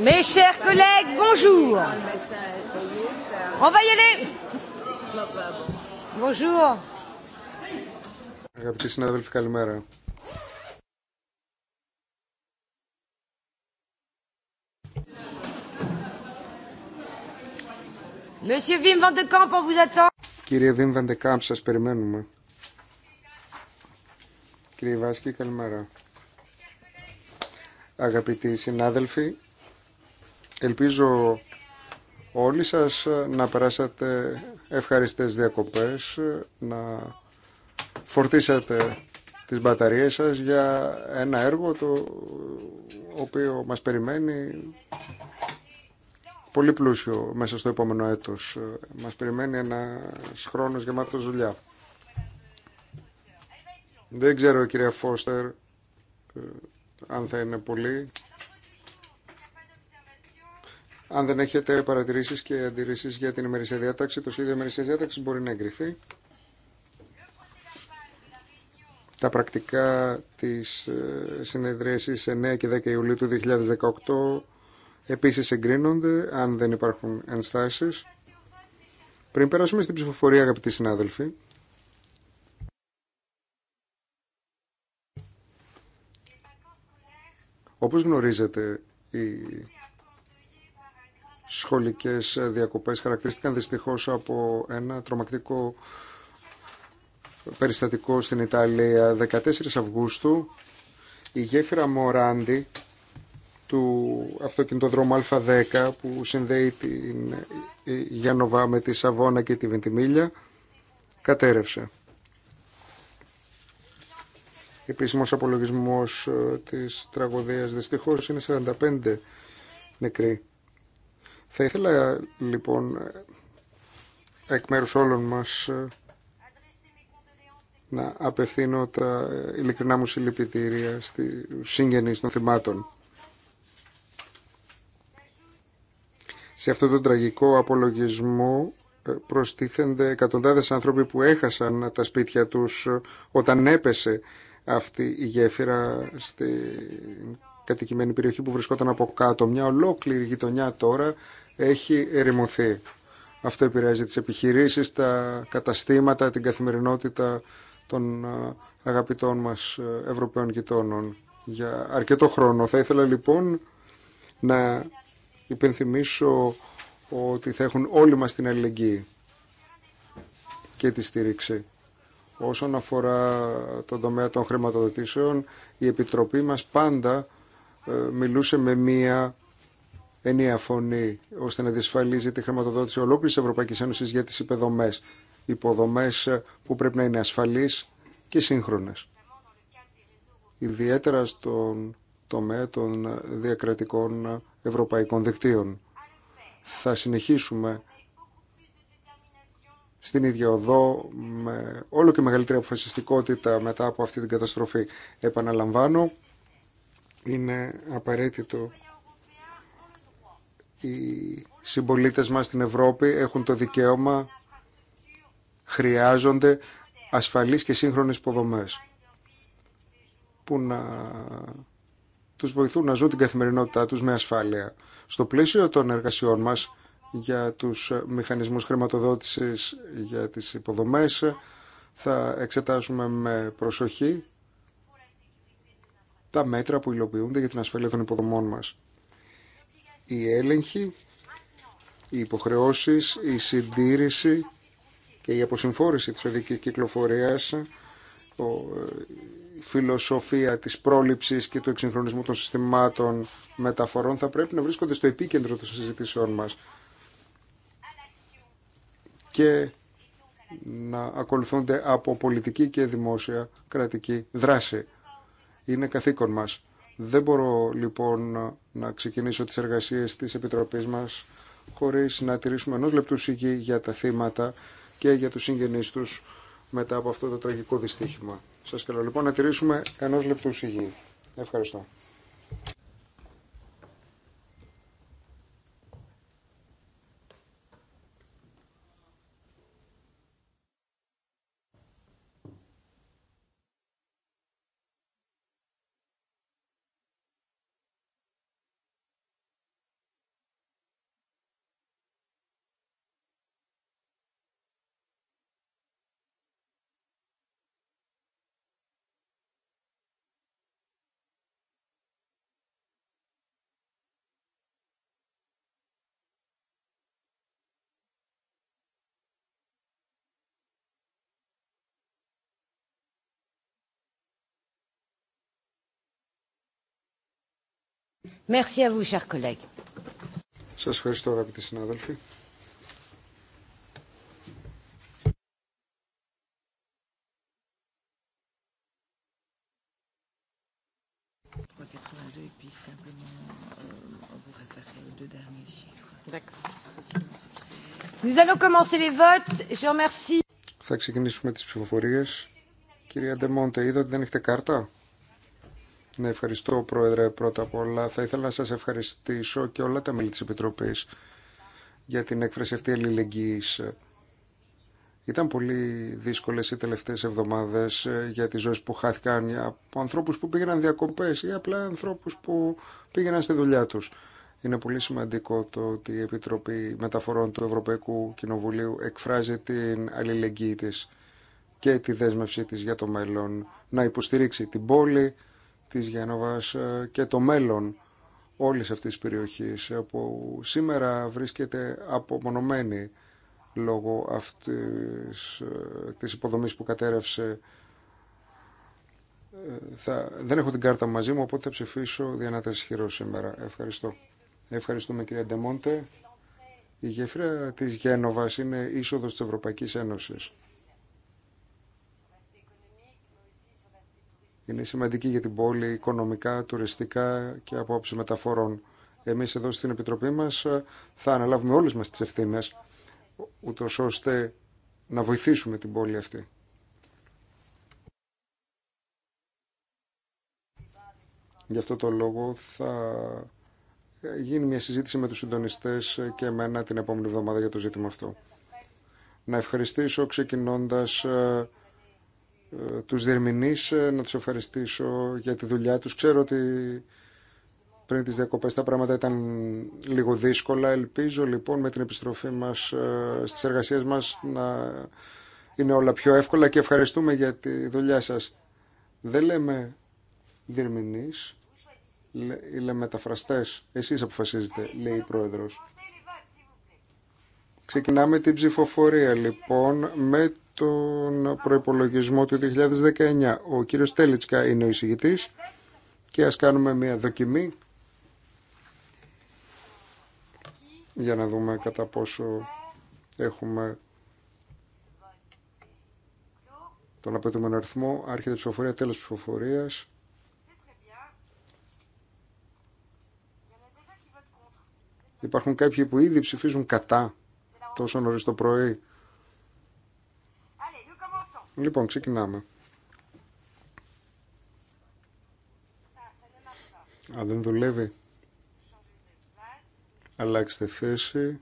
Mes chers collègues, bonjour. On va y aller. Bonjour. Αγαπητοί συνάδελφοι, καλημέρα. Monsieur Wim van de Kamp, on vous attend. Κύριε Wim van de Kamp, σας περιμένουμε. Κύριε Βάσκη, καλημέρα. Αγαπητοί συνάδελφοι, Ελπίζω όλοι σας να περάσατε ευχαριστές διακοπές, να φορτίσατε τις μπαταρίες σας για ένα έργο το οποίο μας περιμένει πολύ πλούσιο μέσα στο επόμενο έτος. Μας περιμένει ένα χρόνος γεμάτος δουλειά. Δεν ξέρω κυρία Φώστερ ε, αν θα είναι πολύ αν δεν έχετε παρατηρήσεις και αντιρρήσει για την ημερησία διάταξη, το σχέδιο ημερησία διάταξη μπορεί να εγκριθεί. Τα πρακτικά της ε, συνεδρίασης 9 και 10 Ιουλίου του 2018 επίσης εγκρίνονται, αν δεν υπάρχουν ενστάσεις. Πριν περάσουμε στην ψηφοφορία, αγαπητοί συνάδελφοι, όπως γνωρίζετε, η σχολικές ε, διακοπές χαρακτηρίστηκαν δυστυχώς από ένα τρομακτικό περιστατικό στην Ιταλία 14 Αυγούστου η γέφυρα Μοράντι του αυτοκινητοδρόμου Α10 που συνδέει τη Γιάννοβα με τη Σαβόνα και τη Βεντιμίλια κατέρευσε. Επίσημος απολογισμός ε, της τραγωδίας δυστυχώς είναι 45 νεκροί. Θα ήθελα λοιπόν εκ μέρους όλων μας ε, να απευθύνω τα ειλικρινά μου συλληπιτήρια στη συγγενείς των θυμάτων. Σε αυτόν τον τραγικό απολογισμό ε, προστίθενται εκατοντάδες άνθρωποι που έχασαν τα σπίτια τους ε, όταν έπεσε αυτή η γέφυρα στην κατοικημένη περιοχή που βρισκόταν από κάτω. Μια ολόκληρη γειτονιά τώρα έχει ερημωθεί. Αυτό επηρεάζει τις επιχειρήσεις, τα καταστήματα, την καθημερινότητα των ε, αγαπητών μας ε, Ευρωπαίων γειτόνων για αρκετό χρόνο. Θα ήθελα λοιπόν να υπενθυμίσω ότι θα έχουν όλοι μας την αλληλεγγύη και τη στήριξη. Όσον αφορά τον τομέα των χρηματοδοτήσεων, η Επιτροπή μας πάντα ε, μιλούσε με μία ενιαία φωνή ώστε να διασφαλίζει τη χρηματοδότηση ολόκληρης Ευρωπαϊκής Ένωσης για τις υποδομές. Υποδομές ε, που πρέπει να είναι ασφαλείς και σύγχρονες. Ιδιαίτερα στον τομέα των διακρατικών ευρωπαϊκών δικτύων. Θα συνεχίσουμε στην ίδια οδό με όλο και μεγαλύτερη αποφασιστικότητα μετά από αυτή την καταστροφή. Επαναλαμβάνω, είναι απαραίτητο οι συμπολίτε μας στην Ευρώπη έχουν το δικαίωμα, χρειάζονται ασφαλείς και σύγχρονες υποδομές που να τους βοηθούν να ζουν την καθημερινότητά τους με ασφάλεια. Στο πλαίσιο των εργασιών μας για τους μηχανισμούς χρηματοδότησης για τις υποδομές θα εξετάσουμε με προσοχή τα μέτρα που υλοποιούνται για την ασφάλεια των υποδομών μας. Η έλεγχη, οι υποχρεώσεις, η συντήρηση και η αποσυμφόρηση της οδικής κυκλοφορίας, η φιλοσοφία της πρόληψης και του εξυγχρονισμού των συστημάτων μεταφορών θα πρέπει να βρίσκονται στο επίκεντρο των συζητήσεών μας και να ακολουθούνται από πολιτική και δημόσια κρατική δράση. Είναι καθήκον μας. Δεν μπορώ λοιπόν να ξεκινήσω τις εργασίες της Επιτροπής μας χωρίς να τηρήσουμε ενός λεπτού σιγή για τα θύματα και για τους συγγενείς τους μετά από αυτό το τραγικό δυστύχημα. Σας καλώ λοιπόν να τηρήσουμε ενός λεπτού Ευχαριστώ. Merci à vous, chers collègues. Σας ευχαριστώ αγαπητοί συνάδελφοι. Nous allons commencer les votes. Je remercie. Θα ξεκινήσουμε τις ψηφοφορίες. Κυρία Ντεμόντε, είδα ότι δεν έχετε κάρτα. Ναι, ευχαριστώ Πρόεδρε πρώτα απ' όλα. Θα ήθελα να σας ευχαριστήσω και όλα τα μέλη της Επιτροπής για την έκφραση αυτή αλληλεγγύης. Ήταν πολύ δύσκολες οι τελευταίες εβδομάδες ε, για τις ζωές που χάθηκαν από ανθρώπους που πήγαιναν διακοπές ή απλά ανθρώπους που πήγαιναν στη δουλειά τους. Είναι πολύ σημαντικό το ότι η Επιτροπή Μεταφορών του Ευρωπαϊκού Κοινοβουλίου εκφράζει την αλληλεγγύη της και τη δέσμευσή της για το μέλλον να υποστηρίξει την πόλη, της Γένοβας ε, και το μέλλον όλης αυτής της περιοχής ε, που σήμερα βρίσκεται απομονωμένη λόγω αυτής ε, της υποδομής που κατέρευσε θα, δεν έχω την κάρτα μαζί μου οπότε θα ψηφίσω διανάταση χειρό σήμερα ευχαριστώ ευχαριστούμε κυρία Ντεμόντε η γεφύρα της Γένοβας είναι είσοδος της Ευρωπαϊκής Ένωσης είναι σημαντική για την πόλη οικονομικά, τουριστικά και από όψη μεταφορών. Εμείς εδώ στην Επιτροπή μας ε, θα αναλάβουμε όλες μας τις ευθύνες, ούτω ώστε να βοηθήσουμε την πόλη αυτή. Γι' αυτό το λόγο θα γίνει μια συζήτηση με τους συντονιστές και εμένα την επόμενη εβδομάδα για το ζήτημα αυτό. Να ευχαριστήσω ξεκινώντας ε, ε, τους διερμηνείς, ε, να τους ευχαριστήσω για τη δουλειά τους. Ξέρω ότι πριν τις διακοπές τα πράγματα ήταν λίγο δύσκολα. Ελπίζω λοιπόν με την επιστροφή μας ε, στις εργασίες μας να είναι όλα πιο εύκολα και ευχαριστούμε για τη δουλειά σας. Δεν λέμε διερμηνείς, λέμε μεταφραστές. Εσείς αποφασίζετε, λέει η Πρόεδρος. Ξεκινάμε την ψηφοφορία λοιπόν με τον προϋπολογισμό του 2019. Ο κύριος Τέλιτσκα είναι ο εισηγητής και ας κάνουμε μια δοκιμή για να δούμε κατά πόσο έχουμε τον απαιτούμενο αριθμό, άρχεται ψηφοφορία, τέλος ψηφοφορίας. Υπάρχουν κάποιοι που ήδη ψηφίζουν κατά τόσο νωρίς το πρωί. Λοιπόν, ξεκινάμε. Α, δεν δουλεύει, αλλάξτε θέση.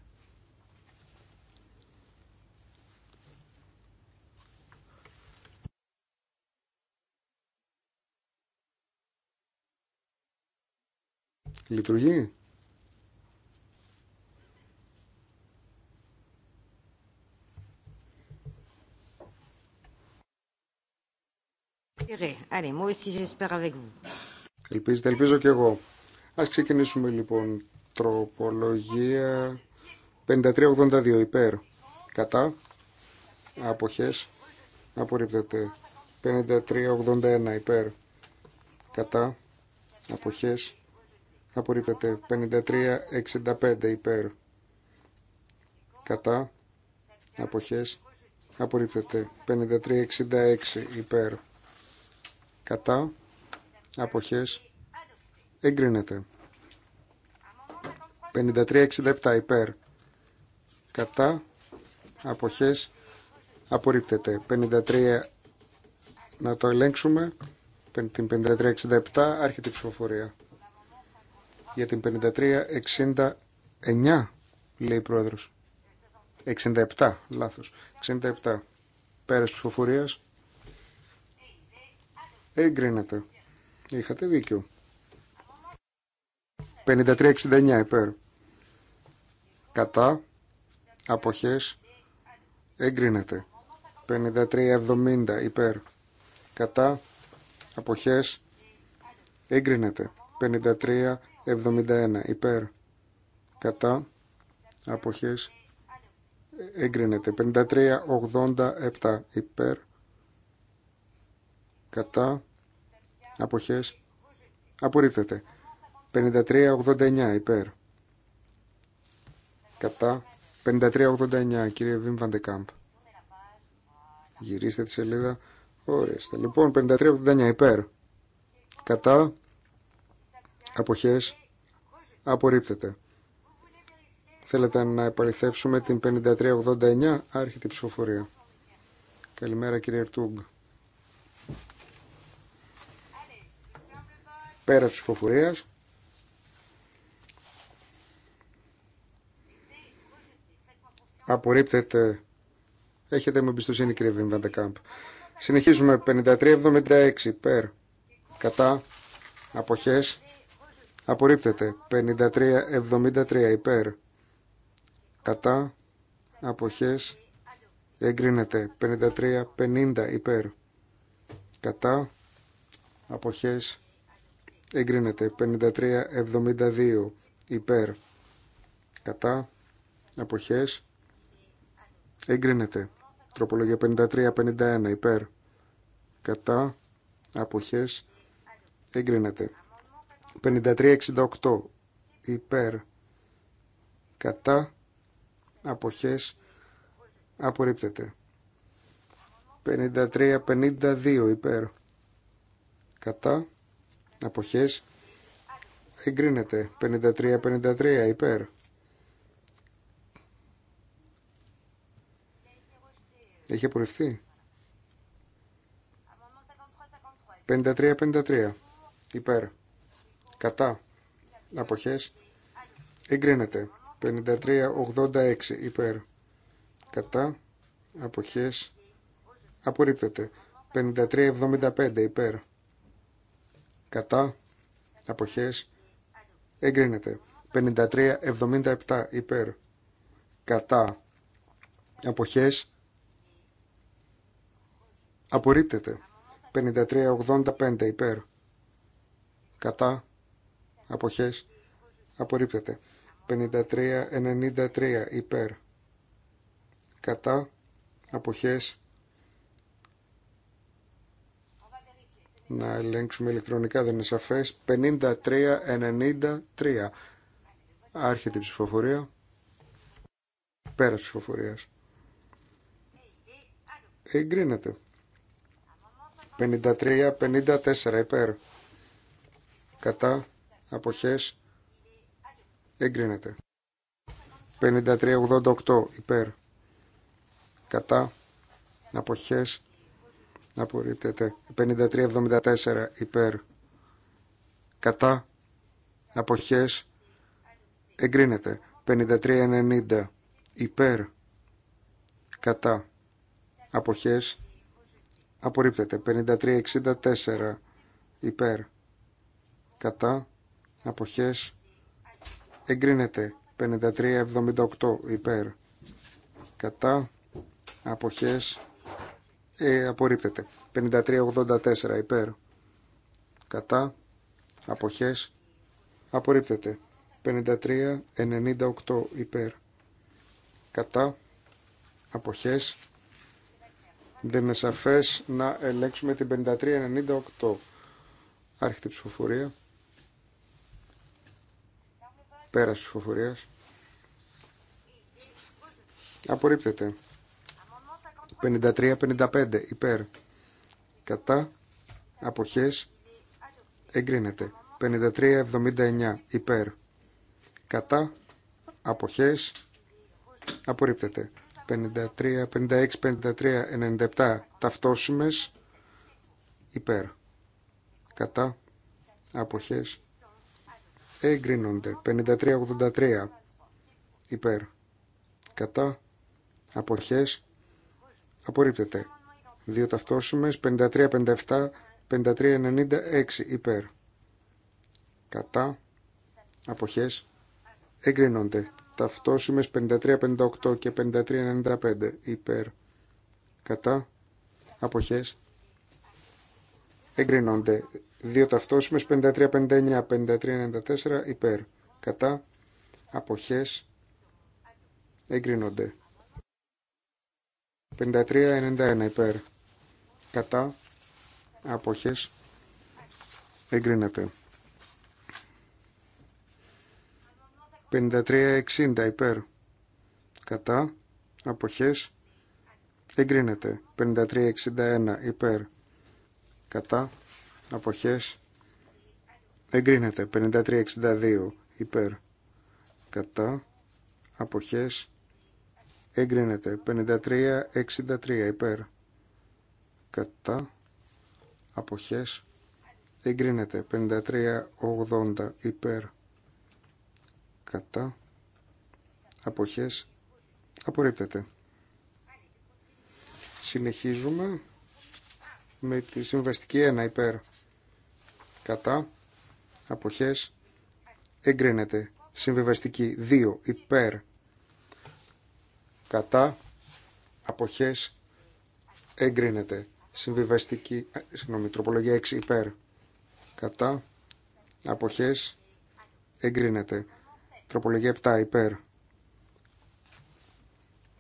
Λειτουργεί. Ελπίζετε, ελπίζω και εγώ. Ας ξεκινήσουμε λοιπόν. Τροπολογία 5382 υπέρ. Κατά. Αποχές. Απορρίπτεται. 5381 υπέρ. Κατά. Αποχές. Απορρίπτεται. 5365 υπέρ. Κατά. Αποχές. Απορρίπτεται. 5366 υπέρ κατά αποχές εγκρίνεται 53-67 υπέρ κατά αποχές απορρίπτεται 53 να το ελέγξουμε την 53-67 άρχεται η ψηφοφορία για την 53-69 λέει η πρόεδρος 67 λάθος 67 πέρας ψηφοφορίας Εγκρίνεται. Είχατε δίκιο. 53-69 υπέρ. Κατά. Αποχές. Εγκρίνεται. 53-70 υπέρ. Κατά. Αποχές. Εγκρίνεται. 53-71 υπέρ. Κατά. Αποχές. Εγκρίνεται. 53-87 υπέρ κατά αποχές απορρίπτεται 5389 υπέρ κατά 5389 κύριε Βιμ Βαντεκάμπ γυρίστε τη σελίδα ορίστε λοιπόν 5389 υπέρ κατά αποχές απορρίπτεται Θέλετε να επαληθεύσουμε την 5389 άρχεται η ψηφοφορία. Καλημέρα κύριε Ερτούγκ. Πέρα της φοβουρία. Απορρίπτεται. Έχετε με εμπιστοσύνη κύριε Βιμ συνεχιζουμε Συνεχίζουμε 53-76 υπέρ. Κατά. Αποχές. Απορρίπτεται. 53-73 υπέρ. Κατά. Αποχές. 53,50 53-50 υπέρ. Κατά. Αποχές εγκρίνεται 53-72 υπέρ κατά αποχές εγκρίνεται τροπολογία 53-51 υπέρ κατά αποχές εγκρίνεται 53-68 υπέρ κατά αποχές απορρίπτεται 53-52 υπέρ κατά αποχές εγκρίνεται 53-53 υπέρ έχει απορριφθεί 53-53 υπέρ κατά αποχές εγκρίνεται 53-86 υπέρ κατά αποχές απορρίπτεται 53-75 υπέρ κατά αποχές εγκρίνεται 53-77 υπέρ κατά αποχές απορρίπτεται 53-85 υπέρ κατά αποχές απορρίπτεται 53-93 υπέρ κατά αποχές να ελέγξουμε ηλεκτρονικά, δεν είναι σαφές. 53-93. Άρχεται η ψηφοφορία. Πέρα ψηφοφορίας. Εγκρίνεται. 53-54 υπέρ. Κατά. Αποχές. Εγκρίνεται. 53-88 υπέρ. Κατά. Αποχές απορρίπτεται 5374 υπέρ κατά αποχές εγκρίνεται 5390 υπέρ κατά αποχές απορρίπτεται 5364 υπέρ κατά αποχές εγκρίνεται 5378 υπέρ κατά αποχές ε, απορρίπτεται. 53-84 υπέρ κατά αποχές απορρίπτεται. 53-98 υπέρ κατά αποχές δεν είναι σαφές να ελέγξουμε την 53-98 άρχιτη ψηφοφορία πέρας ψηφοφορίας απορρίπτεται. 53-55 υπέρ κατά αποχές εγκρίνεται 53-79 υπέρ κατά αποχές απορρίπτεται 53, 56, 53, 97 ταυτόσιμες υπέρ κατά αποχές εγκρίνονται 53, 83 υπέρ κατά αποχές Απορρίπτεται. Δύο ταυτόσημες 5357-5396 υπέρ. Κατά. Αποχές. Εγκρίνονται. 5358 και 5395 υπέρ. Κατά. Αποχές. Εγκρίνονται. Δύο ταυτόσημες 5359-5394 υπέρ. Κατά. Αποχές. Εγκρίνονται. 53-91 υπέρ. Κατά. Αποχές. Εγκρίνεται. 53-60 υπέρ. Κατά. Αποχές. Εγκρίνεται. 53-61 υπέρ. Κατά. Αποχές. Εγκρίνεται. 53-62 υπέρ. Κατά. Αποχές εγκρίνεται 53-63 υπέρ κατά αποχές εγκρίνεται 53-80 υπέρ κατά αποχές απορρίπτεται συνεχίζουμε με τη συμβαστική 1 υπέρ κατά αποχές εγκρίνεται συμβιβαστική 2 υπέρ κατά αποχές εγκρίνεται συμβιβαστική ε, συγγνώμη, τροπολογία 6 υπέρ κατά αποχές εγκρίνεται τροπολογία 7 υπέρ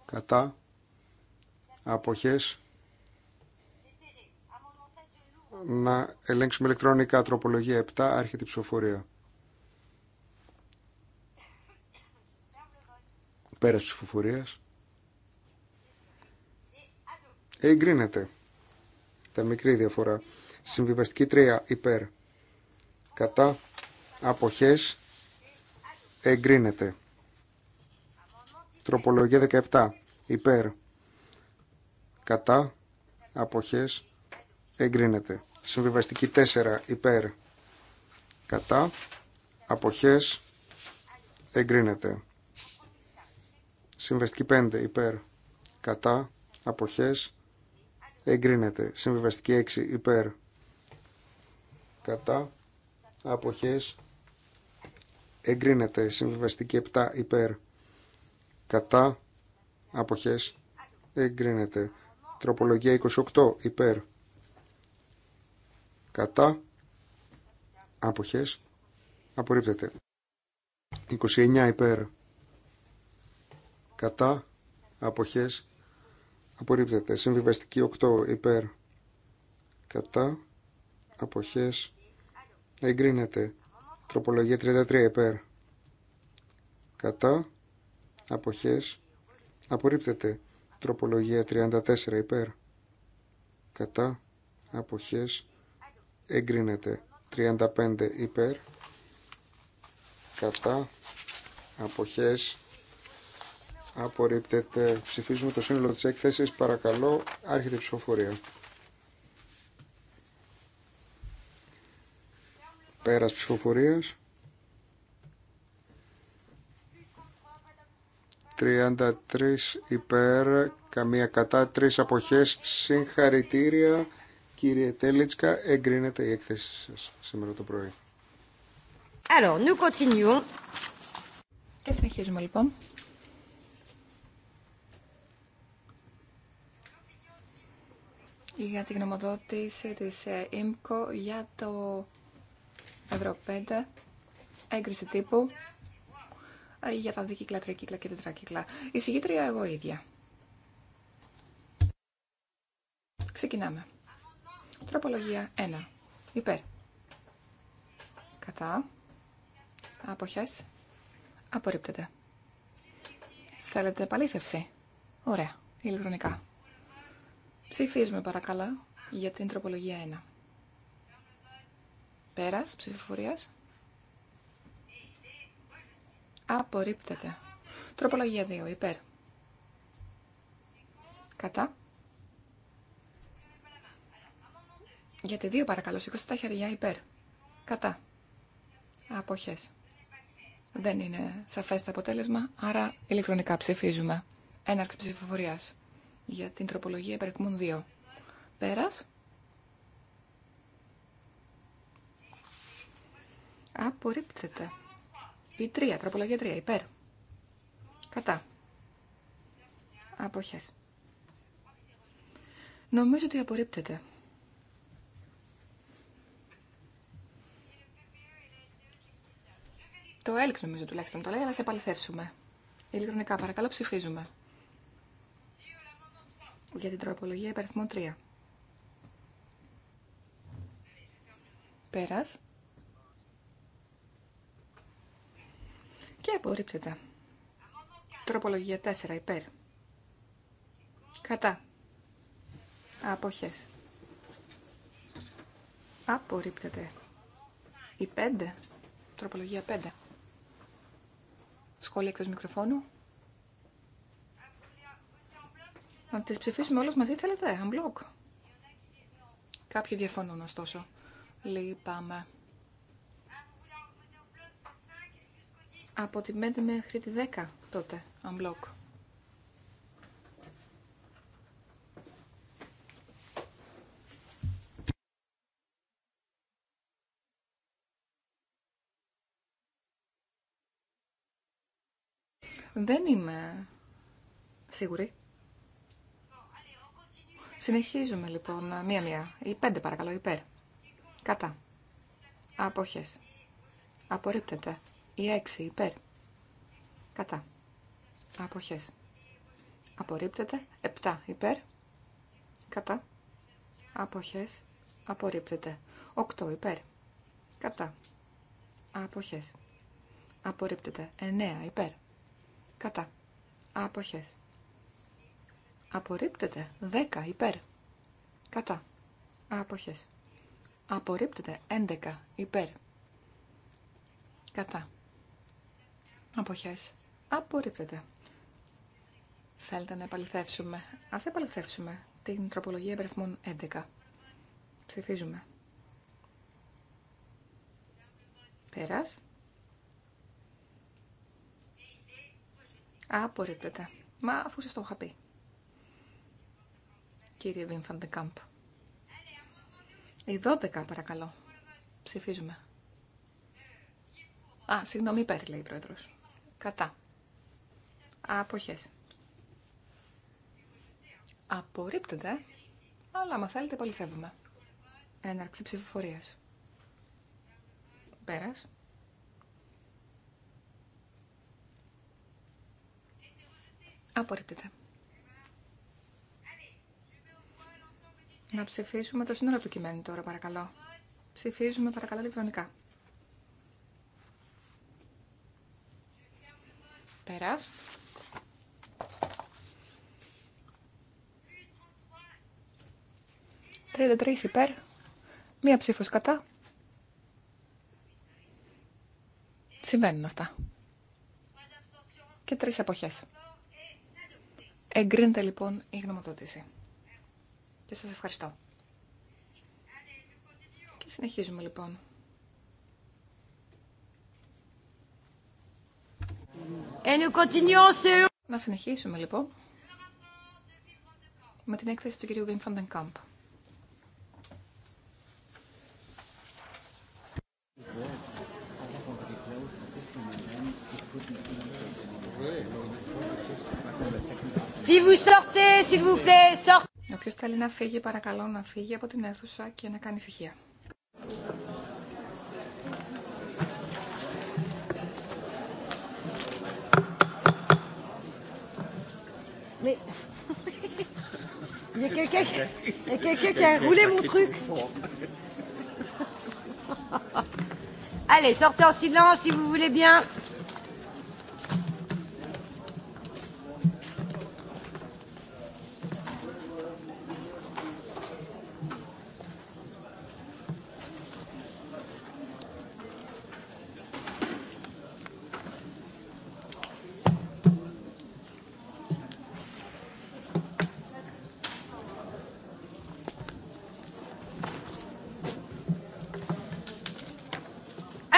κατά αποχές να ελέγξουμε ηλεκτρονικά τροπολογία 7 άρχεται η ψηφοφορία πέρας ψηφοφορίας εγκρίνεται. Τα μικρή διαφορά. Συμβιβαστική 3 υπέρ. Κατά αποχές εγκρίνεται. Τροπολογία 17 υπέρ. Κατά αποχές εγκρίνεται. Συμβιβαστική 4 υπέρ. Κατά αποχές εγκρίνεται. Συμβιβαστική 5 υπέρ. Κατά αποχές εγκρίνεται. Συμβιβαστική 6 υπέρ κατά αποχές εγκρίνεται. Συμβιβαστική 7 υπέρ κατά αποχές εγκρίνεται. Τροπολογία 28 υπέρ κατά αποχές απορρίπτεται. 29 υπέρ κατά αποχές απορρίπτεται. Συμβιβαστική 8 υπέρ κατά αποχές εγκρίνεται. Τροπολογία 33 υπέρ κατά αποχές απορρίπτεται. Τροπολογία 34 υπέρ κατά αποχές εγκρίνεται. 35 υπέρ κατά αποχές απορρίπτεται. Ψηφίζουμε το σύνολο της έκθεσης. Παρακαλώ, άρχεται η ψηφοφορία. Πέρας ψηφοφορίας. 33 υπέρ, καμία κατά, 3 αποχές. Συγχαρητήρια, κύριε Τέλιτσκα. Εγκρίνεται η έκθεση σας σήμερα το πρωί. Alors, nous continuons. Και συνεχίζουμε λοιπόν. για τη γνωμοδότηση της εμπο για το Ευρώ 5, έγκριση τύπου ε, για τα δίκυκλα, τρίκυκλα και τετράκυκλα. Η συγγήτρια εγώ ίδια. Ξεκινάμε. Τροπολογία 1. Υπέρ. Κατά. Αποχές. Απορρίπτεται. Θέλετε επαλήθευση. Ωραία. Ηλεκτρονικά. Ψηφίζουμε παρακαλώ για την τροπολογία 1. Πέρας ψηφοφορίας. Απορρίπτεται. Τροπολογία 2. Υπέρ. Κατά. Για τη 2 παρακαλώ. σήκωσε τα χέρια υπέρ. Κατά. Αποχές. Δεν είναι σαφές το αποτέλεσμα, άρα ηλεκτρονικά ψηφίζουμε. Έναρξη ψηφοφορίας για την τροπολογία υπερκμούν 2. Πέρας. Απορρίπτεται. Η 3, τροπολογία 3, υπέρ. Κατά. Αποχές. Νομίζω ότι απορρίπτεται. Το ΕΛΚ νομίζω τουλάχιστον το λέει, αλλά θα επαληθεύσουμε. Ηλεκτρονικά παρακαλώ ψηφίζουμε για την τροπολογία υπαριθμών 3. Πέρας. Και απορρίπτεται. Τροπολογία 4 υπέρ. Κατά. Αποχές. Απορρίπτεται. Η 5. Τροπολογία 5. Σχόλια εκτός μικροφώνου. Θα τις ψηφίσουμε όλες μαζί, θέλετε, unblock. Κάποιοι διαφωνούν, ωστόσο. Λυπάμαι. Από τη 5 μέχρι τη 10 τότε, unblock. Δεν είμαι σίγουρη. Συνεχίζουμε λοιπόν μία-μία ή πέντε παρακαλώ υπέρ. Κατά. Αποχές. Απορρίπτεται. Η έξι υπέρ. Κατά. Αποχές. Απορρίπτεται. Επτά υπέρ. Κατά. Αποχές. Απορρίπτεται. Οκτώ υπέρ. Κατά. Αποχές. Απορρίπτεται. Εννέα υπέρ. Κατά. Αποχές. Απορρίπτεται. 10 υπέρ. Κατά. Αποχές. Απορρίπτεται. 11 υπέρ. Κατά. Αποχές. Απορρίπτεται. Θέλετε να επαληθεύσουμε. Ας επαληθεύσουμε την τροπολογία υπερθμών 11. Ψηφίζουμε. Πέρας. Απορρίπτεται. Μα αφού σας το είχα πει κύριε Βιμφαντε Κάμπ. Η 12 παρακαλώ. Ψηφίζουμε. Α, συγγνώμη, υπέρ, λέει η πρόεδρος. Κατά. Αποχές. Απορρίπτεται, αλλά άμα θέλετε πολυθεύουμε. Έναρξη ψηφοφορίας. Πέρας. Απορρίπτεται. Να ψηφίσουμε το σύνολο του κειμένου τώρα, παρακαλώ. Ψηφίζουμε, παρακαλώ, ηλεκτρονικά. Πέρας. 33 υπέρ. Μία ψήφος κατά. Συμβαίνουν αυτά. Και τρεις αποχές. Εγκρίνεται λοιπόν η γνωμοδότηση. Και σας ευχαριστώ. Και συνεχίζουμε λοιπόν. Να συνεχίσουμε λοιπόν με την έκθεση του κυρίου Βιμ Κάμπ. Si vous sortez, s'il vous plaît, sortez. Όποιο θέλει να φύγει, παρακαλώ να φύγει από την αίθουσα και να κάνει ησυχία. Mais il y a quelqu'un qui, il y a quelqu'un qui a roulé mon truc. Allez, sortez en silence si vous voulez bien.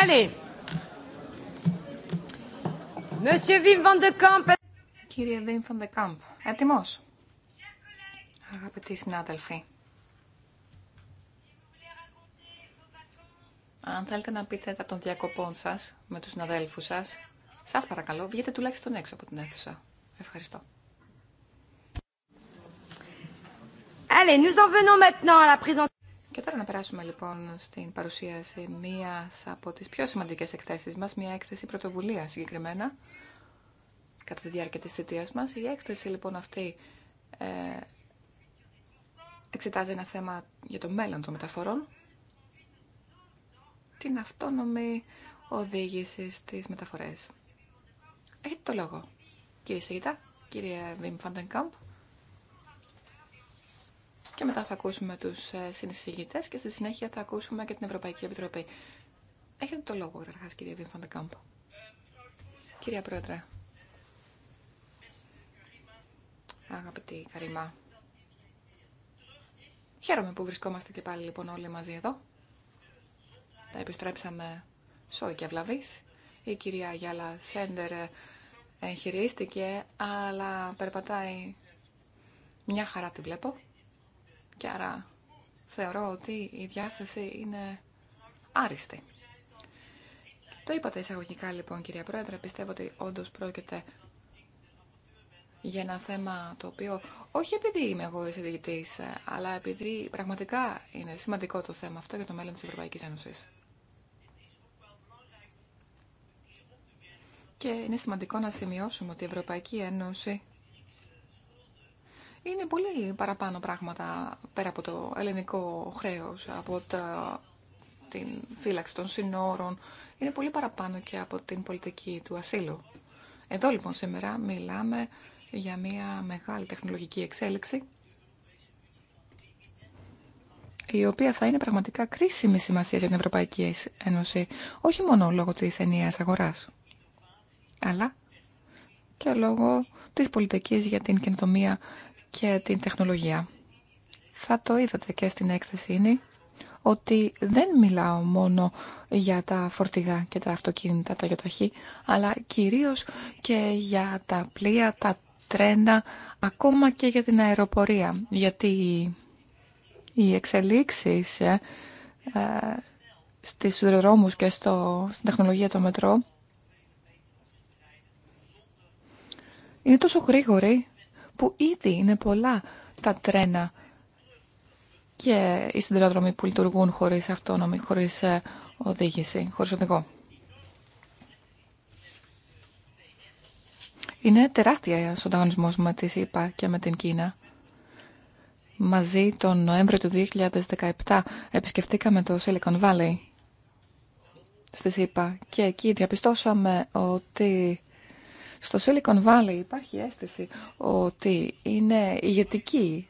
Allez. Monsieur Wim van Κύριε Βίμ van έτοιμος. Αγαπητοί συνάδελφοι. Αν θέλετε να πείτε τα των διακοπών σας με τους συναδέλφους σας, σας παρακαλώ, βγείτε τουλάχιστον έξω από την αίθουσα. Ευχαριστώ. Allez, nous en venons maintenant à και τώρα να περάσουμε λοιπόν στην παρουσίαση μία από τις πιο σημαντικές εκθέσεις μας, μία έκθεση πρωτοβουλία συγκεκριμένα, κατά τη διάρκεια της θητείας μας. Η έκθεση λοιπόν αυτή ε, εξετάζει ένα θέμα για το μέλλον των μεταφορών, την αυτόνομη οδήγηση στις μεταφορές. Έχετε το λόγο, κύριε Σίγητα, κύριε Βιμ Φαντενκάμπ και μετά θα ακούσουμε τους ε, συνεισηγητέ και στη συνέχεια θα ακούσουμε και την Ευρωπαϊκή Επιτροπή. Έχετε το λόγο, καταρχάς, κυρία Κάμπο. Κυρία Πρόεδρε. Αγαπητή Καριμά. Χαίρομαι που βρισκόμαστε και πάλι λοιπόν όλοι μαζί εδώ. Τα επιστρέψαμε σόι και βλαβή. Η κυρία Γιάλα Σέντερ εγχειρίστηκε, αλλά περπατάει μια χαρά τη βλέπω. Και άρα θεωρώ ότι η διάθεση είναι άριστη. Το είπατε εισαγωγικά λοιπόν κυρία Πρόεδρε, πιστεύω ότι όντω πρόκειται για ένα θέμα το οποίο όχι επειδή είμαι εγώ εισηγητής, ε, αλλά επειδή πραγματικά είναι σημαντικό το θέμα αυτό για το μέλλον της Ευρωπαϊκής Ένωσης. Και είναι σημαντικό να σημειώσουμε ότι η Ευρωπαϊκή Ένωση είναι πολύ παραπάνω πράγματα πέρα από το ελληνικό χρέος, από τα, την φύλαξη των συνόρων. Είναι πολύ παραπάνω και από την πολιτική του ασύλου. Εδώ λοιπόν σήμερα μιλάμε για μια μεγάλη τεχνολογική εξέλιξη η οποία θα είναι πραγματικά κρίσιμη σημασία για την Ευρωπαϊκή Ένωση, όχι μόνο λόγω της ενιαίας αγοράς, αλλά και λόγω της πολιτικής για την καινοτομία και την τεχνολογία. Θα το είδατε και στην έκθεση είναι ότι δεν μιλάω μόνο για τα φορτηγά και τα αυτοκίνητα, τα γιοταχή, αλλά κυρίως και για τα πλοία, τα τρένα, ακόμα και για την αεροπορία. Γιατί οι εξελίξεις ε, ε, στις και στο, στην τεχνολογία των μετρό είναι τόσο γρήγορη που ήδη είναι πολλά τα τρένα και οι σιδηρόδρομοι που λειτουργούν χωρίς αυτόνομη, χωρίς ε, οδήγηση, χωρίς οδηγό. Είναι τεράστια ο ανταγωνισμό με τη ΣΥΠΑ και με την Κίνα. Μαζί τον Νοέμβριο του 2017 επισκεφτήκαμε το Silicon Valley στη ΣΥΠΑ και εκεί διαπιστώσαμε ότι στο Silicon Valley υπάρχει αίσθηση ότι είναι ηγετική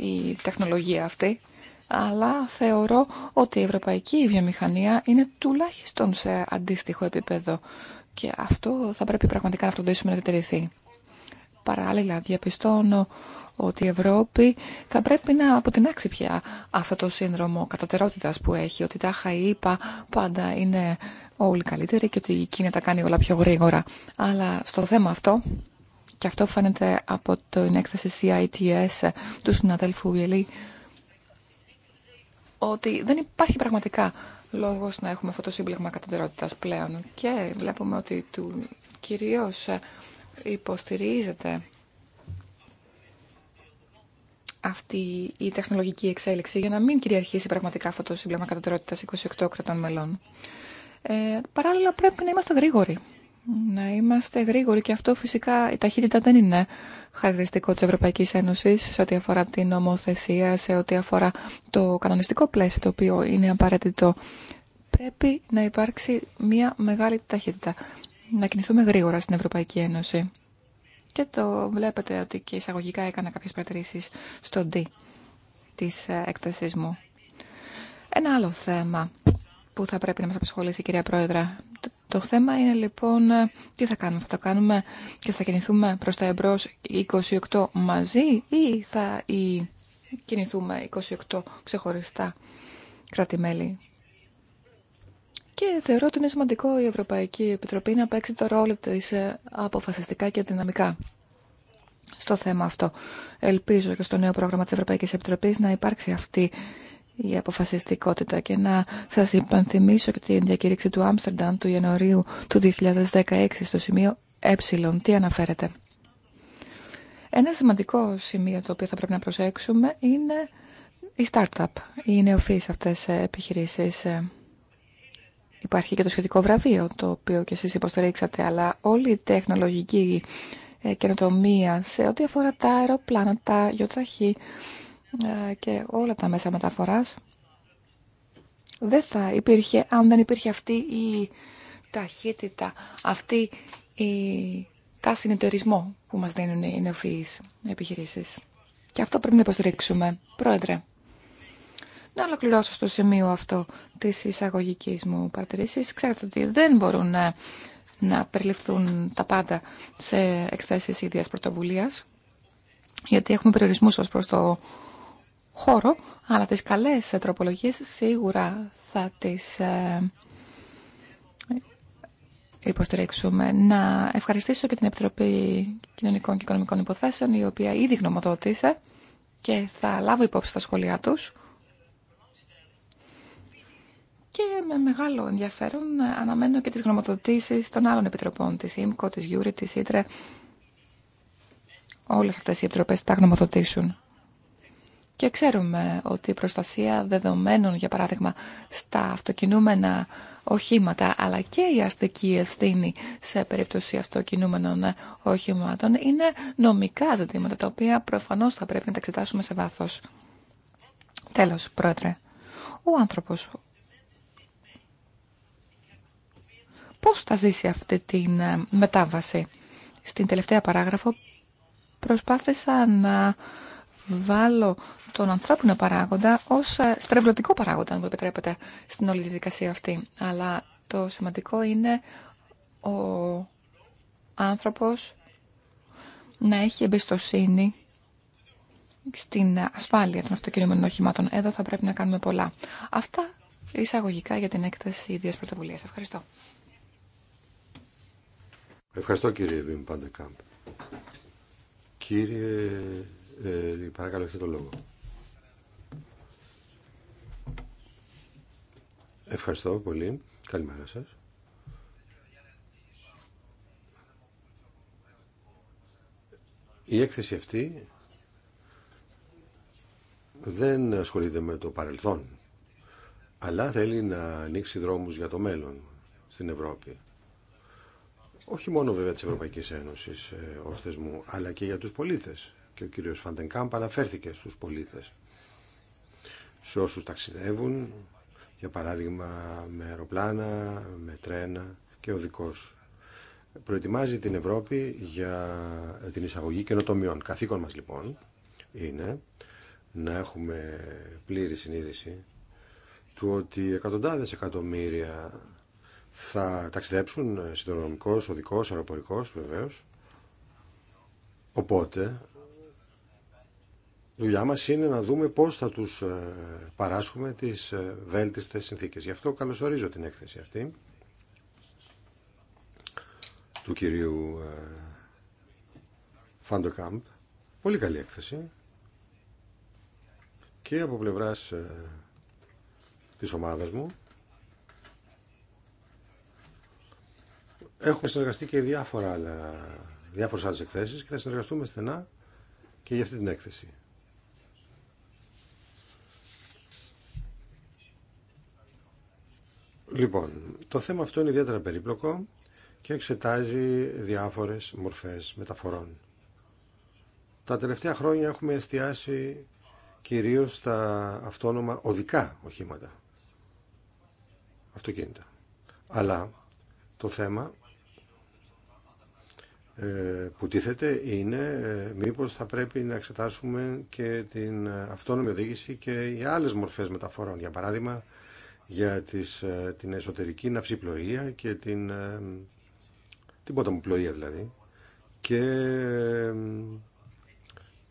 η τεχνολογία αυτή, αλλά θεωρώ ότι η ευρωπαϊκή βιομηχανία είναι τουλάχιστον σε αντίστοιχο επίπεδο και αυτό θα πρέπει πραγματικά να φροντίσουμε να διατηρηθεί. Παράλληλα, διαπιστώνω ότι η Ευρώπη θα πρέπει να αποτινάξει πια αυτό το σύνδρομο κατωτερότητας που έχει, ότι τα ΧΑΙΠΑ πάντα είναι όλοι καλύτεροι και ότι η Κίνα τα κάνει όλα πιο γρήγορα. Αλλά στο θέμα αυτό, και αυτό φαίνεται από την έκθεση CITS του συναδέλφου Βιελή, ότι δεν υπάρχει πραγματικά λόγος να έχουμε αυτό το σύμπλεγμα πλέον. Και βλέπουμε ότι του κυρίως υποστηρίζεται αυτή η τεχνολογική εξέλιξη για να μην κυριαρχήσει πραγματικά αυτό το σύμπλεγμα 28 κρατών μελών. Ε, παράλληλα πρέπει να είμαστε γρήγοροι. Να είμαστε γρήγοροι και αυτό φυσικά η ταχύτητα δεν είναι χαρακτηριστικό της Ευρωπαϊκής Ένωσης σε ό,τι αφορά την νομοθεσία, σε ό,τι αφορά το κανονιστικό πλαίσιο το οποίο είναι απαραίτητο. Πρέπει να υπάρξει μια μεγάλη ταχύτητα. Να κινηθούμε γρήγορα στην Ευρωπαϊκή Ένωση. Και το βλέπετε ότι και εισαγωγικά έκανα κάποιες παρατηρήσεις στο D της ε, έκθεσης μου. Ένα άλλο θέμα που θα πρέπει να μας απασχολήσει, κυρία Πρόεδρα. Το θέμα είναι λοιπόν ε, τι θα κάνουμε. Θα το κάνουμε και θα κινηθούμε προς τα εμπρός 28 μαζί ή θα ή, κινηθούμε 28 ξεχωριστά κράτη-μέλη. Και θεωρώ ότι είναι σημαντικό η Ευρωπαϊκή Επιτροπή να παίξει το ρόλο της ε, αποφασιστικά και δυναμικά στο θέμα αυτό. Ελπίζω και στο νέο πρόγραμμα της Ευρωπαϊκής Επιτροπής να υπάρξει αυτή η αποφασιστικότητα και να σας υπανθυμίσω και την διακήρυξη του Άμστερνταμ του Ιανουαρίου του 2016 στο σημείο ε. Τι αναφέρεται. Ένα σημαντικό σημείο το οποίο θα πρέπει να προσέξουμε είναι η startup, οι νεοφύση αυτές ε, επιχειρήσεις. Ε, υπάρχει και το σχετικό βραβείο, το οποίο και εσείς υποστηρίξατε, αλλά όλη η τεχνολογική ε, καινοτομία σε ό,τι αφορά τα αεροπλάνα, τα γεωτραχή, ε, και όλα τα μέσα μεταφοράς δεν θα υπήρχε αν δεν υπήρχε αυτή η ταχύτητα, αυτή η τάση νετορισμό που μας δίνουν οι νεοφυείς επιχειρήσεις. Και αυτό πρέπει να υποστηρίξουμε. Πρόεδρε, να ολοκληρώσω στο σημείο αυτό της εισαγωγική μου παρατηρήσεις. Ξέρετε ότι δεν μπορούν να, ε, να περιληφθούν τα πάντα σε εκθέσεις ίδιας πρωτοβουλίας, γιατί έχουμε περιορισμούς ως προς το χώρο, αλλά τις καλές ε, τροπολογίες σίγουρα θα τις ε, υποστηρίξουμε. Να ευχαριστήσω και την Επιτροπή Κοινωνικών και Οικονομικών Υποθέσεων, η οποία ήδη γνωμοδότησε και θα λάβω υπόψη τα σχόλιά τους. Και με μεγάλο ενδιαφέρον αναμένω και τις γνωμοδοτήσεις των άλλων επιτροπών, της ΙΜΚΟ, της Γιούρη, της Ήτρε. Όλες αυτές οι επιτροπές θα γνωμοδοτήσουν. Και ξέρουμε ότι η προστασία δεδομένων, για παράδειγμα, στα αυτοκινούμενα οχήματα, αλλά και η αστική ευθύνη σε περίπτωση αυτοκινούμενων οχημάτων, είναι νομικά ζητήματα, τα οποία προφανώς θα πρέπει να τα εξετάσουμε σε βάθος. Τέλος, Πρόεδρε, ο άνθρωπος πώς θα ζήσει αυτή τη ε, μετάβαση. Στην τελευταία παράγραφο προσπάθησα να βάλω τον ανθρώπινο παράγοντα ως ε, στρεβλωτικό παράγοντα, αν μου επιτρέπετε, στην όλη διαδικασία αυτή. Αλλά το σημαντικό είναι ο άνθρωπος να έχει εμπιστοσύνη στην ασφάλεια των αυτοκινούμενων οχημάτων. Εδώ θα πρέπει να κάνουμε πολλά. Αυτά εισαγωγικά για την έκταση ίδιας πρωτοβουλίας. Ευχαριστώ. Ευχαριστώ κύριε Βίμ Κύριε ε, παρακαλώ, έχετε το λόγο. Ευχαριστώ πολύ. Καλημέρα σας. Η έκθεση αυτή δεν ασχολείται με το παρελθόν, αλλά θέλει να ανοίξει δρόμους για το μέλλον στην Ευρώπη. Όχι μόνο βέβαια της Ευρωπαϊκής Ένωσης ε, ως θεσμού, αλλά και για τους πολίτες και ο κύριος Φαντενκάμπ αναφέρθηκε στους πολίτες. Σε όσου ταξιδεύουν, για παράδειγμα με αεροπλάνα, με τρένα και οδικός. Προετοιμάζει την Ευρώπη για την εισαγωγή καινοτομιών. Καθήκον μας λοιπόν είναι να έχουμε πλήρη συνείδηση του ότι εκατοντάδες εκατομμύρια θα ταξιδέψουν ε, συνδρομικός, οδικός, αεροπορικός βεβαίως. Οπότε δουλειά μας είναι να δούμε πώς θα τους ε, παράσχουμε τις ε, βέλτιστες συνθήκες. Γι' αυτό καλωσορίζω την έκθεση αυτή του κυρίου ε, Φαντοκάμπ. Πολύ καλή έκθεση και από πλευράς της ομάδας μου. Έχουμε συνεργαστεί και διάφορα άλλα, διάφορες άλλες εκθέσεις και θα συνεργαστούμε στενά και για αυτή την έκθεση. Λοιπόν, το θέμα αυτό είναι ιδιαίτερα περίπλοκο και εξετάζει διάφορες μορφές μεταφορών. Τα τελευταία χρόνια έχουμε εστιάσει κυρίως στα αυτόνομα οδικά οχήματα, αυτοκίνητα. Αλλά το θέμα ε, που τίθεται είναι ε, μήπως θα πρέπει να εξετάσουμε και την ε, αυτόνομη οδήγηση και οι άλλες μορφές μεταφορών. Για παράδειγμα, για τις, ε, την εσωτερική ναυσιπλοεία και την, ε, την πλοεία δηλαδή και ε,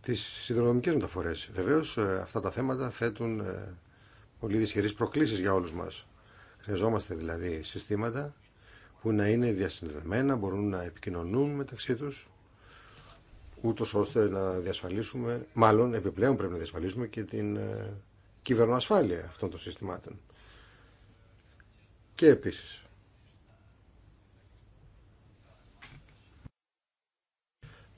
τις συνδρομικές μεταφορές. Βεβαίως αυτά τα θέματα θέτουν πολύ δυσχερείς προκλήσεις για όλους μας. Χρειαζόμαστε δηλαδή συστήματα που να είναι διασυνδεδεμένα, μπορούν να επικοινωνούν μεταξύ τους ούτως ώστε να διασφαλίσουμε, μάλλον επιπλέον πρέπει να διασφαλίσουμε και την κυβερνοασφάλεια αυτών των συστημάτων και επίσης.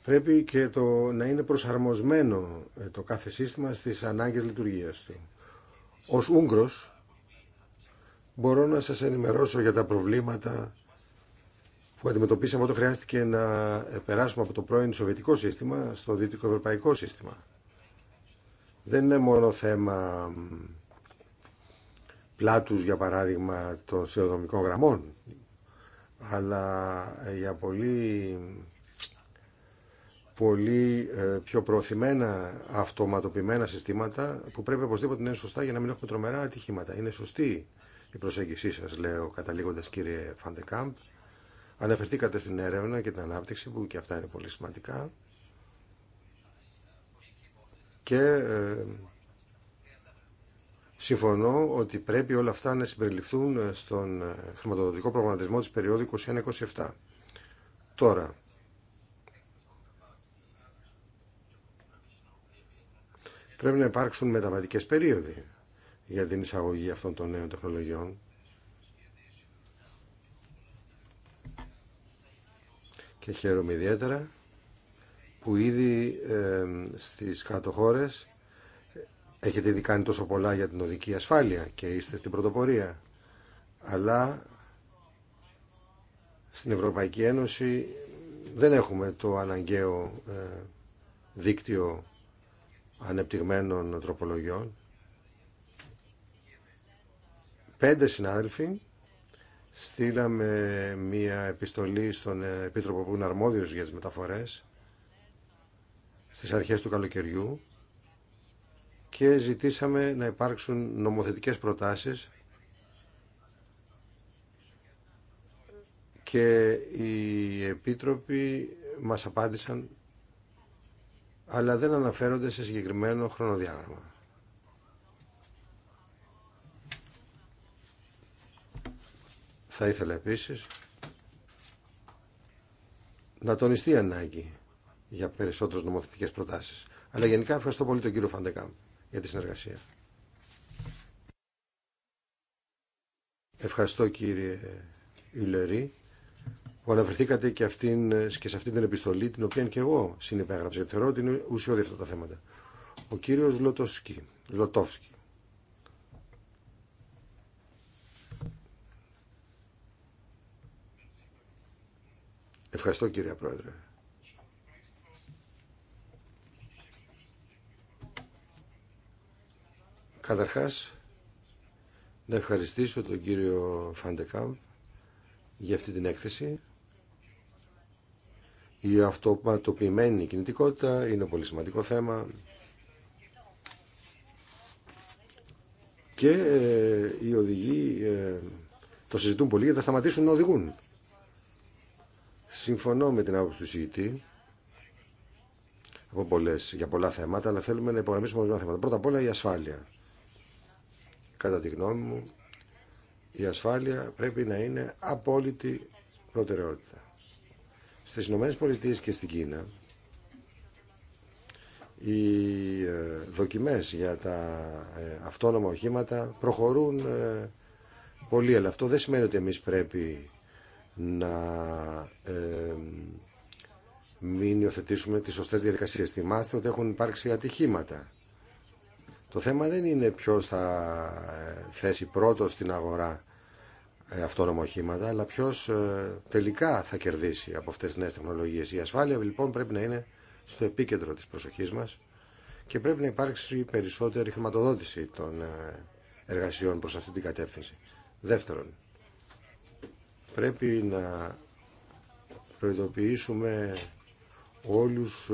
Πρέπει και το να είναι προσαρμοσμένο ε, το κάθε σύστημα στις ανάγκες λειτουργίας του. Ως Ούγγρος μπορώ να σας ενημερώσω για τα προβλήματα που αντιμετωπίσαμε όταν χρειάστηκε να ε, περάσουμε από το πρώην Σοβιετικό σύστημα στο Ευρωπαϊκό σύστημα. Δεν είναι μόνο θέμα πλάτους για παράδειγμα των σεοδομικών γραμμών αλλά ε, για πολύ, πολύ ε, πιο προωθημένα αυτοματοποιημένα συστήματα που πρέπει οπωσδήποτε να είναι σωστά για να μην έχουμε τρομερά ατυχήματα. Είναι σωστή η προσέγγισή σας λέω καταλήγοντας κύριε Φαντεκάμπ. Αναφερθήκατε στην έρευνα και την ανάπτυξη που και αυτά είναι πολύ σημαντικά και ε, Συμφωνώ ότι πρέπει όλα αυτά να συμπεριληφθούν στον χρηματοδοτικό προγραμματισμό της περίοδου 21-27. Τώρα, πρέπει να υπάρξουν μεταβατικές περίοδοι για την εισαγωγή αυτών των νέων τεχνολογιών. Και χαίρομαι ιδιαίτερα που ήδη ε, στις κάτω χώρες Έχετε ήδη κάνει τόσο πολλά για την οδική ασφάλεια και είστε στην πρωτοπορία. Αλλά στην Ευρωπαϊκή Ένωση δεν έχουμε το αναγκαίο ε, δίκτυο ανεπτυγμένων τροπολογιών. Πέντε συνάδελφοι στείλαμε μία επιστολή στον ε, Επίτροπο που είναι αρμόδιος για τις μεταφορές στις αρχές του καλοκαιριού και ζητήσαμε να υπάρξουν νομοθετικές προτάσεις και οι επίτροποι μας απάντησαν αλλά δεν αναφέρονται σε συγκεκριμένο χρονοδιάγραμμα. Θα ήθελα επίσης να τονιστεί η ανάγκη για περισσότερες νομοθετικές προτάσεις. Αλλά γενικά ευχαριστώ πολύ τον κύριο Φαντεκάμπ για τη συνεργασία. Ευχαριστώ κύριε Ιουλερή που αναφερθήκατε και, αυτήν, και σε αυτή την επιστολή την οποία και εγώ συνυπέγραψα γιατί θεωρώ ότι είναι ουσιώδη αυτά τα θέματα. Ο κύριος Λοτοσκι, Λοτόφσκι. Ευχαριστώ κύριε Πρόεδρε. Καταρχάς, να ευχαριστήσω τον κύριο Φαντεκάμπ για αυτή την έκθεση. Η αυτοματοποιημένη κινητικότητα είναι πολύ σημαντικό θέμα. Και ε, οι οδηγοί ε, το συζητούν πολύ γιατί θα σταματήσουν να οδηγούν. Συμφωνώ με την άποψη του συγητή από πολλές, για πολλά θέματα, αλλά θέλουμε να υπογραμμίσουμε τα θέματα. Πρώτα απ' όλα η ασφάλεια. Κατά τη γνώμη μου, η ασφάλεια πρέπει να είναι απόλυτη προτεραιότητα. Στις Ηνωμένες Πολιτείες και στην Κίνα, οι ε, δοκιμές για τα ε, αυτόνομα οχήματα προχωρούν ε, πολύ, αλλά αυτό δεν σημαίνει ότι εμείς πρέπει να μην υιοθετήσουμε τις σωστές διαδικασίες. Θυμάστε ότι έχουν υπάρξει ατυχήματα το θέμα δεν είναι ποιο θα ε, θέσει πρώτο στην αγορά ε, αυτόνομα οχήματα, αλλά ποιος ε, τελικά θα κερδίσει από αυτές τις νέες τεχνολογίες. Η ασφάλεια λοιπόν πρέπει να είναι στο επίκεντρο της προσοχής μας και πρέπει να υπάρξει περισσότερη χρηματοδότηση των εργασιών προς αυτή την κατεύθυνση. Δεύτερον, πρέπει να προειδοποιήσουμε όλους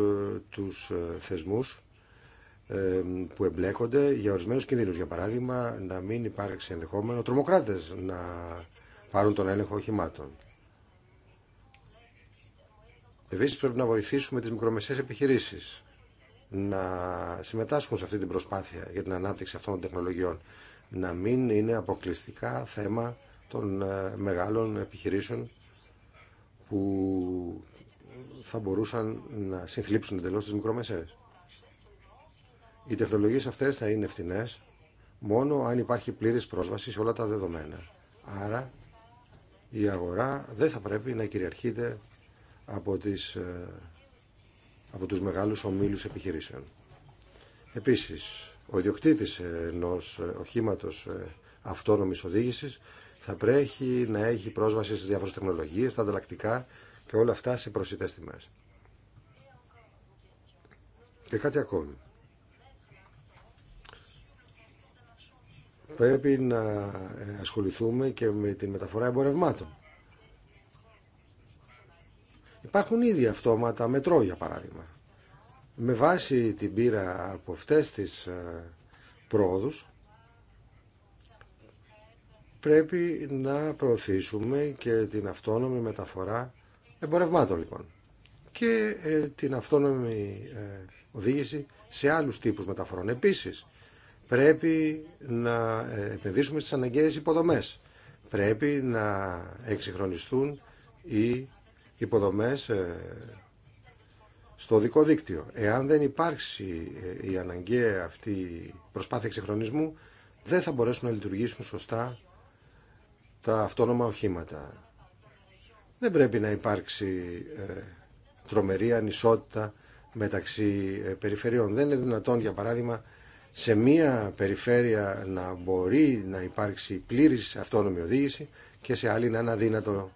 τους θεσμούς που εμπλέκονται για ορισμένους κινδύνους. Για παράδειγμα, να μην υπάρξει ενδεχόμενο τρομοκράτε να πάρουν τον έλεγχο οχημάτων. Επίση πρέπει να βοηθήσουμε τις μικρομεσαίες επιχειρήσεις να συμμετάσχουν σε αυτή την προσπάθεια για την ανάπτυξη αυτών των τεχνολογιών. Να μην είναι αποκλειστικά θέμα των ε, μεγάλων επιχειρήσεων που θα μπορούσαν να συνθλίψουν εντελώς τις μικρομεσαίες. Οι τεχνολογίες αυτές θα είναι φθηνέ, μόνο αν υπάρχει πλήρης πρόσβαση σε όλα τα δεδομένα. Άρα η αγορά δεν θα πρέπει να κυριαρχείται από, τις, ε, από τους μεγάλους ομίλους επιχειρήσεων. Επίσης, ο ιδιοκτήτης ενός ε, οχήματος ε, αυτόνομης οδήγησης θα πρέπει να έχει πρόσβαση στις διάφορες τεχνολογίες, στα ανταλλακτικά και όλα αυτά σε προσιτές τιμές. Και κάτι ακόμη. Πρέπει να ε, ασχοληθούμε και με τη μεταφορά εμπορευμάτων. Υπάρχουν ήδη αυτόματα μετρό, για παράδειγμα. Με βάση την πείρα από αυτές τις ε, πρόοδους, πρέπει να προωθήσουμε και την αυτόνομη μεταφορά εμπορευμάτων, λοιπόν. Και ε, την αυτόνομη οδήγηση σε άλλους τύπους μεταφορών. Επίσης, Πρέπει να ε, επενδύσουμε στις αναγκαίες υποδομές. Πρέπει να εξυγχρονιστούν οι υποδομές ε, στο δικό δίκτυο. Εάν δεν υπάρξει ε, η αναγκαία αυτή προσπάθεια εξυγχρονισμού, δεν θα μπορέσουν να λειτουργήσουν σωστά τα αυτόνομα οχήματα. Δεν πρέπει να υπάρξει τρομερή ανισότητα μεταξύ περιφερειών. Δεν είναι δυνατόν, για παράδειγμα, σε μία περιφέρεια να μπορεί να υπάρξει πλήρης αυτόνομη οδήγηση και σε άλλη να είναι αδύνατο.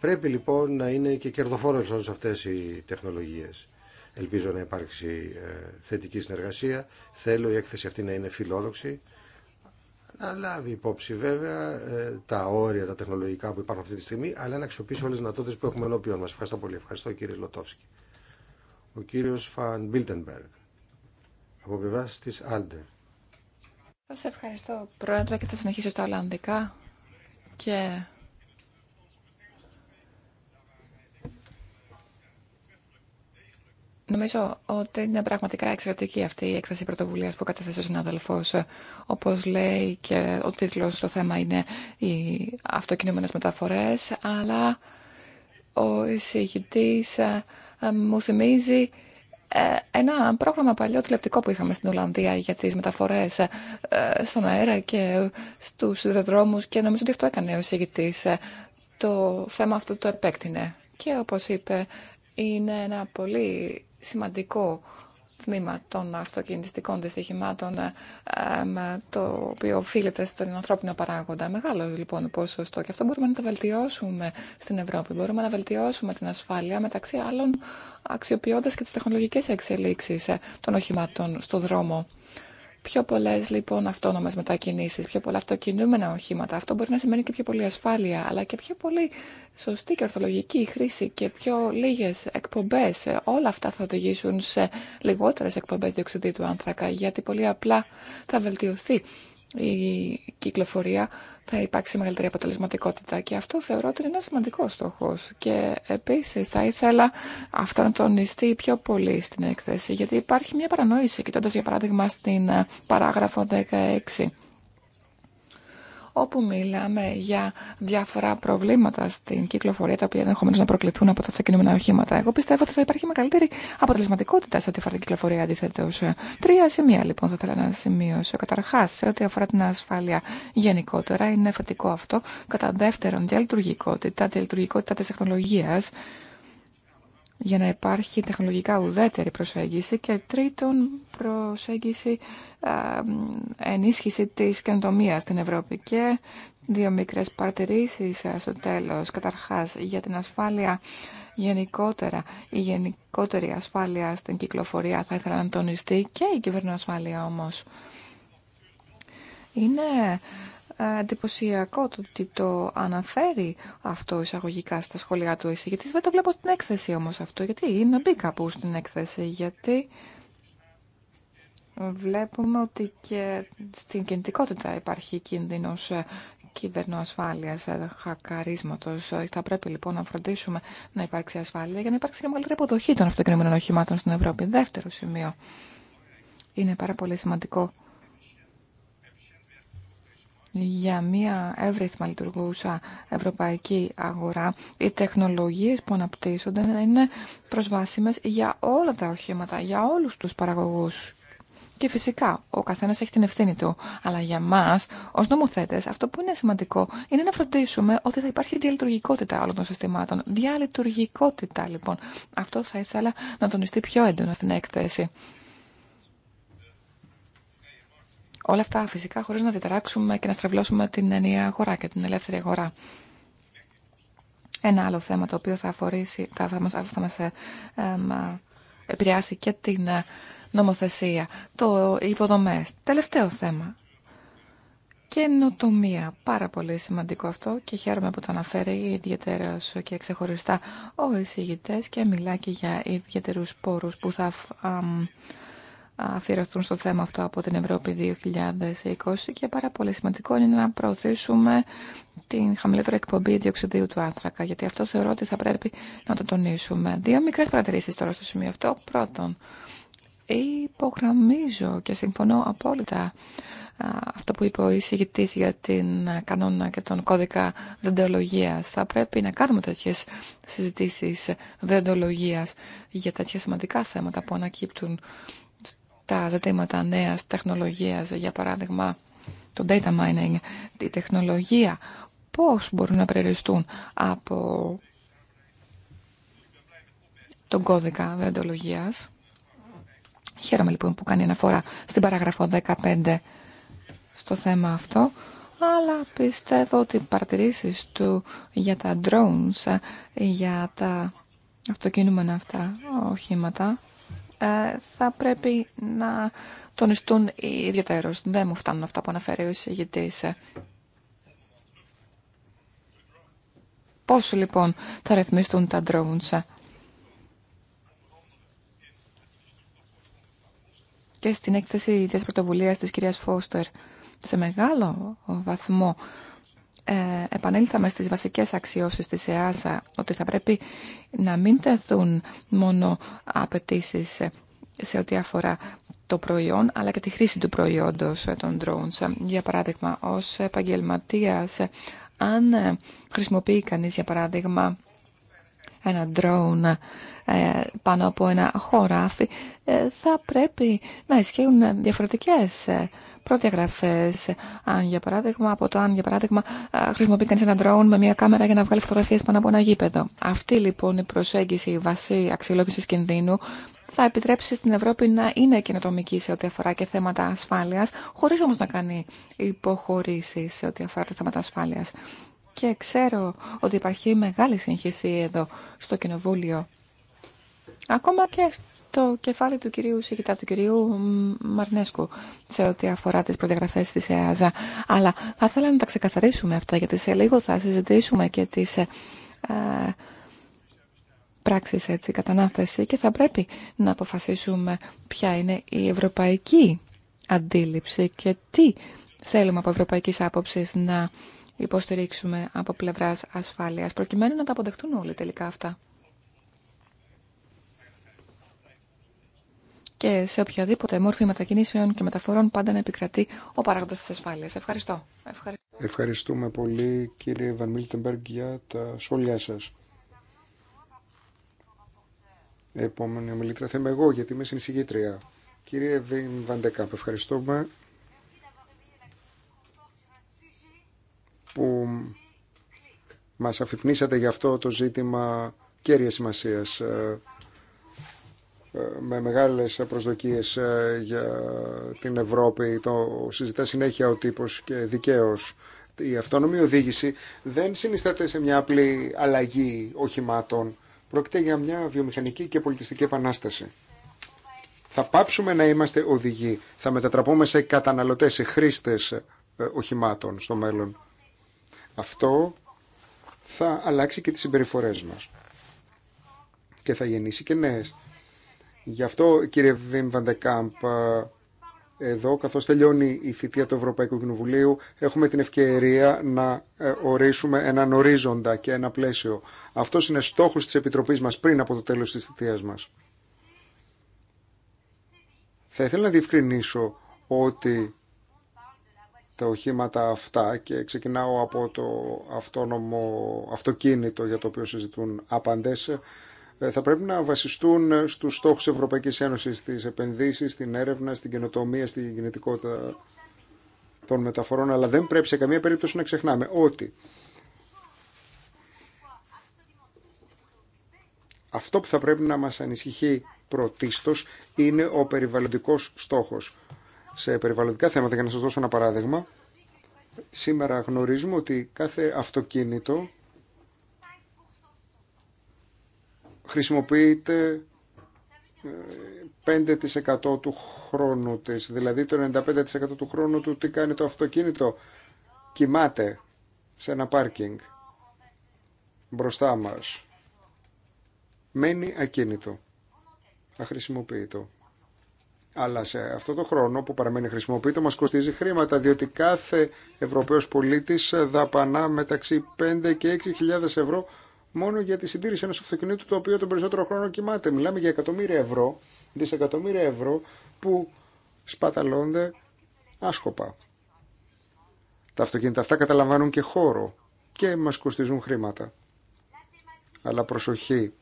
Πρέπει λοιπόν να είναι και κερδοφόρος όλες αυτές οι τεχνολογίες. Ελπίζω να υπάρξει ε, θετική συνεργασία. Θέλω η έκθεση αυτή να είναι φιλόδοξη. Να λάβει υπόψη βέβαια ε, τα όρια, τα τεχνολογικά που υπάρχουν αυτή τη στιγμή, αλλά να αξιοποιήσει όλε τι δυνατότητε που έχουμε ενώπιον μα. Ευχαριστώ πολύ. Ευχαριστώ κύριε Λοτόφσκι. Ο κύριο Φαν Μπίλτενμπεργκ από πλευρά τη Άλντε. Σα ευχαριστώ, Πρόεδρε, και θα συνεχίσω στα Ολλανδικά. Και... Νομίζω ότι είναι πραγματικά εξαιρετική αυτή η έκθεση πρωτοβουλία που κατέθεσε ο συνάδελφο. Όπω λέει και ο τίτλο, το θέμα είναι οι αυτοκινούμενε μεταφορέ, αλλά ο εισηγητή ε, ε, μου θυμίζει ε, ένα πρόγραμμα παλιό τηλεπτικό που είχαμε στην Ολλανδία για τις μεταφορές ε, στον αέρα και στους δρόμους και νομίζω ότι αυτό έκανε ο εισηγητής. Ε, το θέμα αυτό το επέκτηνε και όπως είπε είναι ένα πολύ σημαντικό τμήμα των αυτοκινητιστικών δυστυχημάτων ε, το οποίο οφείλεται στον ανθρώπινο παράγοντα. Μεγάλο λοιπόν ποσοστό και αυτό μπορούμε να το βελτιώσουμε στην Ευρώπη. Μπορούμε να βελτιώσουμε την ασφάλεια μεταξύ άλλων αξιοποιώντας και τις τεχνολογικές εξελίξεις ε, των οχημάτων στο δρόμο. Πιο πολλέ λοιπόν αυτόνομε μετακινήσει, πιο πολλά αυτοκινούμενα οχήματα. Αυτό μπορεί να σημαίνει και πιο πολύ ασφάλεια, αλλά και πιο πολύ σωστή και ορθολογική χρήση και πιο λίγε εκπομπέ. Ε, όλα αυτά θα οδηγήσουν σε λιγότερε εκπομπέ διοξιδίου άνθρακα, γιατί πολύ απλά θα βελτιωθεί η κυκλοφορία θα υπάρξει μεγαλύτερη αποτελεσματικότητα και αυτό θεωρώ ότι είναι ένα σημαντικό στόχος και επίσης θα ήθελα αυτό να τονιστεί πιο πολύ στην έκθεση γιατί υπάρχει μια παρανόηση κοιτώντα για παράδειγμα στην ε, παράγραφο 16 όπου μιλάμε για διάφορα προβλήματα στην κυκλοφορία τα οποία ενδεχομένω να προκληθούν από τα ξεκινούμενα οχήματα. Εγώ πιστεύω ότι θα υπάρχει μεγαλύτερη αποτελεσματικότητα σε ό,τι αφορά την κυκλοφορία αντίθετο. Τρία σημεία λοιπόν θα ήθελα να σημειώσω. Καταρχά, σε ό,τι αφορά την ασφάλεια γενικότερα, είναι φατικό αυτό. Κατά δεύτερον, διαλειτουργικότητα, διαλειτουργικότητα τη τεχνολογία για να υπάρχει τεχνολογικά ουδέτερη προσέγγιση και τρίτον προσέγγιση ενίσχυση της καινοτομία στην Ευρώπη και δύο μικρές παρατηρήσεις ε, στο τέλος καταρχάς για την ασφάλεια γενικότερα η γενικότερη ασφάλεια στην κυκλοφορία θα ήθελα να τονιστεί και η κυβερνοασφάλεια όμως είναι εντυπωσιακό το ότι το αναφέρει αυτό εισαγωγικά στα σχόλιά του Γιατί Δεν το βλέπω στην έκθεση όμως αυτό, γιατί είναι μπει κάπου στην έκθεση, γιατί βλέπουμε ότι και στην κινητικότητα υπάρχει κίνδυνος κυβερνοασφάλεια, χακαρίσματος. Θα πρέπει λοιπόν να φροντίσουμε να υπάρξει ασφάλεια για να υπάρξει και μεγαλύτερη αποδοχή των αυτοκινημένων οχημάτων στην Ευρώπη. Δεύτερο σημείο. Είναι πάρα πολύ σημαντικό για μια εύρυθμα λειτουργούσα ευρωπαϊκή αγορά, οι τεχνολογίες που αναπτύσσονται να είναι προσβάσιμες για όλα τα οχήματα, για όλους τους παραγωγούς. Και φυσικά ο καθένας έχει την ευθύνη του. Αλλά για μας ως νομοθέτες αυτό που είναι σημαντικό είναι να φροντίσουμε ότι θα υπάρχει διαλειτουργικότητα όλων των συστημάτων. Διαλειτουργικότητα λοιπόν. Αυτό θα ήθελα να τονιστεί πιο έντονα στην έκθεση. Όλα αυτά φυσικά χωρίς να διαταράξουμε και να στραβλώσουμε την ενιαία αγορά και την ελεύθερη αγορά. Ένα άλλο θέμα το οποίο θα, αφορήσει, θα, θα μας, θα μας ε, επηρεάσει και την ε, νομοθεσία, το υποδομές. Τελευταίο θέμα. Καινοτομία. Πάρα πολύ σημαντικό αυτό και χαίρομαι που το αναφέρει ιδιαίτερα και ξεχωριστά ο εισηγητές και μιλάει και για ιδιαίτερους πόρους που θα αφιερωθούν στο θέμα αυτό από την Ευρώπη 2020 και πάρα πολύ σημαντικό είναι να προωθήσουμε την χαμηλότερη εκπομπή διοξιδίου του άνθρακα, γιατί αυτό θεωρώ ότι θα πρέπει να το τονίσουμε. Δύο μικρές παρατηρήσεις τώρα στο σημείο αυτό. Πρώτον, υπογραμμίζω και συμφωνώ απόλυτα αυτό που είπε ο εισηγητή για την κανόνα και τον κώδικα δεντολογία. Θα πρέπει να κάνουμε τέτοιε συζητήσεις δεντολογία για τέτοια σημαντικά θέματα που ανακύπτουν τα ζητήματα νέας τεχνολογίας, για παράδειγμα το data mining, τη τεχνολογία, πώς μπορούν να περιοριστούν από τον κώδικα δεντολογία. Χαίρομαι λοιπόν που κάνει αναφορά στην παράγραφο 15 στο θέμα αυτό, αλλά πιστεύω ότι οι παρατηρήσεις του για τα drones, για τα αυτοκίνημα αυτά οχήματα, ε, θα πρέπει να τονιστούν ιδιαιτέρους. Δεν μου φτάνουν αυτά που αναφέρει ο εισηγητής. Πώς λοιπόν θα ρυθμιστούν τα drones και στην έκθεση της πρωτοβουλίας της κυρίας Φώστερ σε μεγάλο βαθμό ε, επανέλθαμε στις βασικές αξιώσεις της ΕΑΣΑ ότι θα πρέπει να μην τεθούν μόνο απαιτήσει σε ό,τι αφορά το προϊόν αλλά και τη χρήση του προϊόντος των drones. Για παράδειγμα, ως επαγγελματίας, αν χρησιμοποιεί κανείς για παράδειγμα ένα drone ε, πάνω από ένα χωράφι, ε, θα πρέπει να ισχύουν διαφορετικές προδιαγραφέ. Αν για παράδειγμα, από το αν για παράδειγμα χρησιμοποιεί κανεί ένα ντρόουν με μια κάμερα για να βγάλει φωτογραφίε πάνω από ένα γήπεδο. Αυτή λοιπόν η προσέγγιση η βασή αξιολόγηση κινδύνου θα επιτρέψει στην Ευρώπη να είναι καινοτομική σε ό,τι αφορά και θέματα ασφάλεια, χωρί όμω να κάνει υποχωρήσει σε ό,τι αφορά τα θέματα ασφάλεια. Και ξέρω ότι υπάρχει μεγάλη σύγχυση εδώ στο Κοινοβούλιο. Ακόμα και το κεφάλι του κυρίου Σιγητά, του κυρίου Μαρνέσκου, σε ό,τι αφορά τι προδιαγραφέ τη ΕΑΖΑ. Αλλά θα ήθελα να τα ξεκαθαρίσουμε αυτά, γιατί σε λίγο θα συζητήσουμε και τις ε, ε, πράξεις έτσι, κατανάθεση και θα πρέπει να αποφασίσουμε ποια είναι η ευρωπαϊκή αντίληψη και τι θέλουμε από ευρωπαϊκής άποψης να υποστηρίξουμε από πλευράς ασφάλειας, προκειμένου να τα αποδεχτούν όλοι τελικά αυτά. και σε οποιαδήποτε μόρφη μετακινήσεων και μεταφορών πάντα να επικρατεί ο παράγοντας της ασφάλειας. Ευχαριστώ. Ευχαριστούμε πολύ κύριε Βαν Μίλτεμπεργκ για τα σχόλιά σας. Επόμενη ομιλήτρια θα είμαι εγώ γιατί είμαι συνεισηγήτρια. Κύριε Βιν Βαντεκάπ, ευχαριστούμε που μας αφυπνήσατε για αυτό το ζήτημα κέρια σημασίας με μεγάλες προσδοκίες ε, για την Ευρώπη. Το συζητά συνέχεια ο τύπος και δικαίως. Η αυτόνομη οδήγηση δεν συνιστάται σε μια απλή αλλαγή οχημάτων. Πρόκειται για μια βιομηχανική και πολιτιστική επανάσταση. Θα πάψουμε να είμαστε οδηγοί. Θα μετατραπούμε σε καταναλωτές, σε χρήστες ε, οχημάτων στο μέλλον. Αυτό θα αλλάξει και τις συμπεριφορές μας. Και θα γεννήσει και νέες. Γι' αυτό κύριε Βιμ Βαντεκάμπ, ε, εδώ καθώς τελειώνει η θητεία του Ευρωπαϊκού Κοινοβουλίου έχουμε την ευκαιρία να ε, ορίσουμε έναν ορίζοντα και ένα πλαίσιο. Αυτό είναι στόχος της Επιτροπής μας πριν από το τέλος της θητείας μας. Θα ήθελα να διευκρινίσω ότι τα οχήματα αυτά και ξεκινάω από το αυτόνομο αυτοκίνητο για το οποίο συζητούν απαντές ε, θα πρέπει να βασιστούν ε, στους στόχους Ευρωπαϊκής Ένωσης, στις επενδύσεις, στην έρευνα, στην καινοτομία, στην γενετικότητα των μεταφορών, αλλά δεν πρέπει σε καμία περίπτωση να ξεχνάμε ότι αυτό που θα πρέπει να μας ανησυχεί πρωτίστως είναι ο περιβαλλοντικός στόχος. Σε περιβαλλοντικά θέματα, για να σας δώσω ένα παράδειγμα, σήμερα γνωρίζουμε ότι κάθε αυτοκίνητο χρησιμοποιείται 5% ε, του χρόνου της. Δηλαδή το 95% του χρόνου του τι κάνει το αυτοκίνητο. Κοιμάται σε ένα πάρκινγκ μπροστά μας. Μένει ακίνητο. Αχρησιμοποιητό. Αλλά σε αυτό το χρόνο που παραμένει χρησιμοποιητό μας κοστίζει χρήματα διότι κάθε Ευρωπαίος πολίτης δαπανά μεταξύ 5 και 6.000 ευρώ μόνο για τη συντήρηση ενός αυτοκινήτου το οποίο τον περισσότερο χρόνο κοιμάται. Μιλάμε για εκατομμύρια ευρώ, δισεκατομμύρια ευρώ που σπαταλώνται άσκοπα. Τα αυτοκίνητα αυτά καταλαμβάνουν και χώρο και μας κοστίζουν χρήματα. Αλλά προσοχή.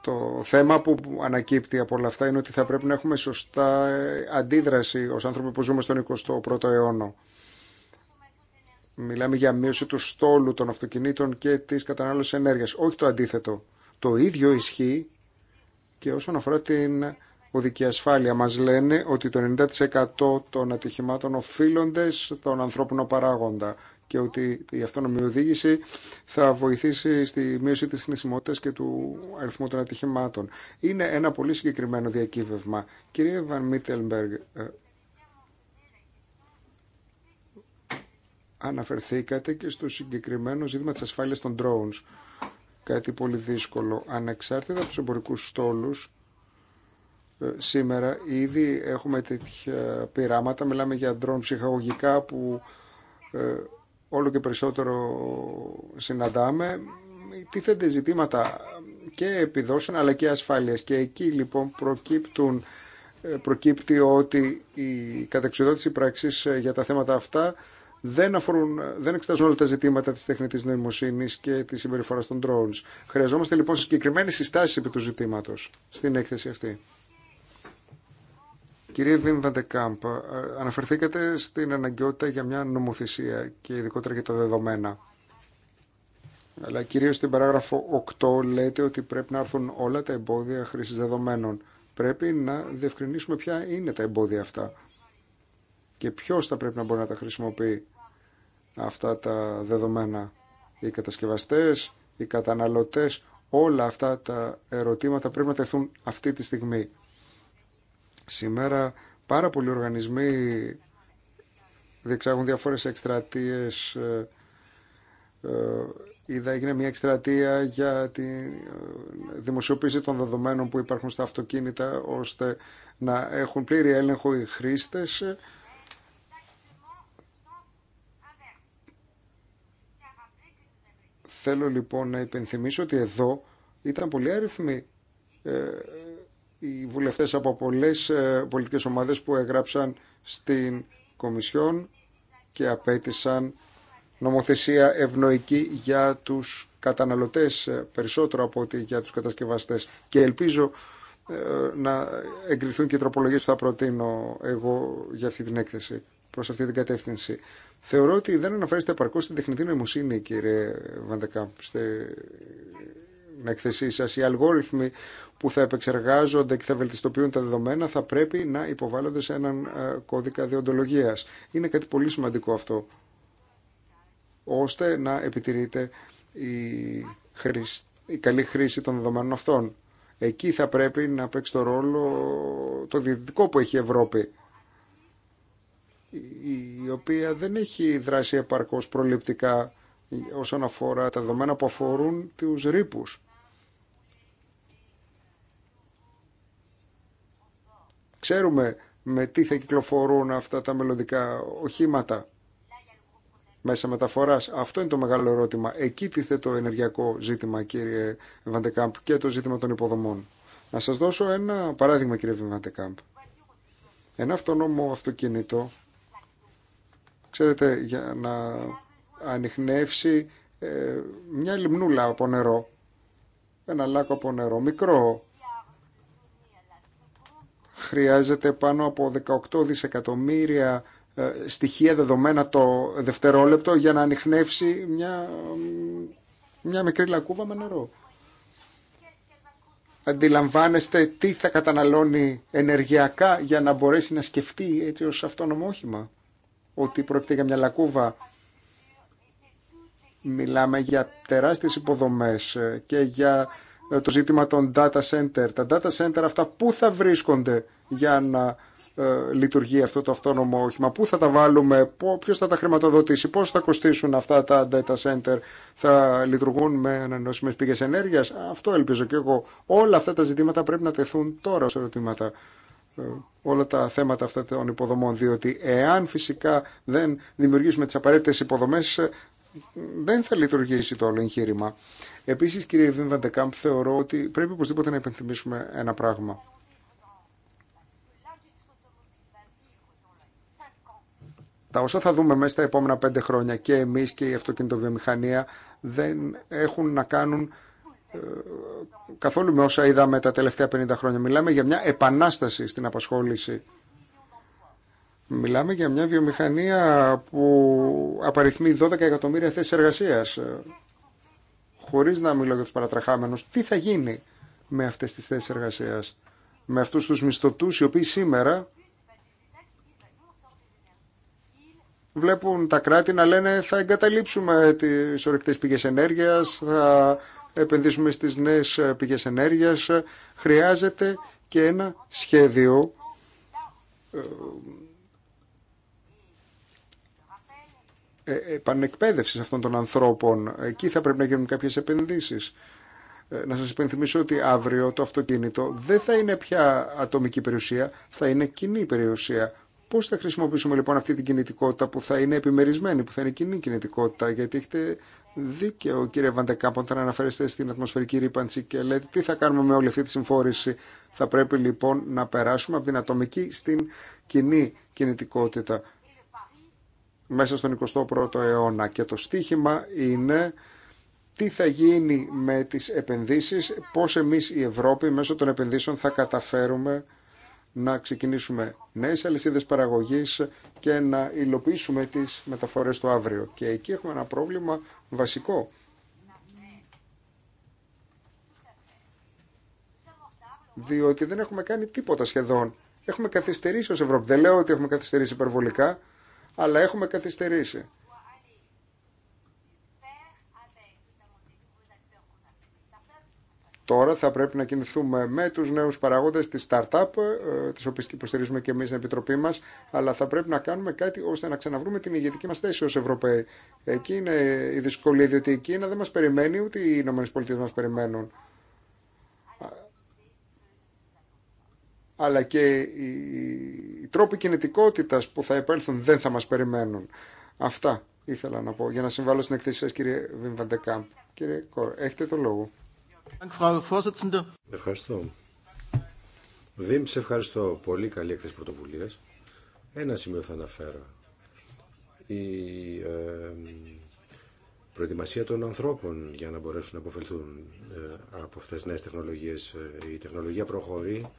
Το θέμα που ανακύπτει από όλα αυτά είναι ότι θα πρέπει να έχουμε σωστά ε, αντίδραση ως άνθρωποι που ζούμε στον 21ο αιώνα. Μιλάμε για μείωση του στόλου των αυτοκινήτων και της κατανάλωσης ενέργειας. Όχι το αντίθετο. Το ίδιο ισχύει και όσον αφορά την οδική ασφάλεια. Μας λένε ότι το 90% των ατυχημάτων οφείλονται στον ανθρώπινο παράγοντα και ότι η αυτόνομη οδήγηση θα βοηθήσει στη μείωση της νησιμότητας και του αριθμού των ατυχημάτων. Είναι ένα πολύ συγκεκριμένο διακύβευμα. Κύριε Βαν Μίτελμπεργκ, ε, αναφερθήκατε και στο συγκεκριμένο ζήτημα της ασφάλειας των drones. Κάτι πολύ δύσκολο. Ανεξάρτητα από τους εμπορικούς στόλους, ε, σήμερα ήδη έχουμε τέτοια πειράματα. Μιλάμε για drone ψυχαγωγικά που ε, όλο και περισσότερο συναντάμε. Τίθενται ζητήματα και επιδόσεων αλλά και ασφάλειας. Και εκεί λοιπόν προκύπτουν ε, προκύπτει ότι η κατεξοδότηση πράξης για τα θέματα αυτά δεν, αφορούν, δεν εξετάζουν όλα τα ζητήματα τη τεχνητή νοημοσύνη και τη συμπεριφορά των drones. Χρειαζόμαστε λοιπόν συγκεκριμένε συστάσει επί του ζητήματο στην έκθεση αυτή. Κύριε Βίμ Βαντεκάμπ, ε, αναφερθήκατε στην αναγκαιότητα για μια νομοθεσία και ειδικότερα για τα δεδομένα. Αλλά κυρίω στην παράγραφο 8 λέτε ότι πρέπει να έρθουν όλα τα εμπόδια χρήση δεδομένων. Πρέπει να διευκρινίσουμε ποια είναι τα εμπόδια αυτά και ποιο θα πρέπει να μπορεί να τα χρησιμοποιεί αυτά τα δεδομένα. Οι κατασκευαστές, οι καταναλωτές, όλα αυτά τα ερωτήματα πρέπει να τεθούν αυτή τη στιγμή. Σήμερα πάρα πολλοί οργανισμοί διεξάγουν διάφορες εκστρατείες. Ε, ε, είδα έγινε μια εκστρατεία για τη ε, δημοσιοποίηση των δεδομένων που υπάρχουν στα αυτοκίνητα ώστε να έχουν πλήρη έλεγχο οι χρήστες Θέλω λοιπόν να υπενθυμίσω ότι εδώ ήταν πολύ άριθμοι ε, οι βουλευτές από πολλές ε, πολιτικές ομάδες που έγραψαν στην Κομισιόν και απέτησαν νομοθεσία ευνοϊκή για τους καταναλωτές ε, περισσότερο από ότι για τους κατασκευαστές. Και ελπίζω να εγκριθούν και οι τροπολογίες που θα προτείνω εγώ για αυτή την έκθεση προς αυτή την κατεύθυνση. Θεωρώ ότι δεν αναφέρεστε επαρκώ στην τεχνητή νοημοσύνη, κύριε Βαντεκάμπ, στην εκθεσή σα. Οι αλγόριθμοι που θα επεξεργάζονται και θα βελτιστοποιούν τα δεδομένα θα πρέπει να υποβάλλονται σε έναν ε, κώδικα διοντολογία. Είναι κάτι πολύ σημαντικό αυτό, ώστε να επιτηρείται η, η καλή χρήση των δεδομένων αυτών. Εκεί θα πρέπει να παίξει το ρόλο το διαιτητικό που έχει η Ευρώπη η οποία δεν έχει δράσει επαρκώς προληπτικά όσον αφορά τα δεδομένα που αφορούν τους ρήπους. Ξέρουμε με τι θα κυκλοφορούν αυτά τα μελλοντικά οχήματα μέσα μεταφοράς. Αυτό είναι το μεγάλο ερώτημα. Εκεί τίθε το ενεργειακό ζήτημα, κύριε Βαντεκάμπ, και το ζήτημα των υποδομών. Να σας δώσω ένα παράδειγμα, κύριε Βαντεκάμπ. Ένα αυτονόμο αυτοκίνητο Ξέρετε, για να ανοιχνεύσει ε, μια λιμνούλα από νερό, ένα λάκκο από νερό, μικρό, χρειάζεται πάνω από 18 δισεκατομμύρια ε, στοιχεία δεδομένα το δευτερόλεπτο για να ανοιχνεύσει μια, μια μικρή λακκούβα με νερό. Αντιλαμβάνεστε τι θα καταναλώνει ενεργειακά για να μπορέσει να σκεφτεί έτσι ως αυτόνομο όχημα ότι πρόκειται για μια λακκούβα. Μιλάμε για τεράστιες υποδομές ε, και για ε, το ζήτημα των data center. Τα data center αυτά πού θα βρίσκονται για να ε, λειτουργεί αυτό το αυτόνομο όχημα, πού θα τα βάλουμε, ποιος θα τα χρηματοδοτήσει, πώς θα κοστίσουν αυτά τα data center, θα λειτουργούν με ανανεώσιμες πηγές ενέργειας. Αυτό ελπίζω και εγώ. Όλα αυτά τα ζητήματα πρέπει να τεθούν τώρα ως ερωτήματα. Ε, όλα τα θέματα αυτά των υποδομών, διότι εάν φυσικά δεν δημιουργήσουμε τις απαραίτητες υποδομές, ε, δεν θα λειτουργήσει το όλο εγχείρημα. Επίσης, κύριε Βιμβαντεκάμπ, θεωρώ ότι πρέπει οπωσδήποτε να υπενθυμίσουμε ένα πράγμα. Τα όσα θα δούμε μέσα στα επόμενα πέντε χρόνια και εμείς και η αυτοκινητοβιομηχανία δεν έχουν να κάνουν καθόλου με όσα είδαμε τα τελευταία 50 χρόνια. Μιλάμε για μια επανάσταση στην απασχόληση. Μιλάμε για μια βιομηχανία που απαριθμεί 12 εκατομμύρια θέσεις εργασία. Χωρίς να μιλώ για τους παρατραχάμενους, τι θα γίνει με αυτές τις θέσει εργασία, με αυτούς τους μισθωτού οι οποίοι σήμερα βλέπουν τα κράτη να λένε θα εγκαταλείψουμε τις ορεικτές πηγές ενέργειας, θα επενδύσουμε στις νέες πηγές ενέργειας. Χρειάζεται και ένα σχέδιο ε, ε, επανεκπαίδευσης αυτών των ανθρώπων. Εκεί θα πρέπει να γίνουν κάποιες επενδύσεις. Ε, να σας υπενθυμίσω ότι αύριο το αυτοκίνητο δεν θα είναι πια ατομική περιουσία, θα είναι κοινή περιουσία. Πώ θα χρησιμοποιήσουμε λοιπόν αυτή την κινητικότητα που θα είναι επιμερισμένη, που θα είναι κοινή κινητικότητα, γιατί έχετε δίκαιο, κύριε Βαντεκάμπ, όταν αναφέρεστε στην ατμοσφαιρική ρήπανση και λέτε τι θα κάνουμε με όλη αυτή τη συμφόρηση. Θα πρέπει λοιπόν να περάσουμε από την ατομική στην κοινή κινητικότητα μέσα στον 21ο αιώνα. Και το στίχημα είναι τι θα γίνει με τις επενδύσεις, πώς εμείς η Ευρώπη μέσω των επενδύσεων θα καταφέρουμε να ξεκινήσουμε νέες αλυσίδες παραγωγής και να υλοποιήσουμε τις μεταφορές του αύριο. Και εκεί έχουμε ένα πρόβλημα βασικό. Διότι δεν έχουμε κάνει τίποτα σχεδόν. Έχουμε καθυστερήσει ως Ευρώπη. Δεν λέω ότι έχουμε καθυστερήσει υπερβολικά, αλλά έχουμε καθυστερήσει. Τώρα θα πρέπει να κινηθούμε με τους νέους παραγόντες της startup, ε, τις οποίες υποστηρίζουμε και εμείς στην Επιτροπή μας, αλλά θα πρέπει να κάνουμε κάτι ώστε να ξαναβρούμε την ηγετική μας θέση ως Ευρωπαίοι. Εκεί είναι η δυσκολία, διότι η Κίνα δεν μας περιμένει, ούτε οι Πολιτείες μας περιμένουν. Αλλά και οι τρόποι κινητικότητας που θα επέλθουν δεν θα μας περιμένουν. Αυτά ήθελα να πω για να συμβάλλω στην εκθέση σας κύριε Βιμβαντεκάμπ. Κύριε Κορ, έχετε το λόγο. Ευχαριστώ. Δήμ, σε ευχαριστώ. Πολύ καλή έκθεση πρωτοβουλία. Ένα σημείο θα αναφέρω. Η προετοιμασία των ανθρώπων για να μπορέσουν να αποφελθούν ε, από αυτές τις νέες τεχνολογίες. Ε, η τεχνολογία προχωρεί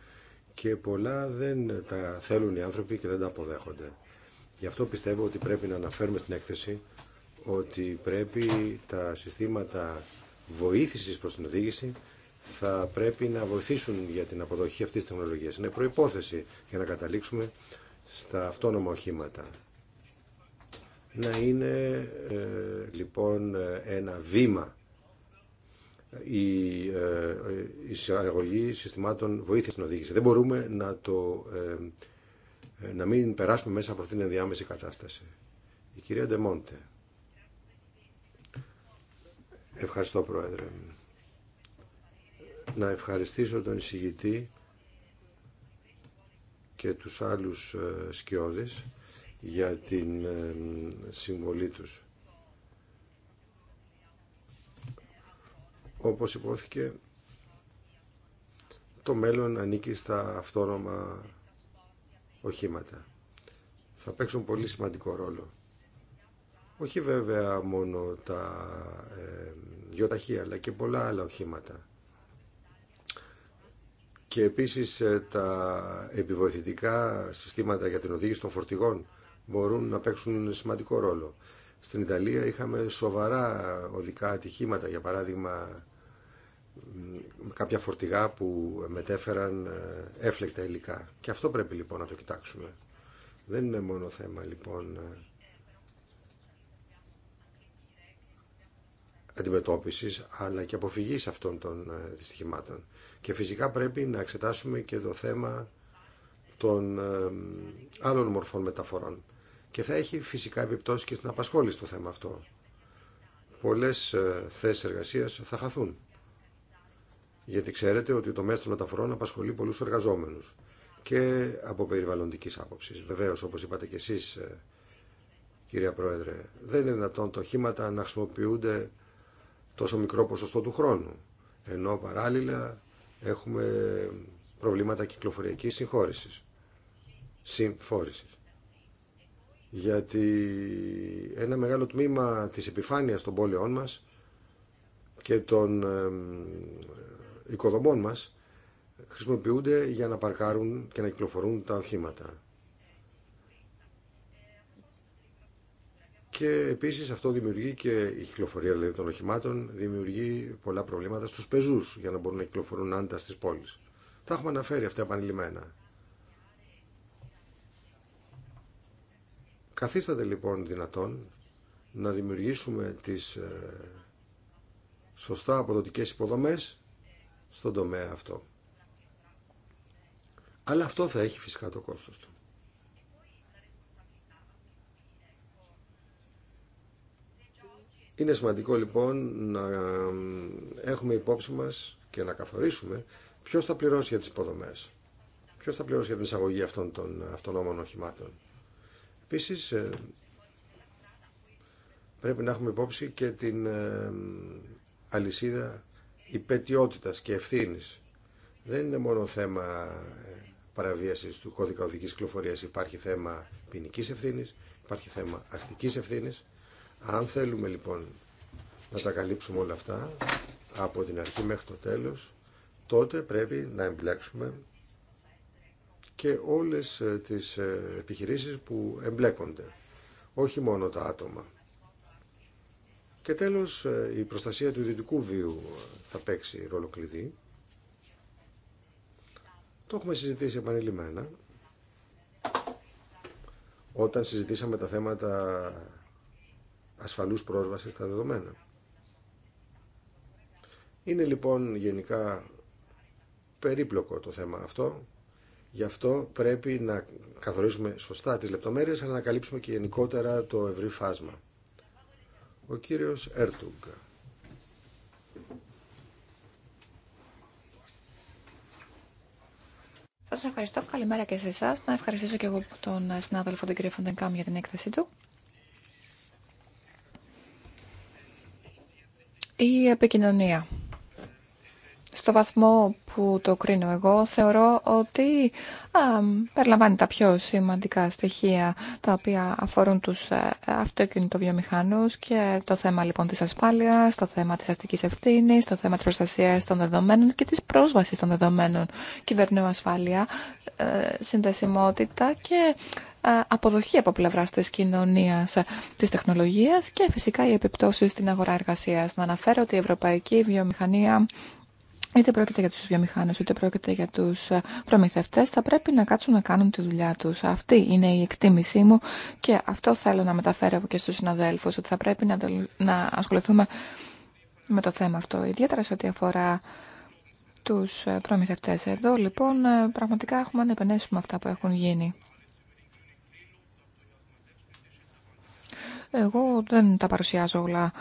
και πολλά δεν τα θέλουν οι άνθρωποι και δεν τα αποδέχονται. Γι' αυτό πιστεύω ότι πρέπει να αναφέρουμε στην έκθεση ότι πρέπει τα συστήματα Βοήθηση προ την οδήγηση θα πρέπει να βοηθήσουν για την αποδοχή αυτή τη τεχνολογία. Είναι προϋπόθεση για να καταλήξουμε στα αυτόνομα οχήματα. Να είναι ε, λοιπόν ένα βήμα η ε, εισαγωγή συστημάτων βοήθεια στην οδήγηση. Δεν μπορούμε να, το, ε, να μην περάσουμε μέσα από αυτήν την ενδιάμεση κατάσταση. Η κυρία Ντεμόντε. Ευχαριστώ Πρόεδρε. Να ευχαριστήσω τον εισηγητή και τους άλλους ε, σκιώδεις για την ε, συμβολή τους. Όπως υπόθηκε, το μέλλον ανήκει στα αυτόνομα οχήματα. Θα παίξουν πολύ σημαντικό ρόλο όχι βέβαια μόνο τα ε, αλλά και πολλά άλλα οχήματα. Και επίσης ε, τα επιβοηθητικά συστήματα για την οδήγηση των φορτηγών μπορούν να παίξουν σημαντικό ρόλο. Στην Ιταλία είχαμε σοβαρά οδικά ατυχήματα, για παράδειγμα κάποια φορτηγά που μετέφεραν ε, έφλεκτα υλικά. Και αυτό πρέπει λοιπόν να το κοιτάξουμε. Δεν είναι μόνο θέμα λοιπόν ε, αντιμετώπισης αλλά και αποφυγή αυτών των ε, δυστυχημάτων. Και φυσικά πρέπει να εξετάσουμε και το θέμα των ε, άλλων μορφών μεταφορών. Και θα έχει φυσικά επιπτώσει και στην απασχόληση το θέμα αυτό. Πολλέ ε, θέσει εργασία θα χαθούν. Γιατί ξέρετε ότι το μέσο των μεταφορών απασχολεί πολλού εργαζόμενου και από περιβαλλοντική άποψη. Βεβαίω, όπω είπατε και εσείς, κυρία Πρόεδρε, δεν είναι δυνατόν τα οχήματα να χρησιμοποιούνται τόσο μικρό ποσοστό του χρόνου. Ενώ παράλληλα έχουμε προβλήματα κυκλοφοριακής συγχώρησης. Συμφόρησης. Γιατί ένα μεγάλο τμήμα της επιφάνειας των πόλεων μας και των οικοδομών μας χρησιμοποιούνται για να παρκάρουν και να κυκλοφορούν τα οχήματα. Και επίσης αυτό δημιουργεί και η κυκλοφορία δηλαδή, των οχημάτων δημιουργεί πολλά προβλήματα στους πεζούς για να μπορούν να κυκλοφορούν άντα στις πόλεις. Τα έχουμε αναφέρει αυτά επανειλημμένα. Καθίσταται λοιπόν δυνατόν να δημιουργήσουμε τις ε, σωστά αποδοτικές υποδομές στον τομέα αυτό. Αλλά αυτό θα έχει φυσικά το κόστος του. Είναι σημαντικό λοιπόν να έχουμε υπόψη μας και να καθορίσουμε ποιος θα πληρώσει για τις υποδομές. Ποιος θα πληρώσει για την εισαγωγή αυτών των αυτονόμων οχημάτων. Επίσης ε, πρέπει να έχουμε υπόψη και την ε, αλυσίδα υπετιότητας και ευθύνης. Δεν είναι μόνο θέμα ε, παραβίασης του κώδικα οδικής κυκλοφορίας. Υπάρχει θέμα ποινική ευθύνης, υπάρχει θέμα αστικής ευθύνης αν θέλουμε λοιπόν να τα καλύψουμε όλα αυτά από την αρχή μέχρι το τέλος, τότε πρέπει να εμπλέξουμε και όλες ε, τις ε, επιχειρήσεις που εμπλέκονται, όχι μόνο τα άτομα. Και τέλος, ε, η προστασία του ιδιωτικού βίου θα παίξει ρόλο κλειδί. Το έχουμε συζητήσει επανειλημμένα. Όταν συζητήσαμε τα θέματα ασφαλούς πρόσβαση στα δεδομένα. Είναι λοιπόν γενικά περίπλοκο το θέμα αυτό. Γι' αυτό πρέπει να καθορίσουμε σωστά τις λεπτομέρειες, αλλά να καλύψουμε και γενικότερα το ευρύ φάσμα. Ο κύριος Έρτουγκ. Σας ευχαριστώ. Καλημέρα και σε εσά. Να ευχαριστήσω και εγώ τον συνάδελφο τον κύριο Φοντενκάμ για την έκθεση του. η επικοινωνία στο βαθμό που το κρίνω εγώ, θεωρώ ότι περιλαμβάνει τα πιο σημαντικά στοιχεία τα οποία αφορούν τους ε, αυτοκινητοβιομηχανούς και το θέμα λοιπόν της ασφάλειας, το θέμα της αστικής ευθύνης, το θέμα της προστασίας των δεδομένων και της πρόσβασης των δεδομένων κυβερνού ασφάλεια, ε, συνδεσιμότητα και ε, αποδοχή από πλευρά τη κοινωνία τη τεχνολογία και φυσικά οι επιπτώσει στην αγορά εργασία. Να αναφέρω ότι η ευρωπαϊκή βιομηχανία είτε πρόκειται για τους βιομηχάνες, είτε πρόκειται για τους ε, προμηθευτές, θα πρέπει να κάτσουν να κάνουν τη δουλειά τους. Αυτή είναι η εκτίμησή μου και αυτό θέλω να μεταφέρω και στους συναδέλφους, ότι θα πρέπει να, να ασχοληθούμε με το θέμα αυτό, ιδιαίτερα σε ό,τι αφορά τους ε, προμηθευτές. Εδώ λοιπόν ε, πραγματικά έχουμε να επενέσουμε αυτά που έχουν γίνει. Εγώ δεν τα παρουσιάζω όλα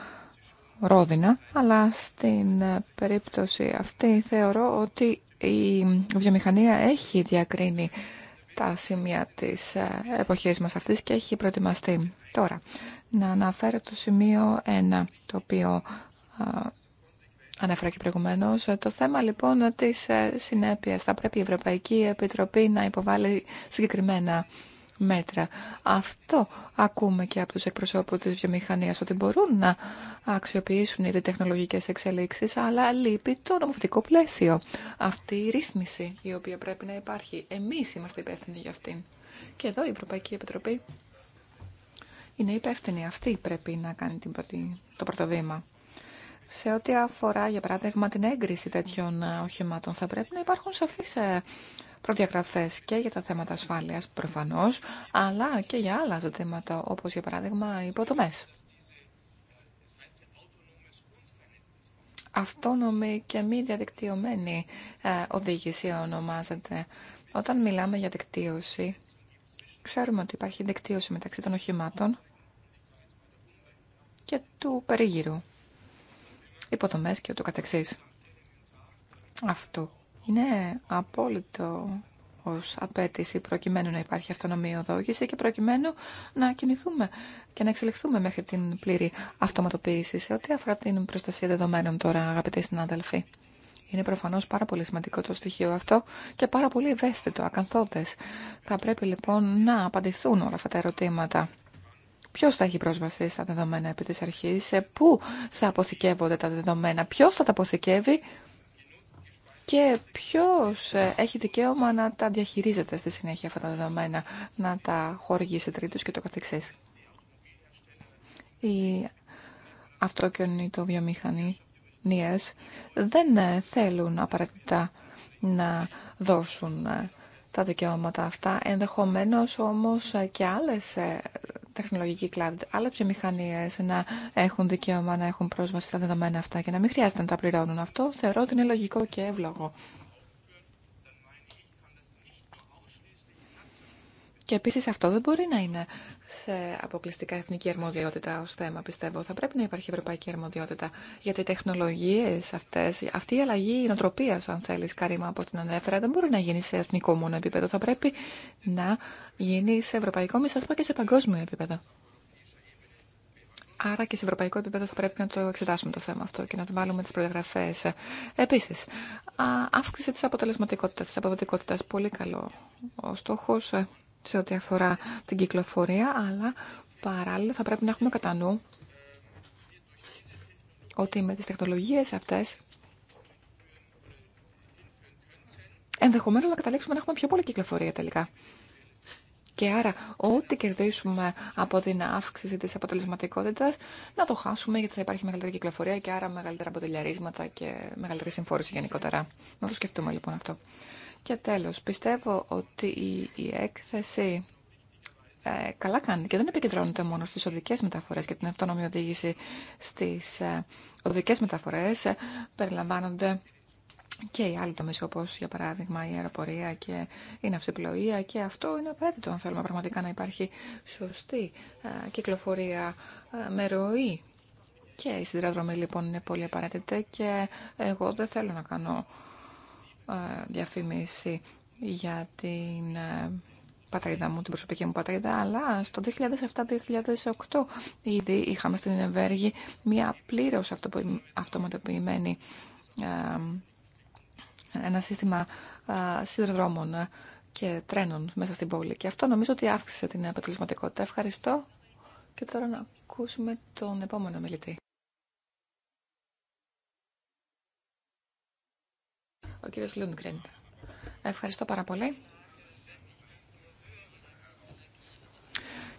Ρόδινα, αλλά στην ε, περίπτωση αυτή θεωρώ ότι η βιομηχανία έχει διακρίνει τα σημεία της ε, εποχής μας αυτής και έχει προετοιμαστεί. Τώρα, να αναφέρω το σημείο 1, το οποίο ε, ανέφερα και προηγουμένω. Το θέμα λοιπόν της συνέπειας. Θα πρέπει η Ευρωπαϊκή Επιτροπή να υποβάλει συγκεκριμένα μέτρα. Αυτό ακούμε και από τους εκπροσώπους της βιομηχανίας, ότι μπορούν να αξιοποιήσουν ήδη τεχνολογικές εξελίξεις, αλλά λείπει το νομοθετικό πλαίσιο. Αυτή η ρύθμιση η οποία πρέπει να υπάρχει. Εμείς είμαστε υπεύθυνοι για αυτήν. Και εδώ η Ευρωπαϊκή Επιτροπή είναι υπεύθυνη. Αυτή πρέπει να κάνει την πρώτη, το πρώτο βήμα. Σε ό,τι αφορά, για παράδειγμα, την έγκριση τέτοιων ε, οχημάτων, θα πρέπει να υπάρχουν σαφείς ε, προδιαγραφές και για τα θέματα ασφάλειας προφανώς, αλλά και για άλλα ζητήματα όπως για παράδειγμα οι Αυτόνομη και μη διαδικτυωμένη ε, οδήγηση ονομάζεται. Όταν μιλάμε για δικτύωση, ξέρουμε ότι υπάρχει δικτύωση μεταξύ των οχημάτων και του περίγυρου. υποτομές και ούτω καθεξής. Αυτό είναι απόλυτο ως απέτηση προκειμένου να υπάρχει αυτονομία οδόγηση και προκειμένου να κινηθούμε και να εξελιχθούμε μέχρι την πλήρη αυτοματοποίηση σε ό,τι αφορά την προστασία δεδομένων τώρα, αγαπητοί συνάδελφοι. Είναι προφανώ πάρα πολύ σημαντικό το στοιχείο αυτό και πάρα πολύ ευαίσθητο, ακαθόδε. Θα πρέπει λοιπόν να απαντηθούν όλα αυτά τα ερωτήματα. Ποιο θα έχει πρόσβαση στα δεδομένα επί τη αρχή, σε πού θα αποθηκεύονται τα δεδομένα, ποιο θα τα αποθηκεύει, και ποιος ε, έχει δικαίωμα να τα διαχειρίζεται στη συνέχεια αυτά τα δεδομένα, να τα χορηγεί σε τρίτους και το καθεξής. Οι αυτοκινητοβιομηχανίες δεν ε, θέλουν απαραίτητα να δώσουν ε, τα δικαιώματα αυτά. Ενδεχομένως όμως και άλλες τεχνολογική άλλα άλλε βιομηχανίε να έχουν δικαίωμα να έχουν πρόσβαση στα δεδομένα αυτά και να μην χρειάζεται να τα πληρώνουν. Αυτό θεωρώ ότι είναι λογικό και εύλογο. Και επίση αυτό δεν μπορεί να είναι σε αποκλειστικά εθνική αρμοδιότητα ως θέμα, πιστεύω. Θα πρέπει να υπάρχει ευρωπαϊκή αρμοδιότητα γιατί οι τεχνολογίες αυτές, αυτή η αλλαγή νοτροπία αν θέλεις, Καρίμα, όπως την ανέφερα, δεν μπορεί να γίνει σε εθνικό μόνο επίπεδο. Θα πρέπει να γίνει σε ευρωπαϊκό, μη και σε παγκόσμιο επίπεδο. Άρα και σε ευρωπαϊκό επίπεδο θα πρέπει να το εξετάσουμε το θέμα αυτό και να το βάλουμε τι προδιαγραφέ. Επίση, αύξηση τη αποτελεσματικότητα, τη αποδοτικότητα. Πολύ καλό ο στόχο σε ό,τι αφορά την κυκλοφορία, αλλά παράλληλα θα πρέπει να έχουμε κατά νου ότι με τις τεχνολογίες αυτές ενδεχομένως να καταλήξουμε να έχουμε πιο πολλή κυκλοφορία τελικά. Και άρα ό,τι κερδίσουμε από την αύξηση της αποτελεσματικότητας να το χάσουμε γιατί θα υπάρχει μεγαλύτερη κυκλοφορία και άρα μεγαλύτερα αποτελιαρίσματα και μεγαλύτερη συμφόρηση γενικότερα. Να το σκεφτούμε λοιπόν αυτό. Και τέλος, πιστεύω ότι η, έκθεση ε, καλά κάνει και δεν επικεντρώνεται μόνο στις οδικές μεταφορές και την αυτόνομη οδήγηση στις ε, οδικές μεταφορές. Ε, περιλαμβάνονται και οι άλλοι τομείς όπως για παράδειγμα η αεροπορία και η ναυσιπλοεία και αυτό είναι απαραίτητο αν θέλουμε πραγματικά να υπάρχει σωστή ε, κυκλοφορία ε, με ροή. Και η συνδραδρομή λοιπόν είναι πολύ απαραίτητη και εγώ δεν θέλω να κάνω ε, διαφήμιση για την ε, πατρίδα μου, την προσωπική μου πατρίδα, αλλά στο 2007-2008 ήδη είχαμε στην Ευέργη μια πλήρως αυτοματοποιημένη ε, ένα σύστημα σιδηροδρόμων και τρένων μέσα στην πόλη. Και αυτό νομίζω ότι αύξησε την αποτελεσματικότητα. Ευχαριστώ. Και τώρα να ακούσουμε τον επόμενο μιλητή. Ο κύριος Λούντγκριν. Ευχαριστώ πάρα πολύ.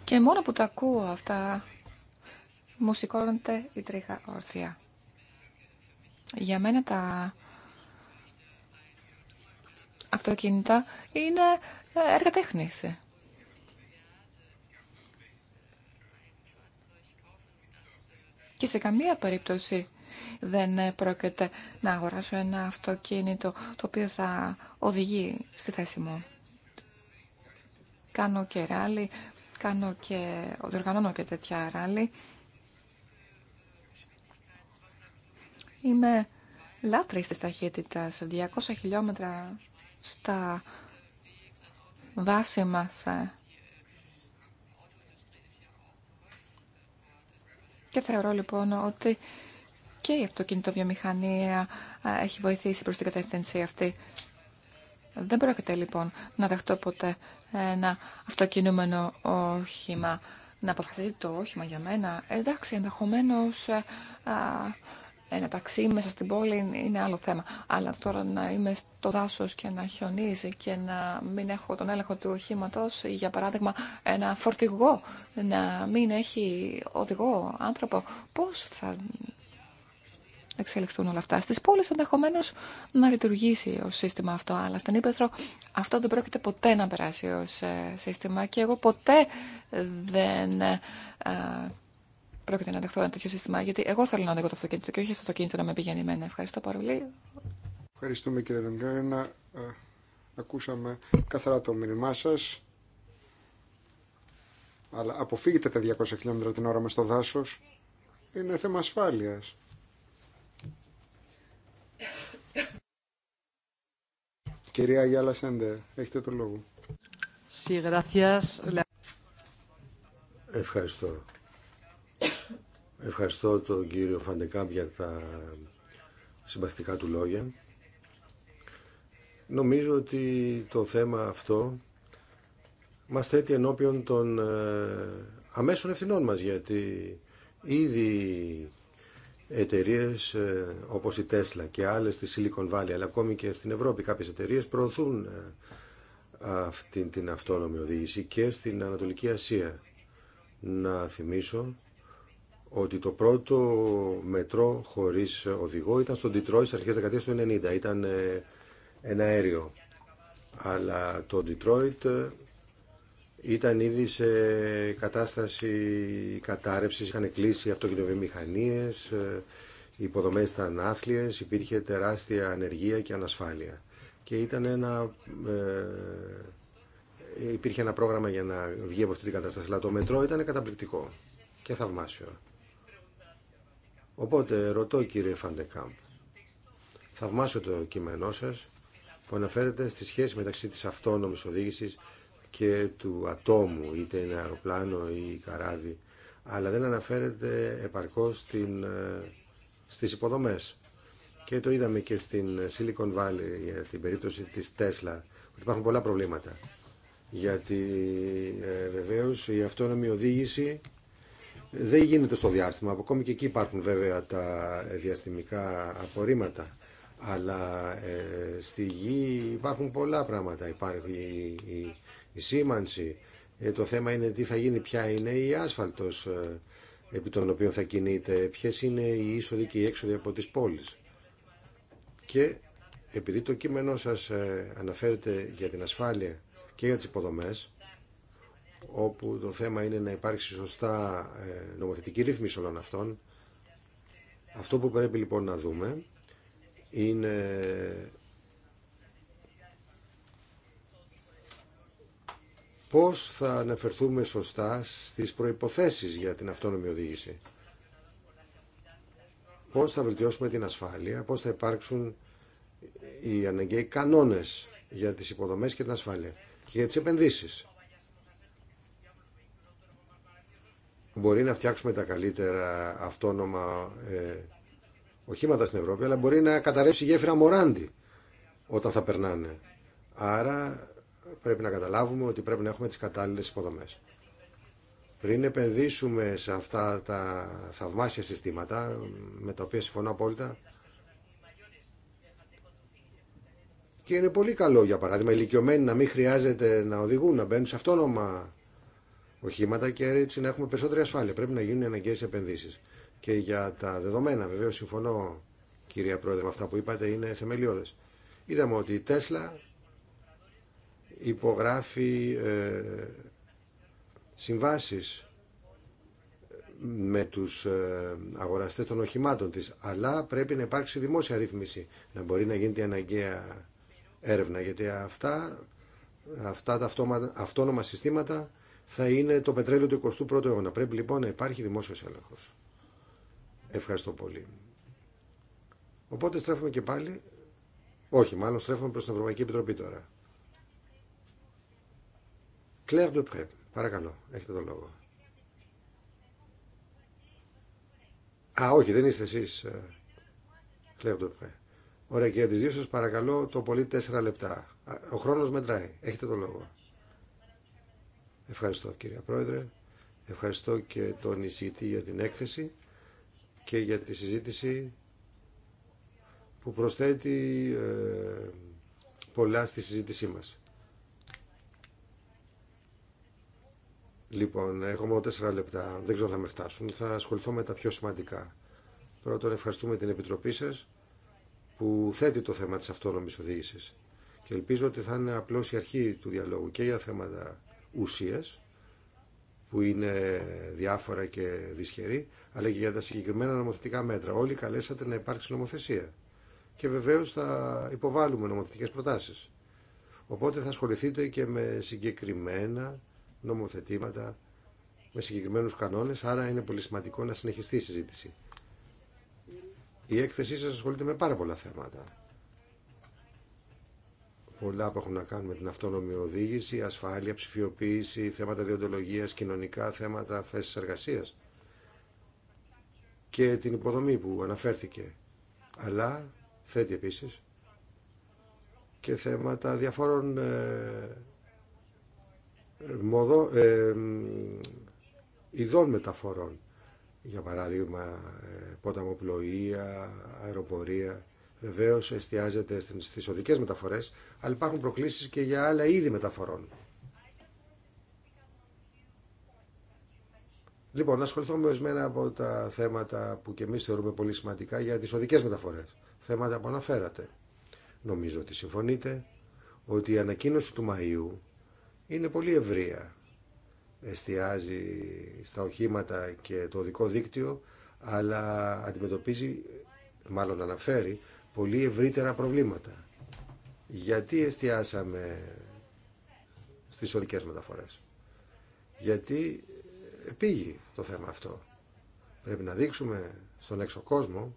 Και μόνο που τα ακούω αυτά, μου σηκώνονται η τρίχα ορθιά. Για μένα τα αυτοκίνητα είναι έργα τέχνης. Και σε καμία περίπτωση δεν πρόκειται να αγοράσω ένα αυτοκίνητο το οποίο θα οδηγεί στη θέση μου. Κάνω και ράλι, κάνω και, και τέτοια ράλι. Είμαι λάτρης της ταχύτητας, 200 χιλιόμετρα στα βάση μας. Και θεωρώ λοιπόν ότι και η αυτοκινητοβιομηχανία ε, έχει βοηθήσει προς την κατεύθυνση αυτή. Δεν πρόκειται λοιπόν να δεχτώ ποτέ ένα αυτοκινούμενο όχημα να αποφασίζει το όχημα για μένα. Εντάξει, ενδεχομένω ε, ένα ταξί μέσα στην πόλη είναι άλλο θέμα. Αλλά τώρα να είμαι στο δάσο και να χιονίζει και να μην έχω τον έλεγχο του οχήματο, για παράδειγμα, ένα φορτηγό να μην έχει οδηγό άνθρωπο, πώ θα να εξελιχθούν όλα αυτά. Στις πόλεις ενδεχομένω να λειτουργήσει ο σύστημα αυτό, αλλά στην Ήπεθρο αυτό δεν πρόκειται ποτέ να περάσει ως ε, σύστημα και εγώ ποτέ δεν ε, πρόκειται να δεχτώ ένα τέτοιο σύστημα, γιατί εγώ θέλω να οδηγώ το αυτοκίνητο και όχι αυτό το αυτοκίνητο να με πηγαίνει εμένα. Ευχαριστώ πάρα πολύ. Ευχαριστούμε κύριε Ρενγκρένα. Ε, ακούσαμε καθαρά το μήνυμά σα. Αλλά αποφύγετε τα 200 χιλιόμετρα την ώρα με στο δάσο. Είναι θέμα ασφάλεια. Κυρία Γιάλα Σέντερ, έχετε το λόγο. Ευχαριστώ. Ευχαριστώ τον κύριο Φαντεκάμπ για τα συμπαθητικά του λόγια. Νομίζω ότι το θέμα αυτό μας θέτει ενώπιον των ε, αμέσων ευθυνών μας γιατί ήδη εταιρείε ε, όπως η Tesla και άλλες στη Silicon Valley, αλλά ακόμη και στην Ευρώπη κάποιες εταιρείε προωθούν ε, αυτή την αυτόνομη οδήγηση και στην Ανατολική Ασία. Να θυμίσω ότι το πρώτο μετρό χωρίς οδηγό ήταν στον Detroit στις αρχές δεκαετίας του 1990. Ήταν ε, ένα αέριο. Αλλά το Detroit ήταν ήδη σε κατάσταση κατάρρευσης, είχαν κλείσει αυτοκινοβιομηχανίες, ε, οι υποδομές ήταν άθλιες, υπήρχε τεράστια ανεργία και ανασφάλεια. Και ήταν ένα, ε, υπήρχε ένα πρόγραμμα για να βγει από αυτή την κατάσταση, αλλά το μετρό ήταν καταπληκτικό και θαυμάσιο. Οπότε ρωτώ κύριε Φαντεκάμπ, θαυμάσιο το κείμενό σας που αναφέρεται στη σχέση μεταξύ της αυτόνομης οδήγησης και του ατόμου, είτε είναι αεροπλάνο ή καράβι, αλλά δεν αναφέρεται επαρκώς στην, ε, στις υποδομές. Και το είδαμε και στην Silicon Valley για την περίπτωση της Tesla, ότι υπάρχουν πολλά προβλήματα. Γιατί ε, βεβαίως η αυτόνομη οδήγηση δεν γίνεται στο διάστημα. Ακόμη και εκεί υπάρχουν βέβαια τα διαστημικά απορρίμματα. Αλλά ε, στη γη υπάρχουν πολλά πράγματα. Υπάρχει η, η σήμανση. Ε, το θέμα είναι τι θα γίνει, ποια είναι η άσφαλτος ε, επί των οποίων θα κινείται, ποιε είναι οι είσοδοι και οι έξοδοι από τις πόλεις. Και επειδή το κείμενό σας ε, αναφέρεται για την ασφάλεια και για τις υποδομές, όπου το θέμα είναι να υπάρξει σωστά νομοθετική ρύθμιση όλων αυτών, αυτό που πρέπει λοιπόν να δούμε είναι πώς θα αναφερθούμε σωστά στις προϋποθέσεις για την αυτόνομη οδήγηση. Πώς θα βελτιώσουμε την ασφάλεια, πώς θα υπάρξουν οι αναγκαίοι κανόνες για τις υποδομές και την ασφάλεια και για τις επενδύσεις. Μπορεί να φτιάξουμε τα καλύτερα αυτόνομα ε, οχήματα στην Ευρώπη, αλλά μπορεί να καταρρεύσει η γέφυρα Μοράντι όταν θα περνάνε. Άρα πρέπει να καταλάβουμε ότι πρέπει να έχουμε τις κατάλληλες υποδομές. Πριν επενδύσουμε σε αυτά τα θαυμάσια συστήματα, με τα οποία συμφωνώ απόλυτα, και είναι πολύ καλό, για παράδειγμα, οι ηλικιωμένοι να μην χρειάζεται να οδηγούν, να μπαίνουν σε αυτόνομα οχήματα και έτσι να έχουμε περισσότερη ασφάλεια. Πρέπει να γίνουν αναγκαίε επενδύσει. Και για τα δεδομένα, βεβαίω συμφωνώ, κυρία Πρόεδρε, με αυτά που είπατε, είναι θεμελιώδε. Είδαμε ότι η Τέσλα υπογράφει ε, συμβάσεις με τους ε, αγοραστές των οχημάτων της. Αλλά πρέπει να υπάρξει δημόσια ρύθμιση, να μπορεί να γίνεται η αναγκαία έρευνα, γιατί αυτά, αυτά τα αυτόνομα συστήματα θα είναι το πετρέλαιο του 21ου αιώνα. Πρέπει λοιπόν να υπάρχει δημόσιος έλεγχος. Ευχαριστώ πολύ. Οπότε στρέφουμε και πάλι, όχι μάλλον στρέφουμε προς την Ευρωπαϊκή Επιτροπή τώρα. Κλέρ Ντουπρέ, παρακαλώ, έχετε το λόγο. Α, όχι, δεν είστε εσεί. Κλέρ Ντουπρέ. Ωραία, και για τι δύο σα παρακαλώ το πολύ τέσσερα λεπτά. Ο χρόνο μετράει. Έχετε το λόγο. Ευχαριστώ κύριε Πρόεδρε. Ευχαριστώ και τον εισηγητή για την έκθεση και για τη συζήτηση που προσθέτει ε, πολλά στη συζήτησή μας. Λοιπόν, έχω μόνο τέσσερα λεπτά. Δεν ξέρω αν θα με φτάσουν. Θα ασχοληθώ με τα πιο σημαντικά. Πρώτον, ευχαριστούμε την Επιτροπή σα που θέτει το θέμα τη αυτόνομη οδήγηση. Και ελπίζω ότι θα είναι απλώ η αρχή του διαλόγου και για θέματα ουσία, που είναι διάφορα και δυσχερή, αλλά και για τα συγκεκριμένα νομοθετικά μέτρα. Όλοι καλέσατε να υπάρξει νομοθεσία. Και βεβαίω θα υποβάλουμε νομοθετικέ προτάσει. Οπότε θα ασχοληθείτε και με συγκεκριμένα νομοθετήματα με συγκεκριμένου κανόνε. άρα είναι πολύ σημαντικό να συνεχιστεί η συζήτηση. Η έκθεσή σα ασχολείται με πάρα πολλά θέματα. Πολλά που έχουν να κάνουν με την αυτόνομη οδήγηση, ασφάλεια, ψηφιοποίηση, θέματα διοντολογία, κοινωνικά θέματα, θέσεις εργασία και την υποδομή που αναφέρθηκε. Αλλά θέτει επίση. και θέματα διαφόρων ε, μοδο, ε, ειδών μεταφορών. Για παράδειγμα, ε, ποταμοπλοεία, αεροπορία. Βεβαίω εστιάζεται στι οδικέ μεταφορέ, αλλά υπάρχουν προκλήσει και για άλλα είδη μεταφορών. Λοιπόν, να ασχοληθώ με ορισμένα από τα θέματα που και εμεί θεωρούμε πολύ σημαντικά για τι οδικέ μεταφορέ. Θέματα που αναφέρατε. Νομίζω ότι συμφωνείτε ότι η ανακοίνωση του Μαΐου είναι πολύ ευρεία. Εστιάζει στα οχήματα και το οδικό δίκτυο, αλλά αντιμετωπίζει, μάλλον αναφέρει, πολύ ευρύτερα προβλήματα. Γιατί εστιάσαμε στις οδικές μεταφορές. Γιατί ε, πήγει το θέμα αυτό. Πρέπει να δείξουμε στον έξω κόσμο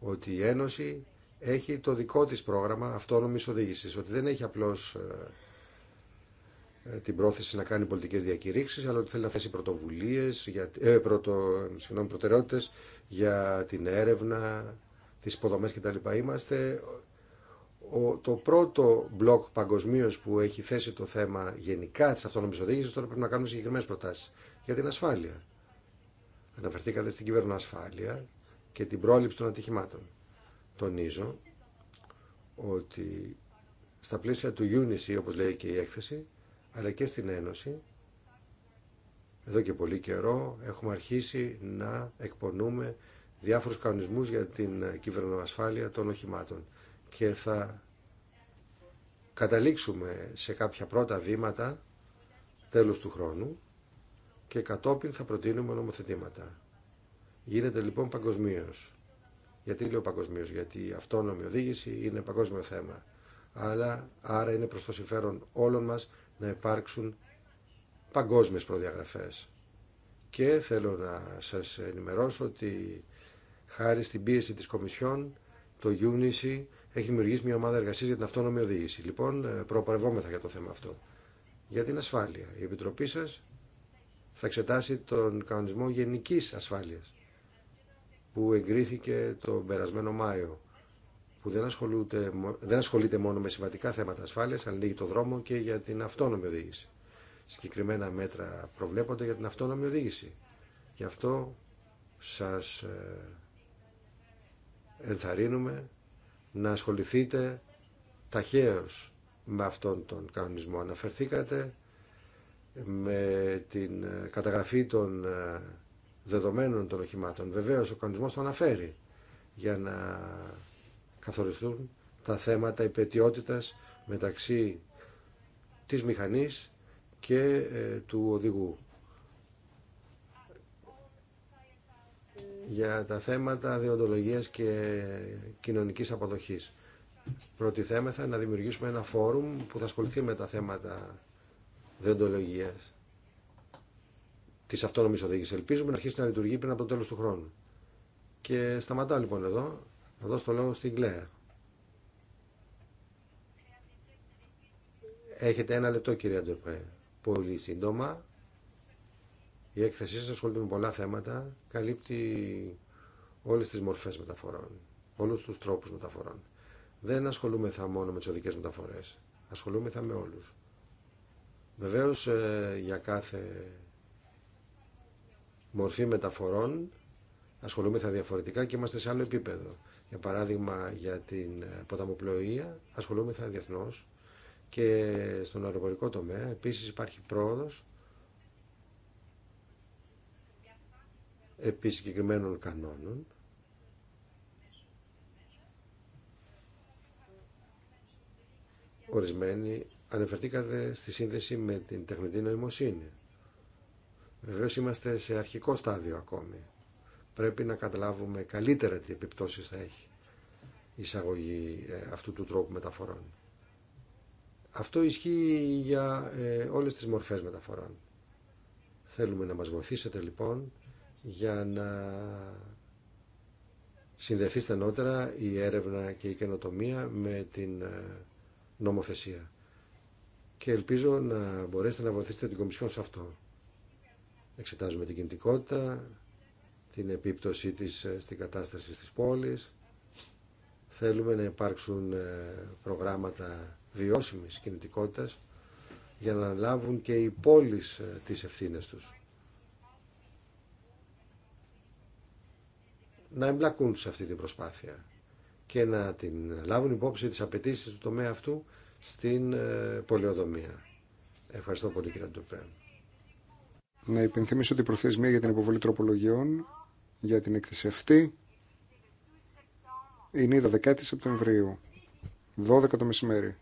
ότι η Ένωση έχει το δικό της πρόγραμμα αυτόνομης οδήγησης, ότι δεν έχει απλώς ε, ε, την πρόθεση να κάνει πολιτικές διακηρύξεις, αλλά ότι θέλει να θέσει πρωτοβουλίες, για, ε, πρωτο, συγγνώμη, προτεραιότητες για την έρευνα, τις υποδομές κτλ. Είμαστε το πρώτο μπλοκ παγκοσμίω που έχει θέσει το θέμα γενικά της αυτόνομης οδήγησης, τώρα πρέπει να κάνουμε συγκεκριμένες προτάσεις για την ασφάλεια. Αναφερθήκατε στην κυβέρνηση ασφάλεια και την πρόληψη των ατυχημάτων. Τονίζω ότι στα πλαίσια του UNICE, όπως λέει και η έκθεση, αλλά και στην Ένωση, εδώ και πολύ καιρό έχουμε αρχίσει να εκπονούμε διάφορους κανονισμούς για την κυβερνοασφάλεια των οχημάτων και θα καταλήξουμε σε κάποια πρώτα βήματα τέλος του χρόνου και κατόπιν θα προτείνουμε νομοθετήματα. Γίνεται λοιπόν παγκοσμίω. Γιατί λέω παγκοσμίω, Γιατί η αυτόνομη οδήγηση είναι παγκόσμιο θέμα. Αλλά άρα είναι προ το συμφέρον όλων μα να υπάρξουν παγκόσμιες προδιαγραφές. Και θέλω να σας ενημερώσω ότι χάρη στην πίεση της Κομισιόν το UNICE έχει δημιουργήσει μια ομάδα εργασίας για την αυτόνομη οδήγηση. Λοιπόν, ε, προπαρευόμεθα για το θέμα αυτό. Για την ασφάλεια. Η Επιτροπή σας θα εξετάσει τον κανονισμό γενικής ασφάλειας που εγκρίθηκε τον περασμένο Μάιο που δεν ασχολείται, δεν μόνο με συμβατικά θέματα ασφάλεια αλλά ανοίγει το δρόμο και για την αυτόνομη οδήγηση. Συγκεκριμένα μέτρα προβλέπονται για την αυτόνομη οδήγηση. Γι' αυτό σας ε, ενθαρρύνουμε να ασχοληθείτε ταχαίως με αυτόν τον κανονισμό. Αναφερθήκατε με την ε, καταγραφή των ε, δεδομένων των οχημάτων. Βεβαίως ο κανονισμός το αναφέρει για να καθοριστούν τα θέματα υπετιότητας μεταξύ της μηχανής και ε, του οδηγού. Για τα θέματα διοντολογίας και κοινωνικής αποδοχής. Προτιθέμεθα να δημιουργήσουμε ένα φόρουμ που θα ασχοληθεί με τα θέματα διοντολογίας της αυτόνομης οδήγηση. Ελπίζουμε να αρχίσει να λειτουργεί πριν από το τέλος του χρόνου. Και σταματάω λοιπόν εδώ. Θα δώσω το λόγο στην Κλέα. Έχετε ένα λεπτό κυρία Ντεπρέ. Πολύ σύντομα. Η έκθεσή σας ασχολείται με πολλά θέματα. Καλύπτει όλες τις μορφές μεταφορών. Όλους τους τρόπους μεταφορών. Δεν ασχολούμεθα μόνο με τις οδικές μεταφορές. Ασχολούμεθα με όλους. Βεβαίως ε, για κάθε μορφή μεταφορών ασχολούμεθα διαφορετικά και είμαστε σε άλλο επίπεδο. Για παράδειγμα για την ε, ποταμοπλοεία ασχολούμεθα διεθνώ και στον αεροπορικό τομέα επίσης υπάρχει πρόοδος επί συγκεκριμένων κανόνων Ορισμένοι ανεφερθήκατε στη σύνδεση με την τεχνητή νοημοσύνη. Βεβαίως είμαστε σε αρχικό στάδιο ακόμη πρέπει να καταλάβουμε καλύτερα τι επιπτώσεις θα έχει η εισαγωγή ε, αυτού του τρόπου μεταφορών. Αυτό ισχύει για ε, όλες τις μορφές μεταφορών. Θέλουμε να μας βοηθήσετε λοιπόν για να συνδεθεί στενότερα η έρευνα και η καινοτομία με την ε, νομοθεσία. Και ελπίζω να μπορέσετε να βοηθήσετε την Κομισιόν σε αυτό. Εξετάζουμε την κινητικότητα, την επίπτωσή της ε, στην κατάσταση της πόλης. Θέλουμε να υπάρξουν ε, προγράμματα βιώσιμης κινητικότητας για να λάβουν και οι πόλεις ε, τις ευθύνες τους. Να εμπλακούν σε αυτή την προσπάθεια και να την λάβουν υπόψη τις απαιτήσεις του τομέα αυτού στην πολεοδομία. Ευχαριστώ πολύ κύριε Ντουπρέ. Να υπενθυμίσω ότι η προθεσμία για την υποβολή τροπολογιών για την έκθεση αυτή είναι η 12η Σεπτεμβρίου, 12 το μεσημέρι.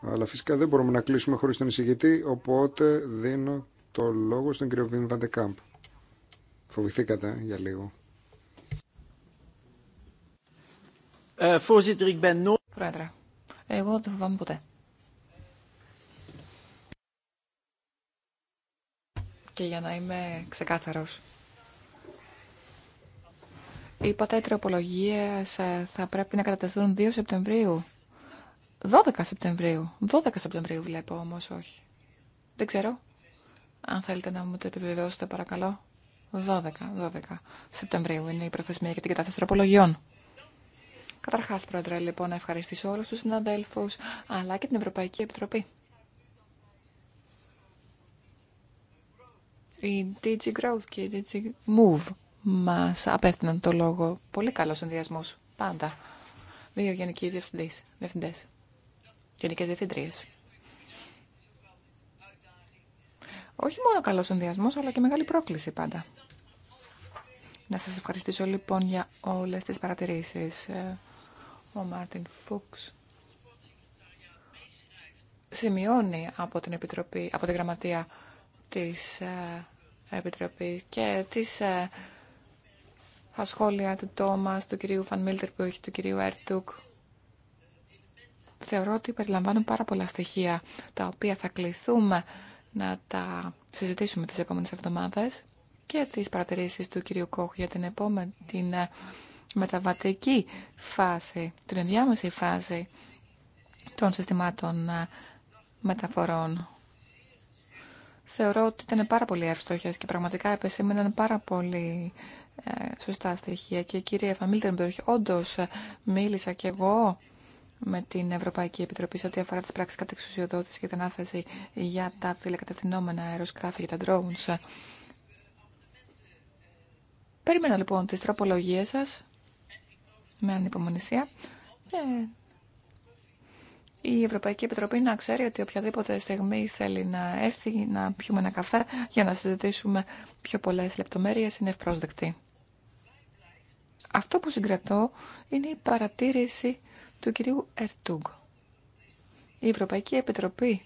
Αλλά φυσικά δεν μπορούμε να κλείσουμε χωρίς τον εισηγητή, οπότε δίνω το λόγο στον κύριο Βιν Βαντεκάμπ. Φοβηθήκατε ε, για λίγο. Ε, Πρόεδρε, εγώ δεν φοβάμαι ποτέ. Και για να είμαι ξεκάθαρος. Είπατε οι τροπολογίες ε, θα πρέπει να κατατεθούν 2 Σεπτεμβρίου. 12 Σεπτεμβρίου. 12 Σεπτεμβρίου βλέπω όμως όχι. Δεν ξέρω. Αν θέλετε να μου το επιβεβαιώσετε παρακαλώ. 12, 12 Σεπτεμβρίου είναι η προθεσμία για την κατάθεση τροπολογιών. Καταρχάς, Πρόεδρε, λοιπόν, να ευχαριστήσω όλους τους συναδέλφους, αλλά και την Ευρωπαϊκή Επιτροπή. Η DG Growth και η DG Move μα απέφτυναν το λόγο. Πολύ καλό συνδυασμό. πάντα. Δύο γενικοί διευθυντέ. Γενικέ γενικές διευθυντρίες. Όχι μόνο καλό συνδυασμό, αλλά και μεγάλη πρόκληση πάντα. Να σας ευχαριστήσω λοιπόν για όλες τις παρατηρήσεις. Ε, ο Μάρτιν Φούξ σημειώνει από την Επιτροπή, από την Γραμματεία της ε, Επιτροπή και τις ε, ασχόλια του Τόμας, του κυρίου Φαν Μίλτερ που έχει, του κυρίου Ερτούκ. Θεωρώ ότι περιλαμβάνουν πάρα πολλά στοιχεία τα οποία θα κληθούμε να τα συζητήσουμε τις επόμενες εβδομάδες και τις παρατηρήσεις του κυρίου Κόχ για την επόμενη την ε, μεταβατική φάση, την ενδιάμεση φάση των συστημάτων ε, μεταφορών θεωρώ ότι ήταν πάρα πολύ εύστοχε και πραγματικά επεσήμεναν πάρα πολύ ε, σωστά στοιχεία. Και η κυρία Φαμίλτεμπεργκ, όντω ε, μίλησα κι εγώ με την Ευρωπαϊκή Επιτροπή σε ό,τι αφορά τις πράξεις κατεξουσιοδότηση και την άθεση για τα τηλεκατευθυνόμενα αεροσκάφη για τα drones. Περίμενα λοιπόν τις τροπολογίε σα με ανυπομονησία η Ευρωπαϊκή Επιτροπή να ξέρει ότι οποιαδήποτε στιγμή θέλει να έρθει να πιούμε ένα καφέ για να συζητήσουμε πιο πολλές λεπτομέρειες είναι ευπρόσδεκτη. Αυτό που συγκρατώ είναι η παρατήρηση του κυρίου Ερτούγκ. Η Ευρωπαϊκή Επιτροπή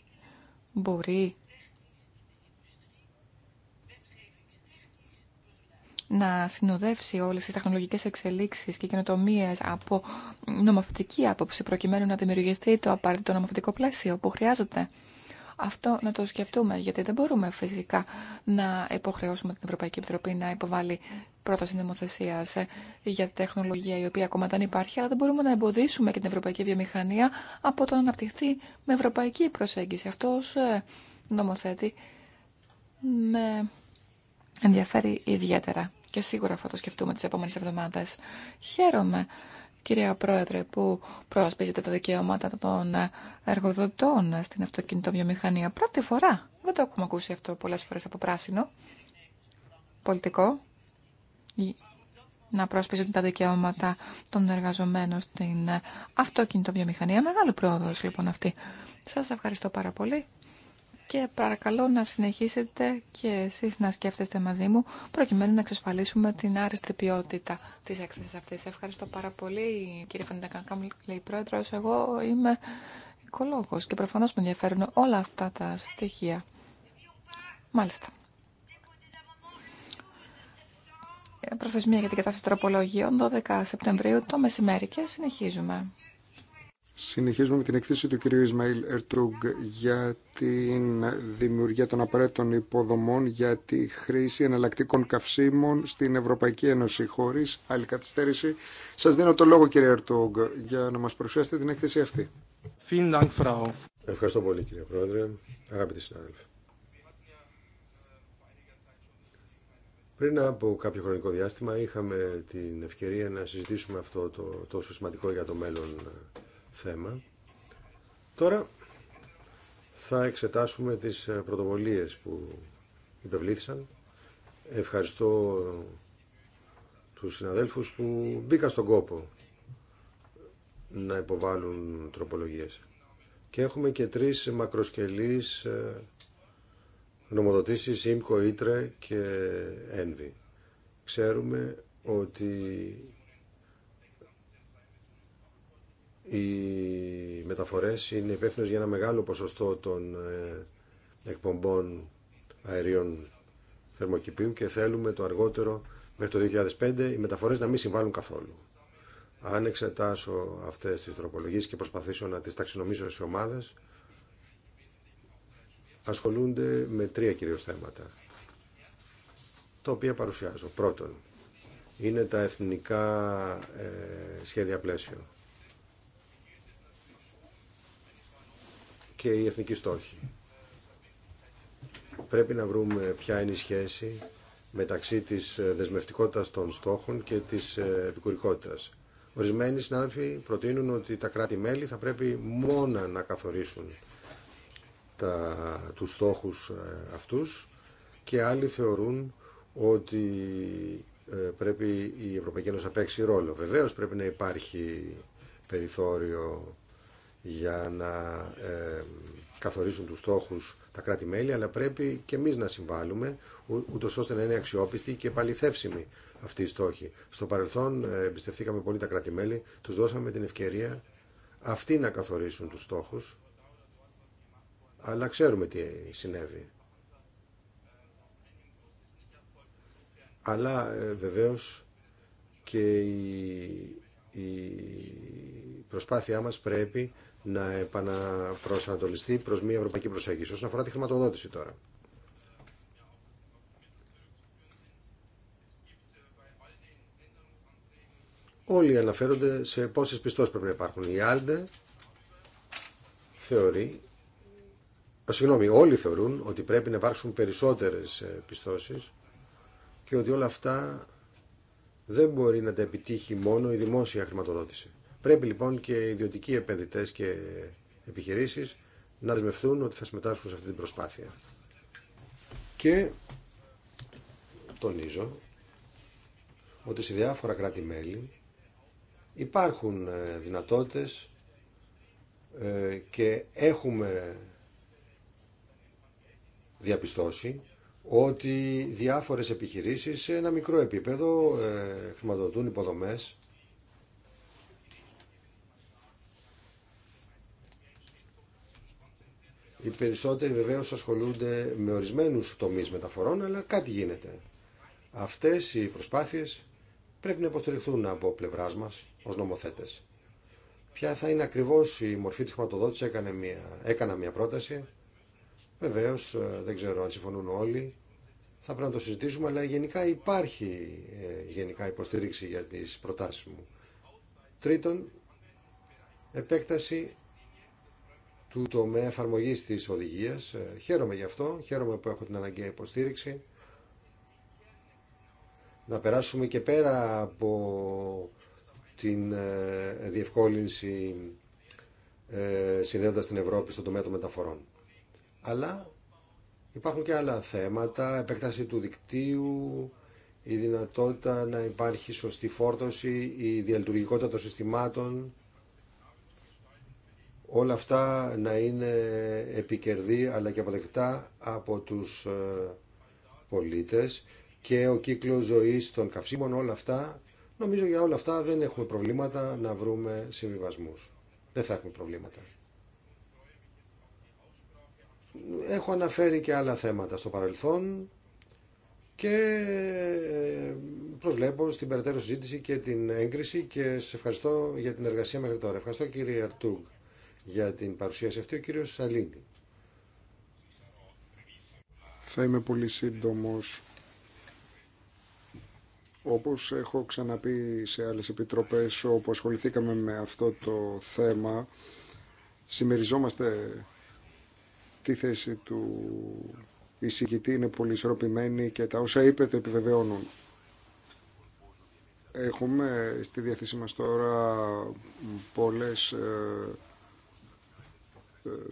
μπορεί να συνοδεύσει όλες τις τεχνολογικές εξελίξεις και καινοτομίε από νομοθετική άποψη προκειμένου να δημιουργηθεί το απαραίτητο νομοθετικό πλαίσιο που χρειάζεται. Αυτό να το σκεφτούμε, γιατί δεν μπορούμε φυσικά να υποχρεώσουμε την Ευρωπαϊκή Επιτροπή να υποβάλει πρόταση νομοθεσία για τεχνολογία η οποία ακόμα δεν υπάρχει, αλλά δεν μπορούμε να εμποδίσουμε και την ευρωπαϊκή βιομηχανία από το να αναπτυχθεί με ευρωπαϊκή προσέγγιση. Αυτό ε, νομοθέτη ενδιαφέρει ιδιαίτερα και σίγουρα θα το σκεφτούμε τις επόμενες εβδομάδες. Χαίρομαι, κυρία Πρόεδρε, που προασπίζετε τα δικαιώματα των εργοδοτών στην αυτοκινητοβιομηχανία. Πρώτη φορά. Δεν το έχουμε ακούσει αυτό πολλές φορές από πράσινο. Πολιτικό. Να προασπίζονται τα δικαιώματα των εργαζομένων στην αυτοκινητοβιομηχανία. Μεγάλη πρόοδος λοιπόν αυτή. Σας ευχαριστώ πάρα πολύ και παρακαλώ να συνεχίσετε και εσείς να σκέφτεστε μαζί μου προκειμένου να εξασφαλίσουμε την άριστη ποιότητα της έκθεσης αυτής. Ευχαριστώ πάρα πολύ κύριε Φαντακανκάμ, λέει πρόεδρος. Εγώ είμαι οικολόγος και προφανώς με ενδιαφέρουν όλα αυτά τα στοιχεία. Μάλιστα. Προθεσμία για την κατάφυση τροπολογίων 12 Σεπτεμβρίου το μεσημέρι και συνεχίζουμε. Συνεχίζουμε με την εκθέση του κυρίου Ισμαήλ Ερτούγκ για την δημιουργία των απαραίτητων υποδομών για τη χρήση εναλλακτικών καυσίμων στην Ευρωπαϊκή Ένωση χωρίς άλλη καθυστέρηση. Σας δίνω το λόγο κύριε Ερτούγκ για να μας προσφέρετε την εκθέση αυτή. Ευχαριστώ πολύ κύριε Πρόεδρε, αγαπητοί συνάδελφοι. Πριν από κάποιο χρονικό διάστημα είχαμε την ευκαιρία να συζητήσουμε αυτό το τόσο σημαντικό για το μέλλον θέμα. Τώρα θα εξετάσουμε τις ε, πρωτοβολίες που υπευλήθησαν. Ευχαριστώ τους συναδέλφους που μπήκαν στον κόπο να υποβάλουν τροπολογίες. Και έχουμε και τρεις μακροσκελείς ε, νομοδοτήσεις ΙΜΚΟ, ΙΤΡΕ και ΕΝΒΙ. Ξέρουμε ότι Οι μεταφορές είναι υπεύθυνε για ένα μεγάλο ποσοστό των ε, εκπομπών αερίων θερμοκηπίου και θέλουμε το αργότερο μέχρι το 2005 οι μεταφορές να μην συμβάλλουν καθόλου. Αν εξετάσω αυτές τις τροπολογίες και προσπαθήσω να τις ταξινομήσω σε ομάδες, ασχολούνται με τρία κυρίως θέματα, τα οποία παρουσιάζω. Πρώτον, είναι τα εθνικά ε, σχέδια πλαίσιο. και οι εθνικοί στόχοι. Πρέπει να βρούμε ποια είναι η σχέση μεταξύ της ε, δεσμευτικότητας των στόχων και της ε, επικουρικότητας. Ορισμένοι συνάδελφοι προτείνουν ότι τα κράτη-μέλη θα πρέπει μόνα να καθορίσουν τα, τους στόχους ε, αυτούς και άλλοι θεωρούν ότι πρέπει η Ευρωπαϊκή Ένωση να παίξει ρόλο. Βεβαίως πρέπει να υπάρχει περιθώριο για να ε, καθορίσουν τους στόχους τα κράτη-μέλη, αλλά πρέπει και εμείς να συμβάλλουμε, ούτως ώστε να είναι αξιόπιστοι και επαληθεύσιμοι αυτοί οι στόχοι. Στο παρελθόν ε, εμπιστευτήκαμε πολύ τα κράτη-μέλη, τους δώσαμε την ευκαιρία αυτοί να καθορίσουν τους στόχους, αλλά ξέρουμε τι συνέβη. Αλλά ε, βεβαίως και η, η προσπάθειά μας πρέπει να επαναπροσανατολιστεί προς μια ευρωπαϊκή προσέγγιση. Όσον αφορά τη χρηματοδότηση τώρα. Όλοι αναφέρονται σε πόσες πιστώσεις πρέπει να υπάρχουν. Η Άλντε θεωρεί, συγγνώμη, όλοι θεωρούν ότι πρέπει να υπάρξουν περισσότερες ε, πιστώσεις και ότι όλα αυτά δεν μπορεί να τα επιτύχει μόνο η δημόσια χρηματοδότηση. Πρέπει λοιπόν και οι ιδιωτικοί επενδυτέ και επιχειρήσεις να δεσμευτούν ότι θα συμμετάσχουν σε αυτή την προσπάθεια. Και τονίζω ότι σε διάφορα κράτη-μέλη υπάρχουν ε, δυνατότητες ε, και έχουμε διαπιστώσει ότι διάφορες επιχειρήσεις σε ένα μικρό επίπεδο ε, χρηματοδοτούν υποδομές Οι περισσότεροι βεβαίω ασχολούνται με ορισμένου τομεί μεταφορών, αλλά κάτι γίνεται. Αυτέ οι προσπάθειε πρέπει να υποστηριχθούν από πλευρά μα ω νομοθέτε. Ποια θα είναι ακριβώ η μορφή τη χρηματοδότηση, έκανα μια, πρόταση. Βεβαίω ε, δεν ξέρω αν συμφωνούν όλοι. Θα πρέπει να το συζητήσουμε, αλλά γενικά υπάρχει ε, γενικά υποστήριξη για τις προτάσεις μου. Τρίτον, επέκταση του τομέα εφαρμογή τη οδηγία. Ε, χαίρομαι γι' αυτό, χαίρομαι που έχω την αναγκαία υποστήριξη. Να περάσουμε και πέρα από την ε, διευκόλυνση ε, συνδέοντα την Ευρώπη στον τομέα των μεταφορών. Αλλά υπάρχουν και άλλα θέματα, επέκταση του δικτύου, η δυνατότητα να υπάρχει σωστή φόρτωση, η διαλειτουργικότητα των συστημάτων, όλα αυτά να είναι επικερδή αλλά και αποδεκτά από τους ε, πολίτες και ο κύκλος ζωής των καυσίμων, όλα αυτά, νομίζω για όλα αυτά δεν έχουμε προβλήματα να βρούμε συμβιβασμούς. Δεν θα έχουμε προβλήματα. Έχω αναφέρει και άλλα θέματα στο παρελθόν και ε, προσλέπω στην περαιτέρω συζήτηση και την έγκριση και σε ευχαριστώ για την εργασία μέχρι τώρα. Ευχαριστώ κύριε Αρτούγκ για την παρουσίαση αυτή ο κύριος Σαλίνη. Θα είμαι πολύ σύντομος. Όπως έχω ξαναπεί σε άλλες επιτροπές όπου ασχοληθήκαμε με αυτό το θέμα, συμμεριζόμαστε τη θέση του εισηγητή, είναι πολύ ισορροπημένη και τα όσα είπε το επιβεβαιώνουν. Έχουμε στη διαθέση μας τώρα πολλές ε,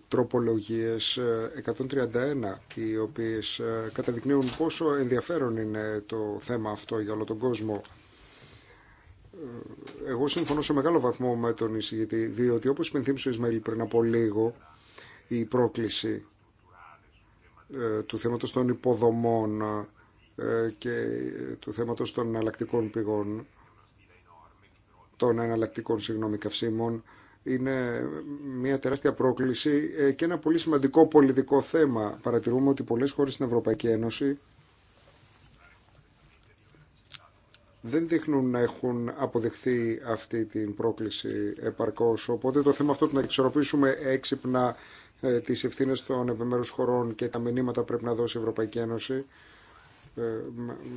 τροπολογίες 131 ε, οι οποίες ε, καταδεικνύουν πόσο ενδιαφέρον είναι το θέμα αυτό για όλο τον κόσμο. Ε, εγώ συμφωνώ σε μεγάλο βαθμό με τον εισηγητή, διότι όπως υπενθύμισε ο Ισμαήλ πριν από λίγο, η πρόκληση του θέματος των υποδομών και του θέματος των εναλλακτικών πηγών, των εναλλακτικών συγγνώμη καυσίμων, είναι μια τεράστια πρόκληση ε, και ένα πολύ σημαντικό πολιτικό θέμα. Παρατηρούμε ότι πολλές χώρες στην Ευρωπαϊκή Ένωση δεν δείχνουν να έχουν αποδεχθεί αυτή την πρόκληση επαρκώς. Οπότε το θέμα αυτό το να εξορροπήσουμε έξυπνα ε, τις ευθύνες των επιμέρους χωρών και τα μηνύματα πρέπει να δώσει η Ευρωπαϊκή Ένωση ε,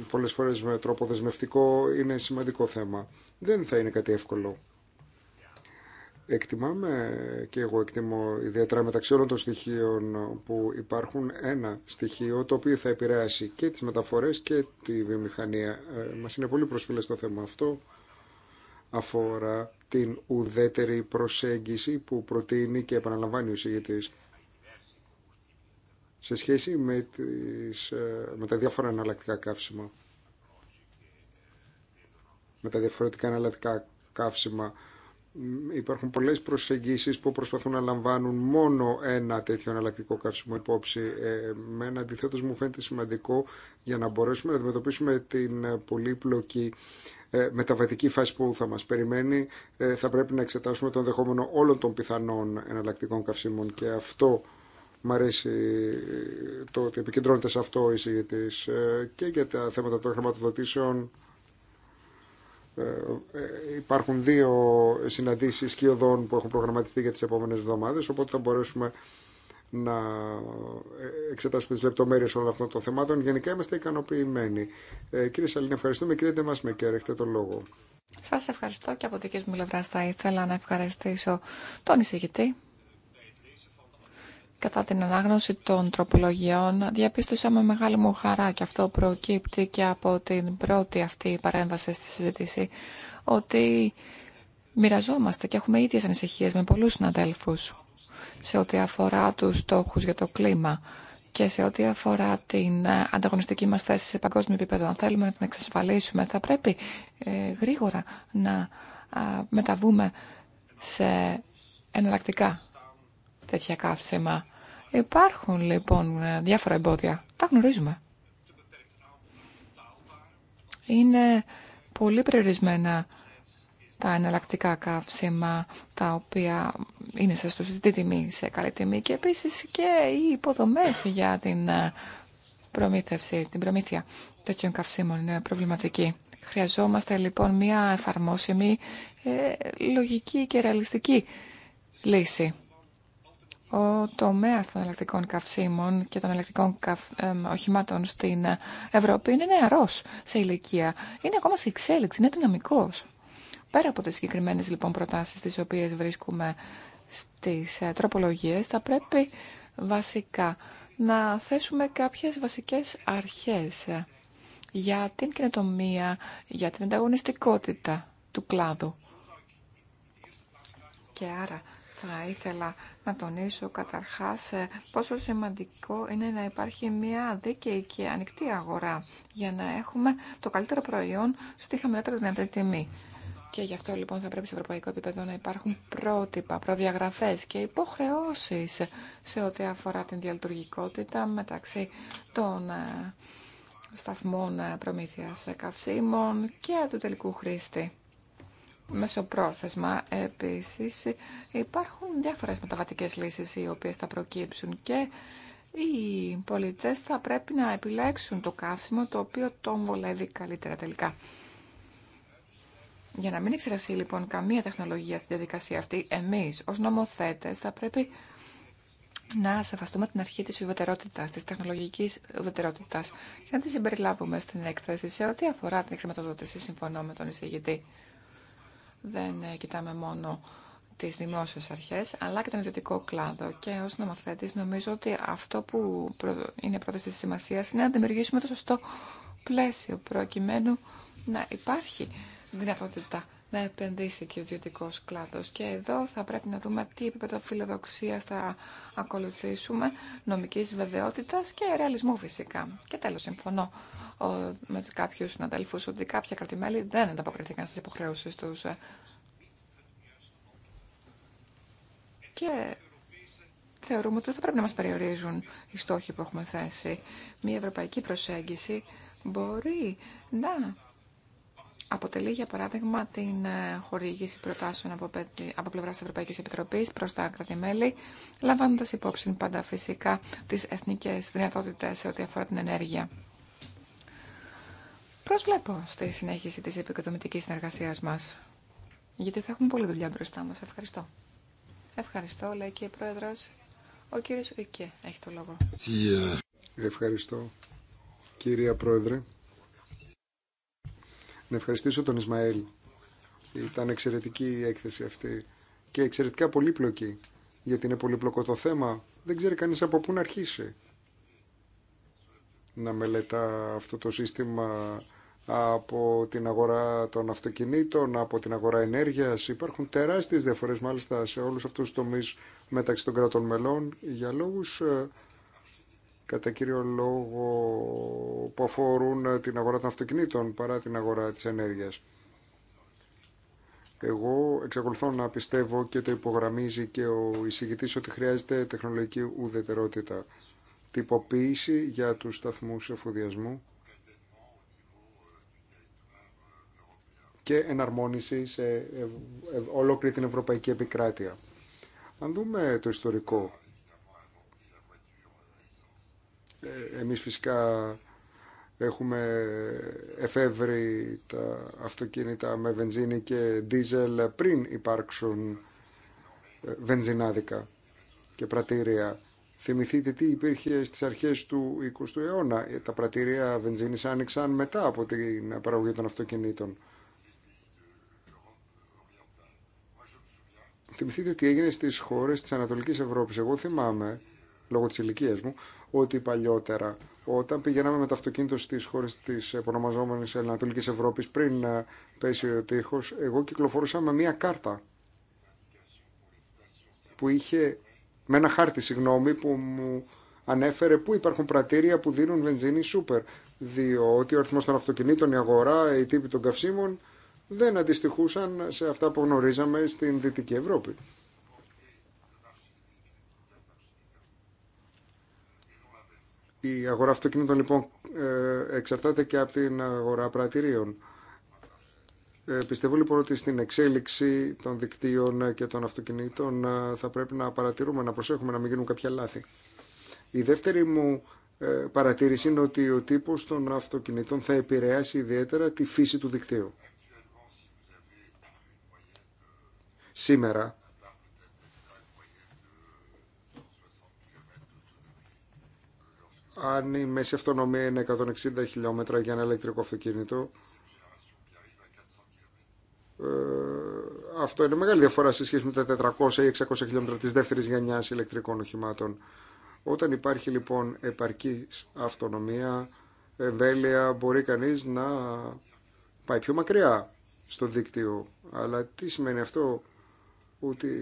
πολλές φορές με τρόπο δεσμευτικό είναι σημαντικό θέμα. Δεν θα είναι κάτι εύκολο εκτιμάμε και εγώ εκτιμώ ιδιαίτερα μεταξύ όλων των στοιχείων που υπάρχουν ένα στοιχείο το οποίο θα επηρεάσει και τις μεταφορές και τη βιομηχανία. Ε, μας είναι πολύ προσφυλές το θέμα αυτό αφορά την ουδέτερη προσέγγιση που προτείνει και επαναλαμβάνει ο συγγετής σε σχέση με, τις, ε, με τα διάφορα αναλλακτικά καύσιμα. Με τα διαφορετικά αναλλακτικά καύσιμα Υπάρχουν πολλές προσεγγίσεις που προσπαθούν να λαμβάνουν μόνο ένα τέτοιο εναλλακτικό καύσιμο υπόψη. με ένα αντιθέτως μου φαίνεται σημαντικό για να μπορέσουμε να αντιμετωπίσουμε την πολύπλοκη ε, μεταβατική φάση που θα μας περιμένει. Ε, θα πρέπει να εξετάσουμε τον δεχόμενο όλων των πιθανών εναλλακτικών καυσίμων και αυτό Μ' αρέσει ε, το ότι επικεντρώνεται σε αυτό η ε, και για τα θέματα των χρηματοδοτήσεων ε, ε, υπάρχουν δύο συναντήσεις οδόν που έχουν προγραμματιστεί για τις επόμενες εβδομάδες, οπότε θα μπορέσουμε να ε, εξετάσουμε τις λεπτομέρειες όλων αυτών των θεμάτων. Γενικά είμαστε ικανοποιημένοι. κύριε Σαλήν ευχαριστούμε. Κύριε με έχετε το λόγο. Σας ευχαριστώ και από δικής μου λευρά θα ήθελα να ευχαριστήσω τον εισηγητή Κατά την ανάγνωση των τροπολογιών διαπίστωσα με μεγάλη μου χαρά και αυτό προκύπτει και από την πρώτη αυτή παρέμβαση στη συζήτηση ότι μοιραζόμαστε και έχουμε ίδιες ανησυχίες με πολλούς συναδέλφους σε ό,τι αφορά τους στόχους για το κλίμα και σε ό,τι αφορά την ε, ανταγωνιστική μας θέση σε παγκόσμιο επίπεδο. Αν θέλουμε να την εξασφαλίσουμε θα πρέπει ε, γρήγορα να μεταβούμε σε εναλλακτικά τέτοια καύσιμα. Υπάρχουν λοιπόν ε, διάφορα εμπόδια. Τα γνωρίζουμε. Είναι πολύ περιορισμένα τα εναλλακτικά καύσιμα, τα οποία είναι σε σωστή τιμή, σε καλή τιμή και επίσης και οι υποδομές για την ε, προμήθευση, την προμήθεια τέτοιων καυσίμων είναι προβληματική. Χρειαζόμαστε λοιπόν μια εφαρμόσιμη, ε, λογική και ρεαλιστική λύση ο τομέα των ελεκτικών καυσίμων και των ελεκτικών καυ... οχημάτων στην Ευρώπη είναι νεαρό σε ηλικία. Είναι ακόμα σε εξέλιξη, είναι δυναμικό. Πέρα από τι συγκεκριμένε λοιπόν προτάσεις τις οποίες βρίσκουμε στις ε, τροπολογίε, θα πρέπει βασικά να θέσουμε κάποιες βασικές αρχές ε, για την κοινοτομία, για την ανταγωνιστικότητα του κλάδου. Και άρα θα ήθελα να τονίσω καταρχάς ε, πόσο σημαντικό είναι να υπάρχει μια δίκαιη και ανοιχτή αγορά για να έχουμε το καλύτερο προϊόν στη χαμηλότερη δυνατή τιμή. Και γι' αυτό λοιπόν θα πρέπει σε ευρωπαϊκό επίπεδο να υπάρχουν πρότυπα, προδιαγραφές και υποχρεώσεις σε ό,τι αφορά την διαλειτουργικότητα μεταξύ των ε, σταθμών ε, προμήθειας καυσίμων και του τελικού χρήστη. Μεσοπρόθεσμα επίσης υπάρχουν διάφορες μεταβατικές λύσεις οι οποίες θα προκύψουν και οι πολιτές θα πρέπει να επιλέξουν το καύσιμο το οποίο τον βολεύει καλύτερα τελικά. Για να μην εξεραστεί λοιπόν καμία τεχνολογία στη διαδικασία αυτή, εμείς ως νομοθέτες θα πρέπει να σεβαστούμε την αρχή της ουδετερότητας, της τεχνολογικής ουδετερότητας και να τη συμπεριλάβουμε στην έκθεση σε ό,τι αφορά την χρηματοδότηση, συμφωνώ με τον εισηγητή δεν ε, κοιτάμε μόνο τις δημόσιες αρχές, αλλά και τον ιδιωτικό κλάδο. Και ως νομοθέτης νομίζω ότι αυτό που είναι πρώτη τη σημασία είναι να δημιουργήσουμε το σωστό πλαίσιο, προκειμένου να υπάρχει δυνατότητα να επενδύσει και ο ιδιωτικό κλάδο. Και εδώ θα πρέπει να δούμε τι επίπεδο φιλοδοξία θα ακολουθήσουμε, νομική βεβαιότητα και ρεαλισμού φυσικά. Και τέλο, συμφωνώ με κάποιου συναδέλφου ότι κάποια κρατημέλη δεν ανταποκριθήκαν στις υποχρεώσεις του. Και θεωρούμε ότι δεν θα πρέπει να μα περιορίζουν οι στόχοι που έχουμε θέσει. Μια ευρωπαϊκή προσέγγιση μπορεί να αποτελεί, για παράδειγμα, την ε, χορήγηση προτάσεων από, από πλευρά τη Ευρωπαϊκή Επιτροπή προ τα κράτη-μέλη, λαμβάνοντα υπόψη πάντα φυσικά τι εθνικέ δυνατότητε σε ό,τι αφορά την ενέργεια. Προσβλέπω στη συνέχιση της επικοδομητικής συνεργασίας μας, γιατί θα έχουμε πολλή δουλειά μπροστά μας. Ευχαριστώ. Ευχαριστώ, λέει και η Πρόεδρος. Ο κύριος Ρικέ έχει το λόγο. Ε, Ευχαριστώ, κυρία Πρόεδρε. Να ευχαριστήσω τον Ισμαήλ. Ήταν εξαιρετική η έκθεση αυτή και εξαιρετικά πολύπλοκη, γιατί είναι πολύπλοκο το θέμα. Δεν ξέρει κανείς από πού να αρχίσει να μελετά αυτό το σύστημα από την αγορά των αυτοκινήτων, από την αγορά ενέργειας. Υπάρχουν τεράστιες διαφορές μάλιστα σε όλους αυτούς τους τομείς μεταξύ των κρατών μελών για λόγους ε, κατά κύριο λόγο που αφορούν ε, την αγορά των αυτοκινήτων παρά την αγορά της ενέργειας. Εγώ εξακολουθώ να πιστεύω και το υπογραμμίζει και ο εισηγητής ότι χρειάζεται τεχνολογική ουδετερότητα, τυποποίηση για τους σταθμούς εφοδιασμού και εναρμόνιση σε ε, ε, ολόκληρη την ευρωπαϊκή επικράτεια. Αν δούμε το ιστορικό, ε, εμείς φυσικά έχουμε εφεύρει τα αυτοκίνητα με βενζίνη και δίζελ πριν υπάρξουν βενζινάδικα και πρατήρια. Θυμηθείτε τι υπήρχε στις αρχές του 20ου αιώνα. Τα πρατήρια βενζίνης άνοιξαν μετά από την παραγωγή των αυτοκινήτων. Θυμηθείτε τι έγινε στι χώρε τη Ανατολική Ευρώπη. Εγώ θυμάμαι, λόγω τη ηλικία μου, ότι παλιότερα όταν πηγαίναμε με το αυτοκίνητο στι χώρε τη επωνομαζόμενη Ανατολική Ευρώπη, πριν πέσει ο τείχο, εγώ κυκλοφορούσα με μία κάρτα που είχε, με ένα χάρτη συγγνώμη, που μου ανέφερε πού υπάρχουν πρατήρια που δίνουν βενζίνη σούπερ, διότι ο αριθμό των αυτοκινήτων, η αγορά, οι τύποι των καυσίμων δεν αντιστοιχούσαν σε αυτά που γνωρίζαμε στην Δυτική Ευρώπη. Η αγορά αυτοκινήτων λοιπόν ε, εξαρτάται και από την αγορά πρατηρίων. Ε, πιστεύω λοιπόν ότι στην εξέλιξη των δικτύων και των αυτοκινήτων ε, θα πρέπει να παρατηρούμε, να προσέχουμε να μην γίνουν κάποια λάθη. Η δεύτερη μου παρατήρηση είναι ότι ο τύπος των αυτοκινήτων θα επηρεάσει ιδιαίτερα τη φύση του δικτύου. σήμερα αν η μέση αυτονομία είναι 160 χιλιόμετρα για ένα ηλεκτρικό αυτοκίνητο ε, αυτό είναι μεγάλη διαφορά σε σχέση με τα 400 ή 600 χιλιόμετρα της δεύτερης γενιάς ηλεκτρικών οχημάτων. Όταν υπάρχει λοιπόν επαρκή αυτονομία, εμβέλεια, μπορεί κανείς να πάει πιο μακριά στο δίκτυο. Αλλά τι σημαίνει αυτό ότι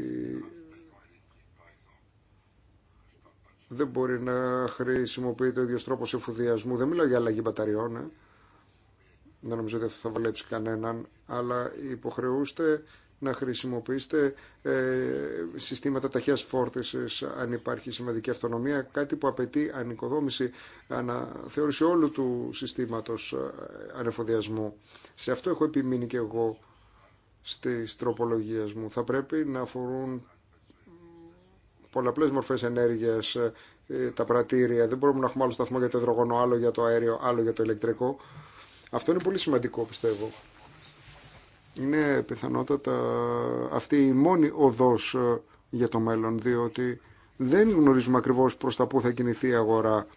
δεν μπορεί να χρησιμοποιείται ο ίδιος τρόπος εφοδιασμού. Δεν μιλάω για αλλαγή μπαταριών, ε. δεν νομίζω ότι θα βολέψει κανέναν, αλλά υποχρεούστε να χρησιμοποιήσετε ε, συστήματα ταχείας φόρτισης αν υπάρχει σημαντική αυτονομία, κάτι που απαιτεί ανοικοδόμηση, αναθεώρηση όλου του συστήματος ε, ανεφοδιασμού. Σε αυτό έχω επιμείνει και εγώ στις τροπολογίες μου. Θα πρέπει να αφορούν πολλαπλές μορφές ενέργειας ε, τα πρατήρια. Δεν μπορούμε να έχουμε άλλο σταθμό για το υδρογόνο, άλλο για το αέριο, άλλο για το ηλεκτρικό. Αυτό είναι πολύ σημαντικό πιστεύω. Είναι πιθανότατα αυτή η μόνη οδός ε, για το μέλλον, διότι δεν γνωρίζουμε ακριβώς προς τα πού θα κινηθεί η αγορά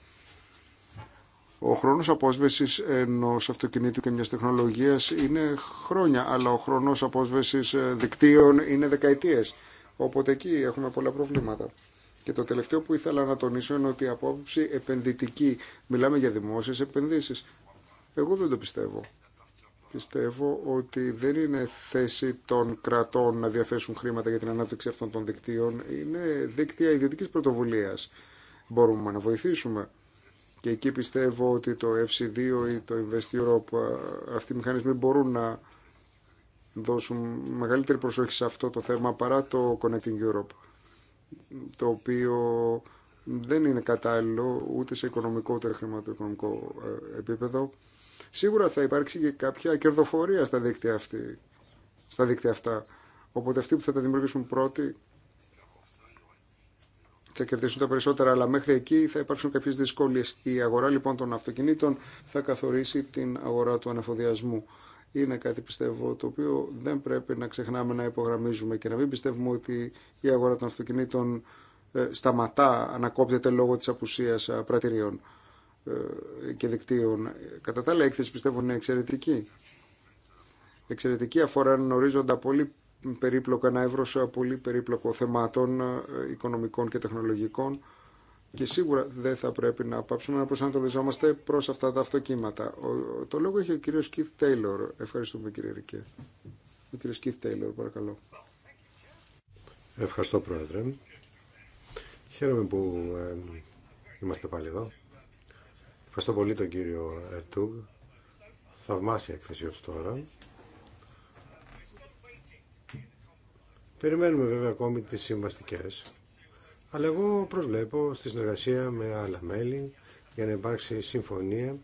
ο χρόνο απόσβεση ενό αυτοκινήτου και μια τεχνολογία είναι χρόνια, αλλά ο χρόνο απόσβεση ε, δικτύων είναι δεκαετίες. Οπότε εκεί έχουμε πολλά προβλήματα. Και το τελευταίο που ήθελα να τονίσω είναι ότι η απόψη επενδυτική, μιλάμε για δημόσιε επενδύσει. Εγώ δεν το πιστεύω. Πιστεύω ότι δεν είναι θέση των κρατών να διαθέσουν χρήματα για την ανάπτυξη αυτών των δικτύων. Είναι δίκτυα ιδιωτική πρωτοβουλία. Μπορούμε να βοηθήσουμε και εκεί πιστεύω ότι το FC2 ή το Invest Europe, αυτοί οι μηχανισμοί μπορούν να δώσουν μεγαλύτερη προσοχή σε αυτό το θέμα παρά το Connecting Europe, το οποίο δεν είναι κατάλληλο ούτε σε οικονομικό ούτε χρηματοοικονομικό ε, επίπεδο. Σίγουρα θα υπάρξει και κάποια κερδοφορία στα δίκτυα, αυτή, στα δίκτυα αυτά. Οπότε αυτοί που θα τα δημιουργήσουν πρώτοι θα κερδίσουν τα περισσότερα, αλλά μέχρι εκεί θα υπάρξουν κάποιε δυσκολίε. Η αγορά λοιπόν των αυτοκινήτων θα καθορίσει την αγορά του ανεφοδιασμού. Είναι κάτι πιστεύω το οποίο δεν πρέπει να ξεχνάμε να υπογραμμίζουμε και να μην πιστεύουμε ότι η αγορά των αυτοκινήτων ε, σταματά, ανακόπτεται λόγω της απουσίας ε, πρατηρίων ε, και δικτύων. Κατά τα άλλα, η έκθεση πιστεύω είναι εξαιρετική. Εξαιρετική αφορά έναν ορίζοντα πολύ περίπλοκα, ένα σε πολύ περίπλοκο θεμάτων ε, οικονομικών και τεχνολογικών και σίγουρα δεν θα πρέπει να πάψουμε να προσανατολιζόμαστε προς αυτά τα αυτοκύματα. Το λόγο έχει ο κύριος Keith Taylor. Ευχαριστούμε κύριε Ρικέ. Ο κύριος Keith Taylor, παρακαλώ. Ευχαριστώ Πρόεδρε. Χαίρομαι που ε, είμαστε πάλι εδώ. Ευχαριστώ πολύ τον κύριο Ερτούγ. Θαυμάσια εκθεσίως τώρα. Περιμένουμε βέβαια ακόμη τις συμβαστικές, αλλά εγώ προσβλέπω στη συνεργασία με άλλα μέλη για να υπάρξει συμφωνία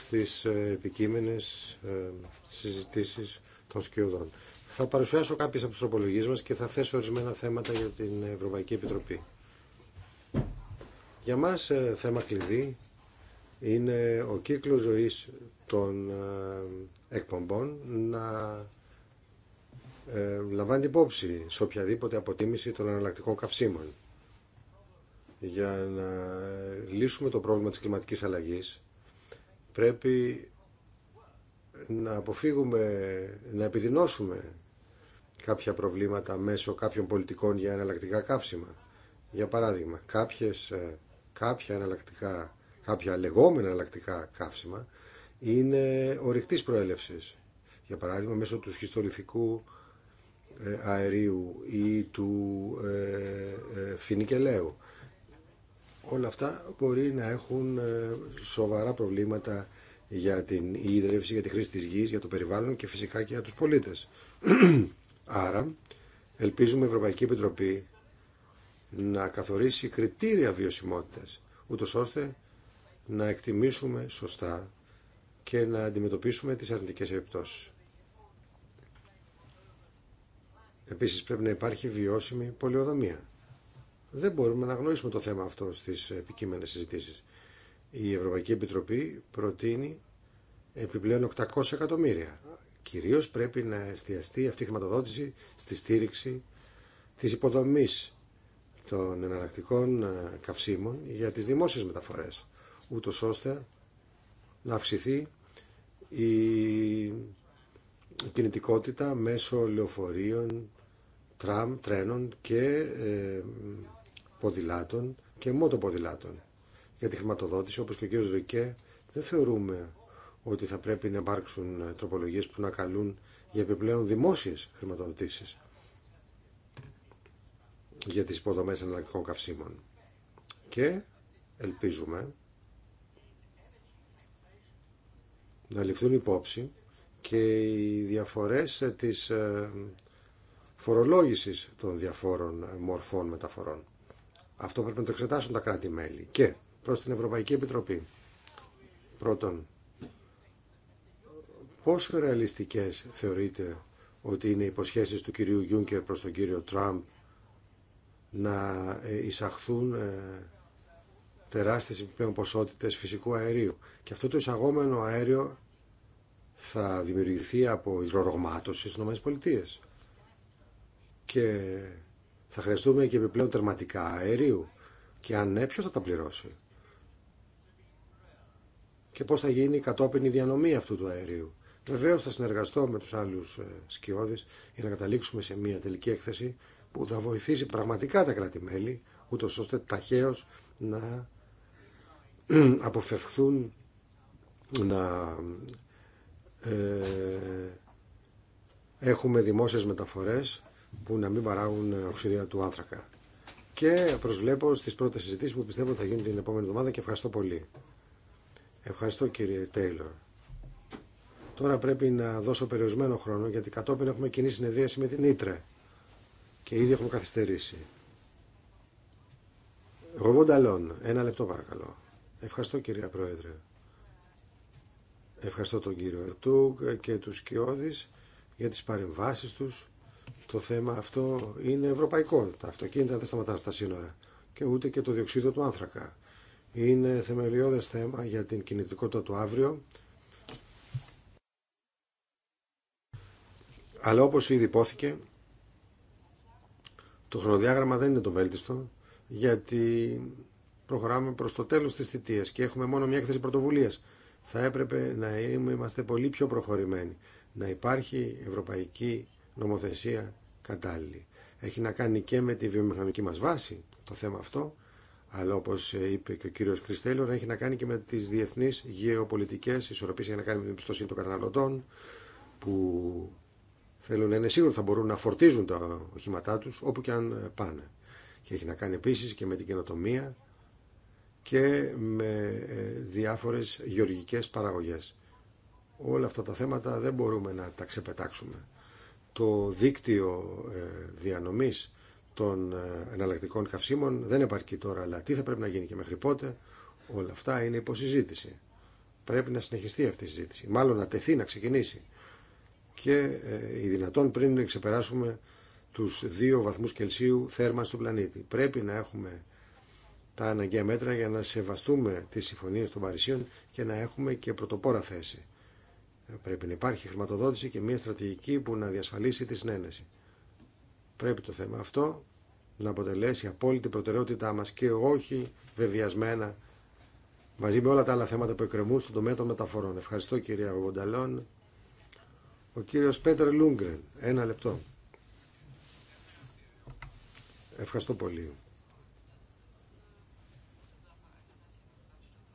στις ε, επικείμενες ε, συζητήσεις των σκιωδών. Θα παρουσιάσω κάποιες από τις τροπολογίες μας και θα θέσω ορισμένα θέματα για την Ευρωπαϊκή Επιτροπή. Για μας ε, θέμα κλειδί είναι ο κύκλος ζωής των εκπομπών να ε, λαμβάνει υπόψη σε οποιαδήποτε αποτίμηση των εναλλακτικών καυσίμων. Για να λύσουμε το πρόβλημα της κλιματικής αλλαγής πρέπει να αποφύγουμε, να επιδεινώσουμε κάποια προβλήματα μέσω κάποιων πολιτικών για εναλλακτικά καύσιμα. Για παράδειγμα, κάποιες, ε, κάποια, εναλλακτικά, κάποια λεγόμενα εναλλακτικά καύσιμα είναι ορυκτής προέλευσης. Για παράδειγμα, μέσω του σχιστολιθικού ε, αερίου ή του ε, ε, φινικελαίου. Όλα αυτά μπορεί να έχουν σοβαρά προβλήματα για την ίδρυυση, για τη χρήση της γης, για το περιβάλλον και φυσικά και για τους πολίτες. Άρα, ελπίζουμε η Ευρωπαϊκή Επιτροπή να καθορίσει κριτήρια βιωσιμότητας, ούτως ώστε να εκτιμήσουμε σωστά και να αντιμετωπίσουμε τις αρνητικές επιπτώσεις. Επίσης πρέπει να υπάρχει βιώσιμη πολιοδομία. Δεν μπορούμε να γνωρίσουμε το θέμα αυτό στις επικείμενες συζητήσεις. Η Ευρωπαϊκή Επιτροπή προτείνει επιπλέον 800 εκατομμύρια. Κυρίως πρέπει να εστιαστεί αυτή η χρηματοδότηση στη στήριξη της υποδομής των εναλλακτικών ε, καυσίμων για τις δημόσιες μεταφορές, ούτω ώστε να αυξηθεί η κινητικότητα μέσω λεωφορείων, τραμ, τρένων και ε, ποδηλάτων και μοτοποδηλάτων. Για τη χρηματοδότηση, όπως και ο κ. Ρικέ, δεν θεωρούμε ότι θα πρέπει να υπάρξουν ε, τροπολογίες που να καλούν για επιπλέον δημόσιες χρηματοδοτήσεις για τις υποδομές εναλλακτικών καυσίμων. Και ελπίζουμε να ληφθούν υπόψη και οι διαφορές ε, της φορολόγησης των διαφόρων ε, μορφών μεταφορών. Αυτό πρέπει να το εξετάσουν τα κράτη-μέλη και προς την Ευρωπαϊκή Επιτροπή. Πρώτον, πόσο ρεαλιστικές θεωρείτε ότι είναι οι υποσχέσεις του κυρίου Γιούνκερ προς τον κύριο Τραμπ να ε, εισαχθούν ε, τεράστιες επιπλέον ποσότητες φυσικού αερίου. Και αυτό το εισαγόμενο αέριο θα δημιουργηθεί από υδρορογμάτωση στις ΗΠΑ και θα χρειαστούμε και επιπλέον τερματικά αερίου και αν ναι ποιος θα τα πληρώσει και πώς θα γίνει κατόπιν η διανομή αυτού του αερίου. Βεβαίως θα συνεργαστώ με τους άλλους ε, σκιώδεις για να καταλήξουμε σε μια τελική έκθεση που θα βοηθήσει πραγματικά τα κράτη-μέλη ούτως ώστε ταχαίως να αποφευχθούν να ε, έχουμε δημόσιες μεταφορές που να μην παράγουν οξυδία του άνθρακα. Και προσβλέπω στις πρώτες συζητήσεις που πιστεύω θα γίνουν την επόμενη εβδομάδα και ευχαριστώ πολύ. Ευχαριστώ κύριε Τέιλορ. Τώρα πρέπει να δώσω περιορισμένο χρόνο γιατί κατόπιν έχουμε κοινή συνεδρίαση με την Ήτρε και ήδη έχουμε καθυστερήσει. Γοβονταλόν, ένα λεπτό παρακαλώ. Ευχαριστώ κυρία Πρόεδρε. Ευχαριστώ τον κύριο Ερτούγκ και τους Κιώδης για τις παρεμβάσεις τους το θέμα αυτό είναι ευρωπαϊκό. Τα αυτοκίνητα δεν σταματάνε στα σύνορα και ούτε και το διοξείδιο του άνθρακα. Είναι θεμελιώδες θέμα για την κινητικότητα του αύριο. Αλλά όπως ήδη υπόθηκε, το χρονοδιάγραμμα δεν είναι το βέλτιστο, γιατί προχωράμε προς το τέλος της θητείας και έχουμε μόνο μια έκθεση πρωτοβουλίας. Θα έπρεπε να είμαστε πολύ πιο προχωρημένοι, να υπάρχει ευρωπαϊκή νομοθεσία κατάλληλη. Έχει να κάνει και με τη βιομηχανική μας βάση το θέμα αυτό, αλλά όπως είπε και ο κύριος Κριστέλιο, έχει να κάνει και με τις διεθνείς γεωπολιτικές ισορροπίες, έχει να κάνει με την εμπιστοσύνη των καταναλωτών, που θέλουν να είναι σίγουροι ότι θα μπορούν να φορτίζουν τα οχήματά τους όπου και αν πάνε. Και έχει να κάνει επίσης και με την καινοτομία και με ε, διάφορες γεωργικές παραγωγές. Όλα αυτά τα θέματα δεν μπορούμε να τα ξεπετάξουμε το δίκτυο ε, διανομής των ε, εναλλακτικών καυσίμων δεν επαρκεί τώρα, αλλά τι θα πρέπει να γίνει και μέχρι πότε, όλα αυτά είναι υποσυζήτηση. Πρέπει να συνεχιστεί αυτή η συζήτηση, μάλλον να τεθεί, να ξεκινήσει. Και οι ε, δυνατόν πριν ξεπεράσουμε τους δύο βαθμούς Κελσίου θέρμανση του πλανήτη. Πρέπει να έχουμε τα αναγκαία μέτρα για να σεβαστούμε τις συμφωνίες των Παρισίων και να έχουμε και πρωτοπόρα θέση. Πρέπει να υπάρχει χρηματοδότηση και μια στρατηγική που να διασφαλίσει τη συνένεση. Πρέπει το θέμα αυτό να αποτελέσει απόλυτη προτεραιότητά μας και όχι βεβιασμένα μαζί με όλα τα άλλα θέματα που εκκρεμούν στον τομέα των μεταφορών. Ευχαριστώ κυρία Γονταλόν. Ο κύριος Πέτερ Λούγκρεν. Ένα λεπτό. Ευχαριστώ πολύ.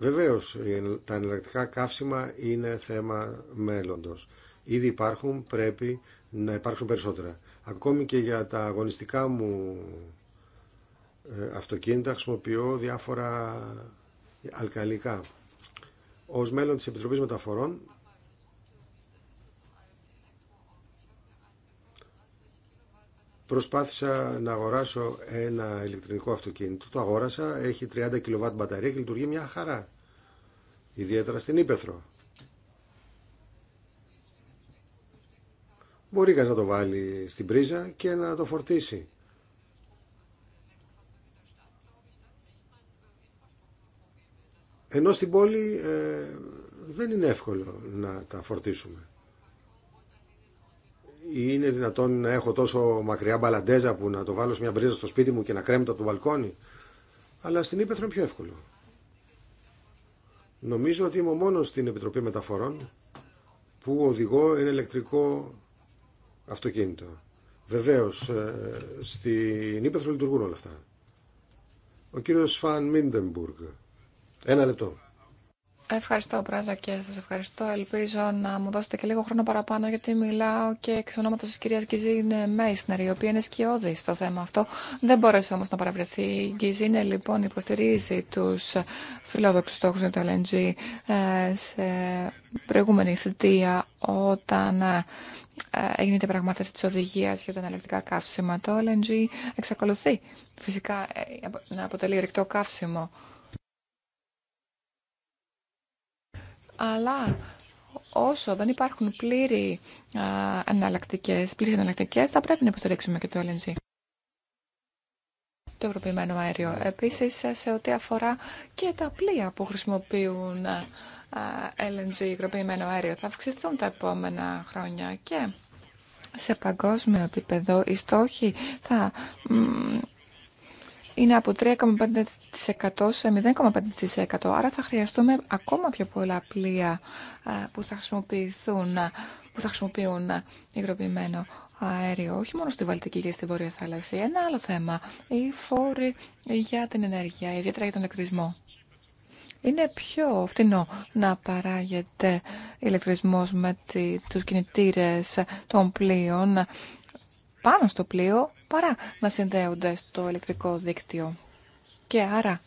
Βεβαίως, τα εναλλακτικά καύσιμα είναι θέμα μέλλοντος. Ήδη υπάρχουν, πρέπει να υπάρξουν περισσότερα. Ακόμη και για τα αγωνιστικά μου ε, αυτοκίνητα χρησιμοποιώ διάφορα αλκαλικά. Ως μέλλον της Επιτροπής Μεταφορών προσπάθησα να αγοράσω ένα ηλεκτρικό αυτοκίνητο. Το αγόρασα, έχει 30 κιλοβάτ μπαταρία και λειτουργεί μια χαρά ιδιαίτερα στην Ήπεθρο. Μπορεί κανείς να το βάλει στην πρίζα και να το φορτίσει. Ενώ στην πόλη ε, δεν είναι εύκολο να τα φορτίσουμε. Είναι δυνατόν να έχω τόσο μακριά μπαλαντέζα που να το βάλω σε μια πρίζα στο σπίτι μου και να κρέμεται από το μπαλκόνι. Αλλά στην Ήπεθρο είναι πιο εύκολο. Νομίζω ότι είμαι ο μόνος στην Επιτροπή Μεταφορών που οδηγώ ένα ηλεκτρικό αυτοκίνητο. Βεβαίως, ε, στην Ήπεθρο λειτουργούν όλα αυτά. Ο κύριος Φαν Μίντεμπουργκ. Ένα λεπτό. Ευχαριστώ, Πρόεδρε, και σα ευχαριστώ. Ελπίζω να μου δώσετε και λίγο χρόνο παραπάνω, γιατί μιλάω και εξ ονόματο τη κυρία Γκιζίν Μέισνερ, η οποία είναι σκιώδη στο θέμα αυτό. Δεν μπόρεσε όμω να παραβρεθεί. Η Γκιζίν, λοιπόν, υποστηρίζει του φιλόδοξου στόχου για το LNG ε, σε προηγούμενη θητεία, όταν ε, έγινε η διαπραγμάτευση τη οδηγία για τα εναλλακτικά καύσιμα. Το LNG εξακολουθεί φυσικά ε, να αποτελεί ρηκτό καύσιμο αλλά όσο δεν υπάρχουν πλήρη εναλλακτικές, πλήρες εναλλακτικές, θα πρέπει να υποστηρίξουμε και το LNG. Το ευρωποιημένο αέριο. Επίσης, σε ό,τι αφορά και τα πλοία που χρησιμοποιούν LNG, υγροποιημένο αέριο, θα αυξηθούν τα επόμενα χρόνια και σε παγκόσμιο επίπεδο οι στόχοι θα είναι από 3,5% σε 0,5%. Άρα θα χρειαστούμε ακόμα πιο πολλά πλοία ε, που θα χρησιμοποιηθούν, ε, που θα χρησιμοποιούν ε, υγροποιημένο αέριο, όχι μόνο στη Βαλτική και στη Βόρεια Θάλασσα. Ένα άλλο θέμα, οι φόροι για την ενέργεια, ιδιαίτερα για τον ηλεκτρισμό. Είναι πιο φτηνό να παράγεται ηλεκτρισμός με τους κινητήρες των πλοίων πάνω στο πλοίο παρά να συνδέονται στο ηλεκτρικό δίκτυο. Και άρα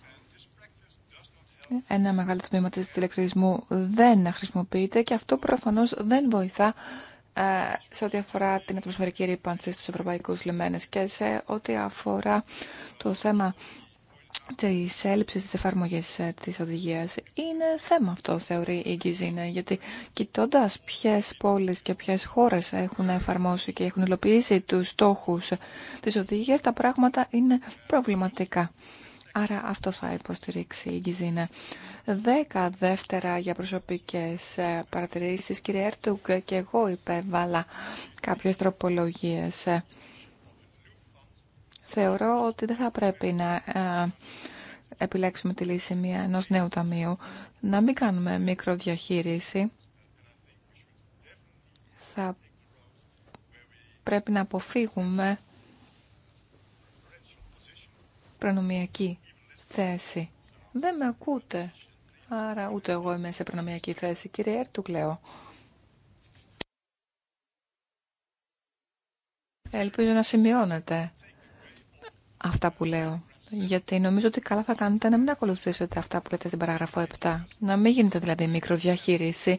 ένα μεγάλο τμήμα της ηλεκτρισμού δεν χρησιμοποιείται και αυτό προφανώς δεν βοηθά ε, σε ό,τι αφορά την ατμοσφαιρική ρήπανση στους ευρωπαϊκούς λιμένες και σε ό,τι αφορά το θέμα τη έλλειψη της εφαρμογής ε, της οδηγίας Είναι θέμα αυτό, θεωρεί η Γκυζίνα, γιατί κοιτώντα ποιες πόλεις και ποιες χώρες έχουν εφαρμόσει και έχουν υλοποιήσει τους στόχους της οδηγίας, τα πράγματα είναι προβληματικά. Άρα αυτό θα υποστηρίξει η Γκυζίνα. Δέκα δεύτερα για προσωπικές ε, παρατηρήσεις. Κύριε Έρτουγκ, και εγώ υπέβαλα κάποιες τροπολογίες θεωρώ ότι δεν θα πρέπει να ε, επιλέξουμε τη λύση μια, ενός νέου ταμείου, να μην κάνουμε μικροδιαχείριση. Θα πρέπει να αποφύγουμε προνομιακή θέση. Δεν με ακούτε, άρα ούτε εγώ είμαι σε προνομιακή θέση. Κύριε του λέω. Ελπίζω να σημειώνετε αυτά που λέω. Γιατί νομίζω ότι καλά θα κάνετε να μην ακολουθήσετε αυτά που λέτε στην παράγραφο 7. Να μην γίνεται δηλαδή μικροδιαχείριση,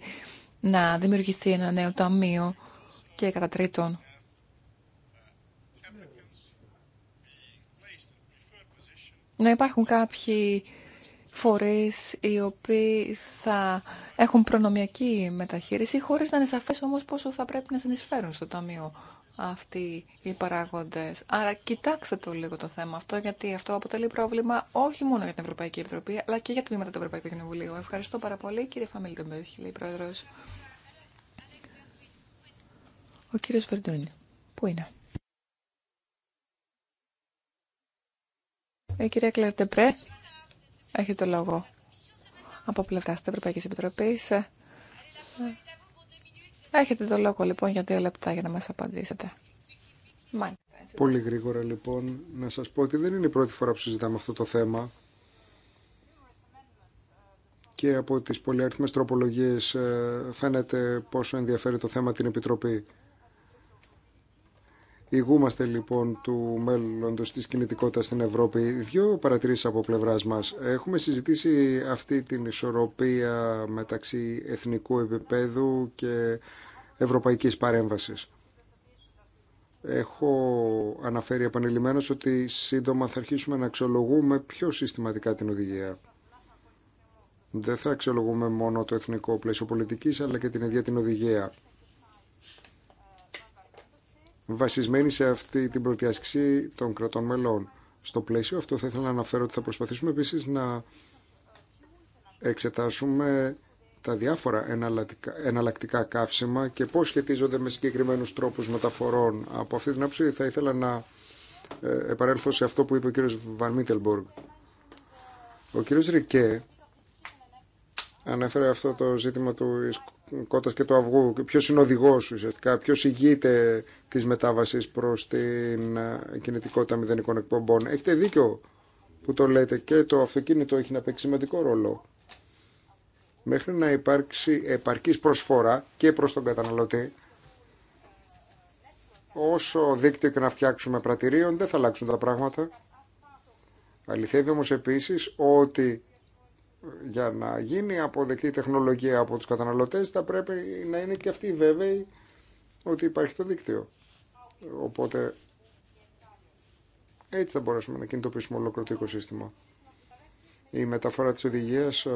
να δημιουργηθεί ένα νέο ταμείο και κατά τρίτον. Να υπάρχουν κάποιοι φορείς οι οποίοι θα έχουν προνομιακή μεταχείριση χωρίς να είναι σαφές όμως πόσο θα πρέπει να συνεισφέρουν στο ταμείο αυτοί οι παράγοντες. Άρα κοιτάξτε το λίγο το θέμα αυτό, γιατί αυτό αποτελεί πρόβλημα όχι μόνο για την Ευρωπαϊκή Επιτροπή, αλλά και για τμήματα του Ευρωπαϊκού Κοινοβουλίου. Ευχαριστώ πάρα πολύ, κύριε Φαμίλτεμπερ, λέει Πρόεδρο. Ο κύριο Βερντούνι, πού είναι? Η ε, κυρία Κλερτεπρέ, έχει το λόγο από πλευρά τη Ευρωπαϊκή Επιτροπή. Ε, Έχετε το λόγο λοιπόν για δύο λεπτά για να μας απαντήσετε. Πολύ γρήγορα λοιπόν να σας πω ότι δεν είναι η πρώτη φορά που συζητάμε αυτό το θέμα και από τις πολυαριθμές τροπολογίες ε, φαίνεται πόσο ενδιαφέρει το θέμα την Επιτροπή. Υγούμαστε λοιπόν του μέλλοντο τη κινητικότητα στην Ευρώπη. Δύο παρατηρήσει από πλευρά μα. Έχουμε συζητήσει αυτή την ισορροπία μεταξύ εθνικού επίπεδου και ευρωπαϊκής παρέμβαση. Έχω αναφέρει επανειλημμένω ότι σύντομα θα αρχίσουμε να αξιολογούμε πιο συστηματικά την οδηγία. Δεν θα αξιολογούμε μόνο το εθνικό πλαίσιο πολιτική, αλλά και την ίδια την οδηγία βασισμένη σε αυτή την προτιάσκηση των κρατών μελών. Στο πλαίσιο αυτό θα ήθελα να αναφέρω ότι θα προσπαθήσουμε επίσης να εξετάσουμε τα διάφορα εναλλακτικά καύσιμα και πώς σχετίζονται με συγκεκριμένους τρόπους μεταφορών. Από αυτή την άποψη θα ήθελα να ε, επαρέλθω σε αυτό που είπε ο κύριος Βαν Ο κύριος Ρικέ ανέφερε αυτό το ζήτημα του κότας και του αυγού, ποιος είναι ο οδηγός ουσιαστικά, ποιος ηγείται της μετάβασης προς την ε, κινητικότητα μηδενικών εκπομπών. Έχετε δίκιο που το λέτε και το αυτοκίνητο έχει να παίξει σημαντικό ρόλο. Μέχρι να υπάρξει επαρκής προσφορά και προς τον καταναλωτή, όσο δίκτυο και να φτιάξουμε πρατηρίων δεν θα αλλάξουν τα πράγματα. Αληθεύει όμως επίσης ότι για να γίνει αποδεκτή τεχνολογία από τους καταναλωτές θα πρέπει να είναι και αυτοί βέβαιοι ότι υπάρχει το δίκτυο. Οπότε έτσι θα μπορέσουμε να κινητοποιήσουμε ολόκληρο το οικοσύστημα. Η μεταφορά της οδηγίας,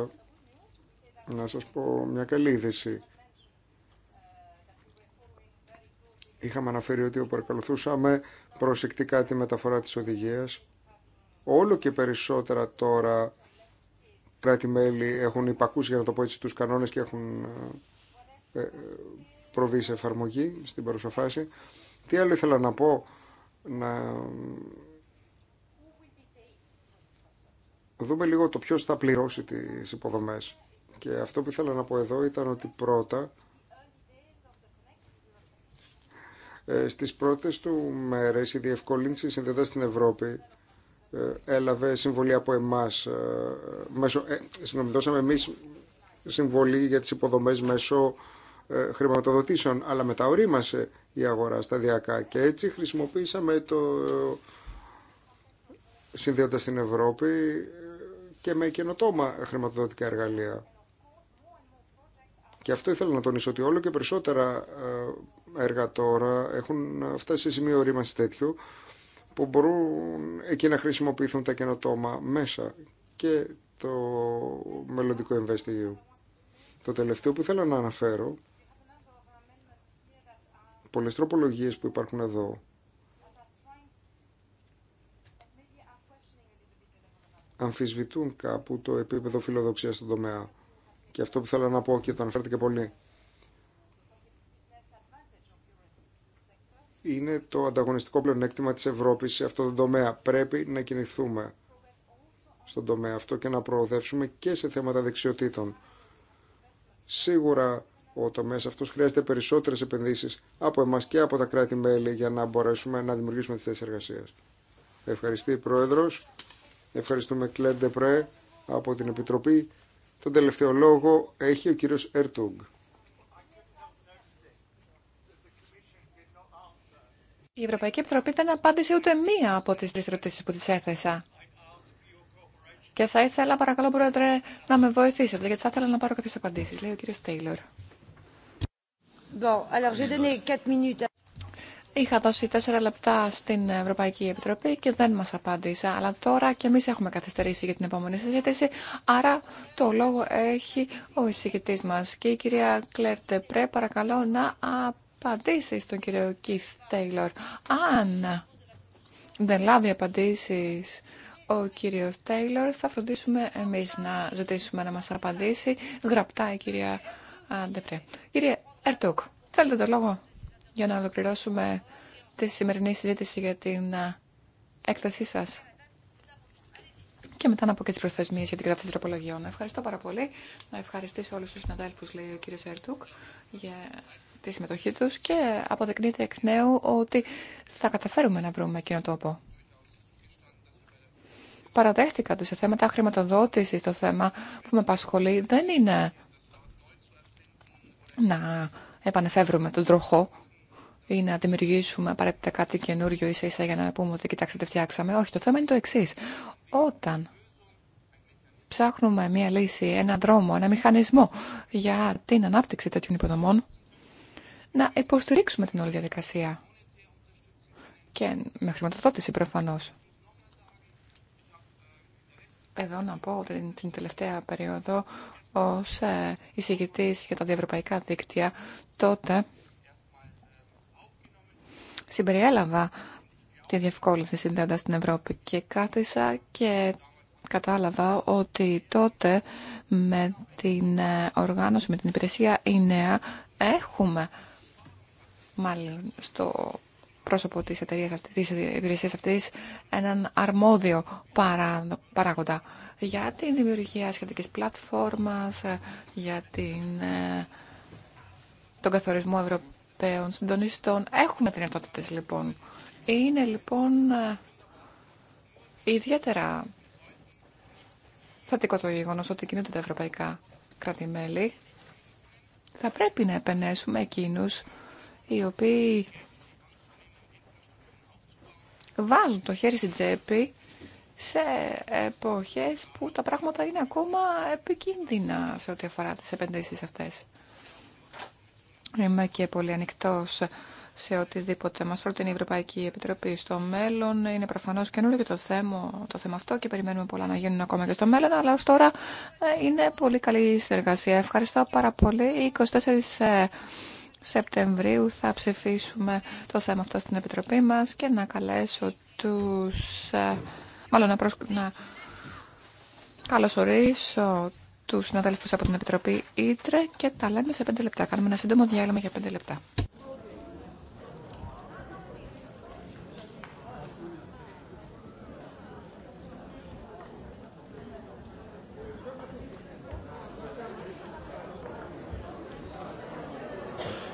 να σας πω μια καλή είδηση. Είχαμε αναφέρει ότι παρακολουθούσαμε προσεκτικά τη μεταφορά της οδηγίας. Όλο και περισσότερα τώρα κράτη-μέλη έχουν υπακούσει, για να το πω έτσι, τους κανόνες και έχουν ε, ε, προβεί σε εφαρμογή στην παρουσιαφάση. Τι άλλο ήθελα να πω, να δούμε λίγο το ποιος θα πληρώσει τις υποδομές. Και αυτό που ήθελα να πω εδώ ήταν ότι πρώτα ε, στις πρώτες του μέρες η διευκολύνση συνδεδεμένες στην Ευρώπη ε, έλαβε συμβολή από εμάς. Ε, μέσω, ε, συγγνώμη, δώσαμε εμείς συμβολή για τις υποδομές μέσω χρηματοδοτήσεων, αλλά μετά η αγορά σταδιακά και έτσι χρησιμοποίησαμε το συνδέοντα την Ευρώπη και με καινοτόμα χρηματοδοτικά εργαλεία. Και αυτό ήθελα να τονίσω ότι όλο και περισσότερα έργα τώρα έχουν φτάσει σε σημείο ορίμαση τέτοιου που μπορούν εκεί να χρησιμοποιηθούν τα καινοτόμα μέσα και το μελλοντικό εμβέστηγιο. Το τελευταίο που θέλω να αναφέρω, πολλές τροπολογίες που υπάρχουν εδώ, αμφισβητούν κάπου το επίπεδο φιλοδοξίας στον τομέα. Και αυτό που θέλω να πω και το αναφέρετε και πολύ. είναι το ανταγωνιστικό πλεονέκτημα της Ευρώπης σε αυτό τον τομέα. Πρέπει να κινηθούμε στον τομέα αυτό και να προοδεύσουμε και σε θέματα δεξιοτήτων. Σίγουρα ο τομέας αυτός χρειάζεται περισσότερες επενδύσεις από εμάς και από τα κράτη-μέλη για να μπορέσουμε να δημιουργήσουμε τις θέσεις εργασίας. Ευχαριστή Πρόεδρος. Ευχαριστούμε Κλέντε Πρέ από την Επιτροπή. Τον τελευταίο λόγο έχει ο κύριος Ερτούγκ. Η Ευρωπαϊκή Επιτροπή δεν απάντησε ούτε μία από τις τρεις ερωτήσεις που της έθεσα. Και θα ήθελα, παρακαλώ, Πρόεδρε, να με βοηθήσετε, γιατί θα ήθελα να πάρω κάποιες απαντήσεις, λέει ο κύριος Τέιλορ. Είχα δώσει τέσσερα λεπτά στην Ευρωπαϊκή Επιτροπή και δεν μας απάντησα. Αλλά τώρα και εμείς έχουμε καθυστερήσει για την επόμενη συζήτηση. Άρα το λόγο έχει ο εισηγητής μας. Και η κυρία Κλέρτε Πρέ, παρακαλώ να απαντήσει στον κύριο Keith Taylor. Αν δεν λάβει απαντήσει ο κύριο Τέιλορ, θα φροντίσουμε εμεί να ζητήσουμε να μα απαντήσει. Γραπτά η κυρία Ντεπρέ. Κύριε Ερτούκ, θέλετε το λόγο για να ολοκληρώσουμε τη σημερινή συζήτηση για την έκθεσή σα. Και μετά να πω και τι προθεσμίε για την κρατήση τροπολογιών. Ευχαριστώ πάρα πολύ. Να ευχαριστήσω όλου του συναδέλφου, λέει ο κύριο Ερτούκ, για τη συμμετοχή του και αποδεικνύεται εκ νέου ότι θα καταφέρουμε να βρούμε εκείνο τόπο. Παραδέχτηκα του σε θέματα χρηματοδότηση το θέμα που με απασχολεί δεν είναι να επανεφεύρουμε τον τροχό ή να δημιουργήσουμε απαραίτητα κάτι καινούριο ίσα ίσα για να πούμε ότι κοιτάξτε τι φτιάξαμε. Όχι, το θέμα είναι το εξή. Όταν ψάχνουμε μία λύση, έναν δρόμο, ένα μηχανισμό για την ανάπτυξη τέτοιων υποδομών, να υποστηρίξουμε την όλη διαδικασία. Και με χρηματοδότηση προφανώς. Εδώ να πω ότι την τελευταία περίοδο ως ε, εισηγητής για τα διευρωπαϊκά δίκτυα τότε συμπεριέλαβα τη διευκόλυνση συνδέοντα στην Ευρώπη και κάθισα και κατάλαβα ότι τότε με την ε, οργάνωση, με την υπηρεσία η νέα έχουμε μάλλον στο πρόσωπο της εταιρείας αυτής, της υπηρεσίας αυτής, έναν αρμόδιο παράγοντα για την δημιουργία σχετικής πλατφόρμας, ε, για την, ε, τον καθορισμό Ευρωπαίων συντονιστών. Έχουμε δυνατότητες λοιπόν. Είναι λοιπόν ε, ιδιαίτερα θετικό το γεγονός ότι κινούνται τα ευρωπαϊκά Θα πρέπει να επενέσουμε εκείνους οι οποίοι βάζουν το χέρι στην τσέπη σε εποχές που τα πράγματα είναι ακόμα επικίνδυνα σε ό,τι αφορά τις επενδύσεις αυτές. Είμαι και πολύ ανοιχτό σε οτιδήποτε μας προτείνει η Ευρωπαϊκή Επιτροπή στο μέλλον. Είναι προφανώς καινούριο και το θέμα, το θέμα αυτό και περιμένουμε πολλά να γίνουν ακόμα και στο μέλλον, αλλά ως τώρα ε, είναι πολύ καλή συνεργασία. Ευχαριστώ πάρα πολύ. 24 ε, Σεπτεμβρίου θα ψηφίσουμε το θέμα αυτό στην Επιτροπή μας και να καλέσω τους... Ε, μάλλον να, προσ... να καλωσορίσω τους συναδέλφους από την Επιτροπή Ήτρε και τα λέμε σε 5 λεπτά. Κάνουμε ένα σύντομο διάλειμμα για 5 λεπτά.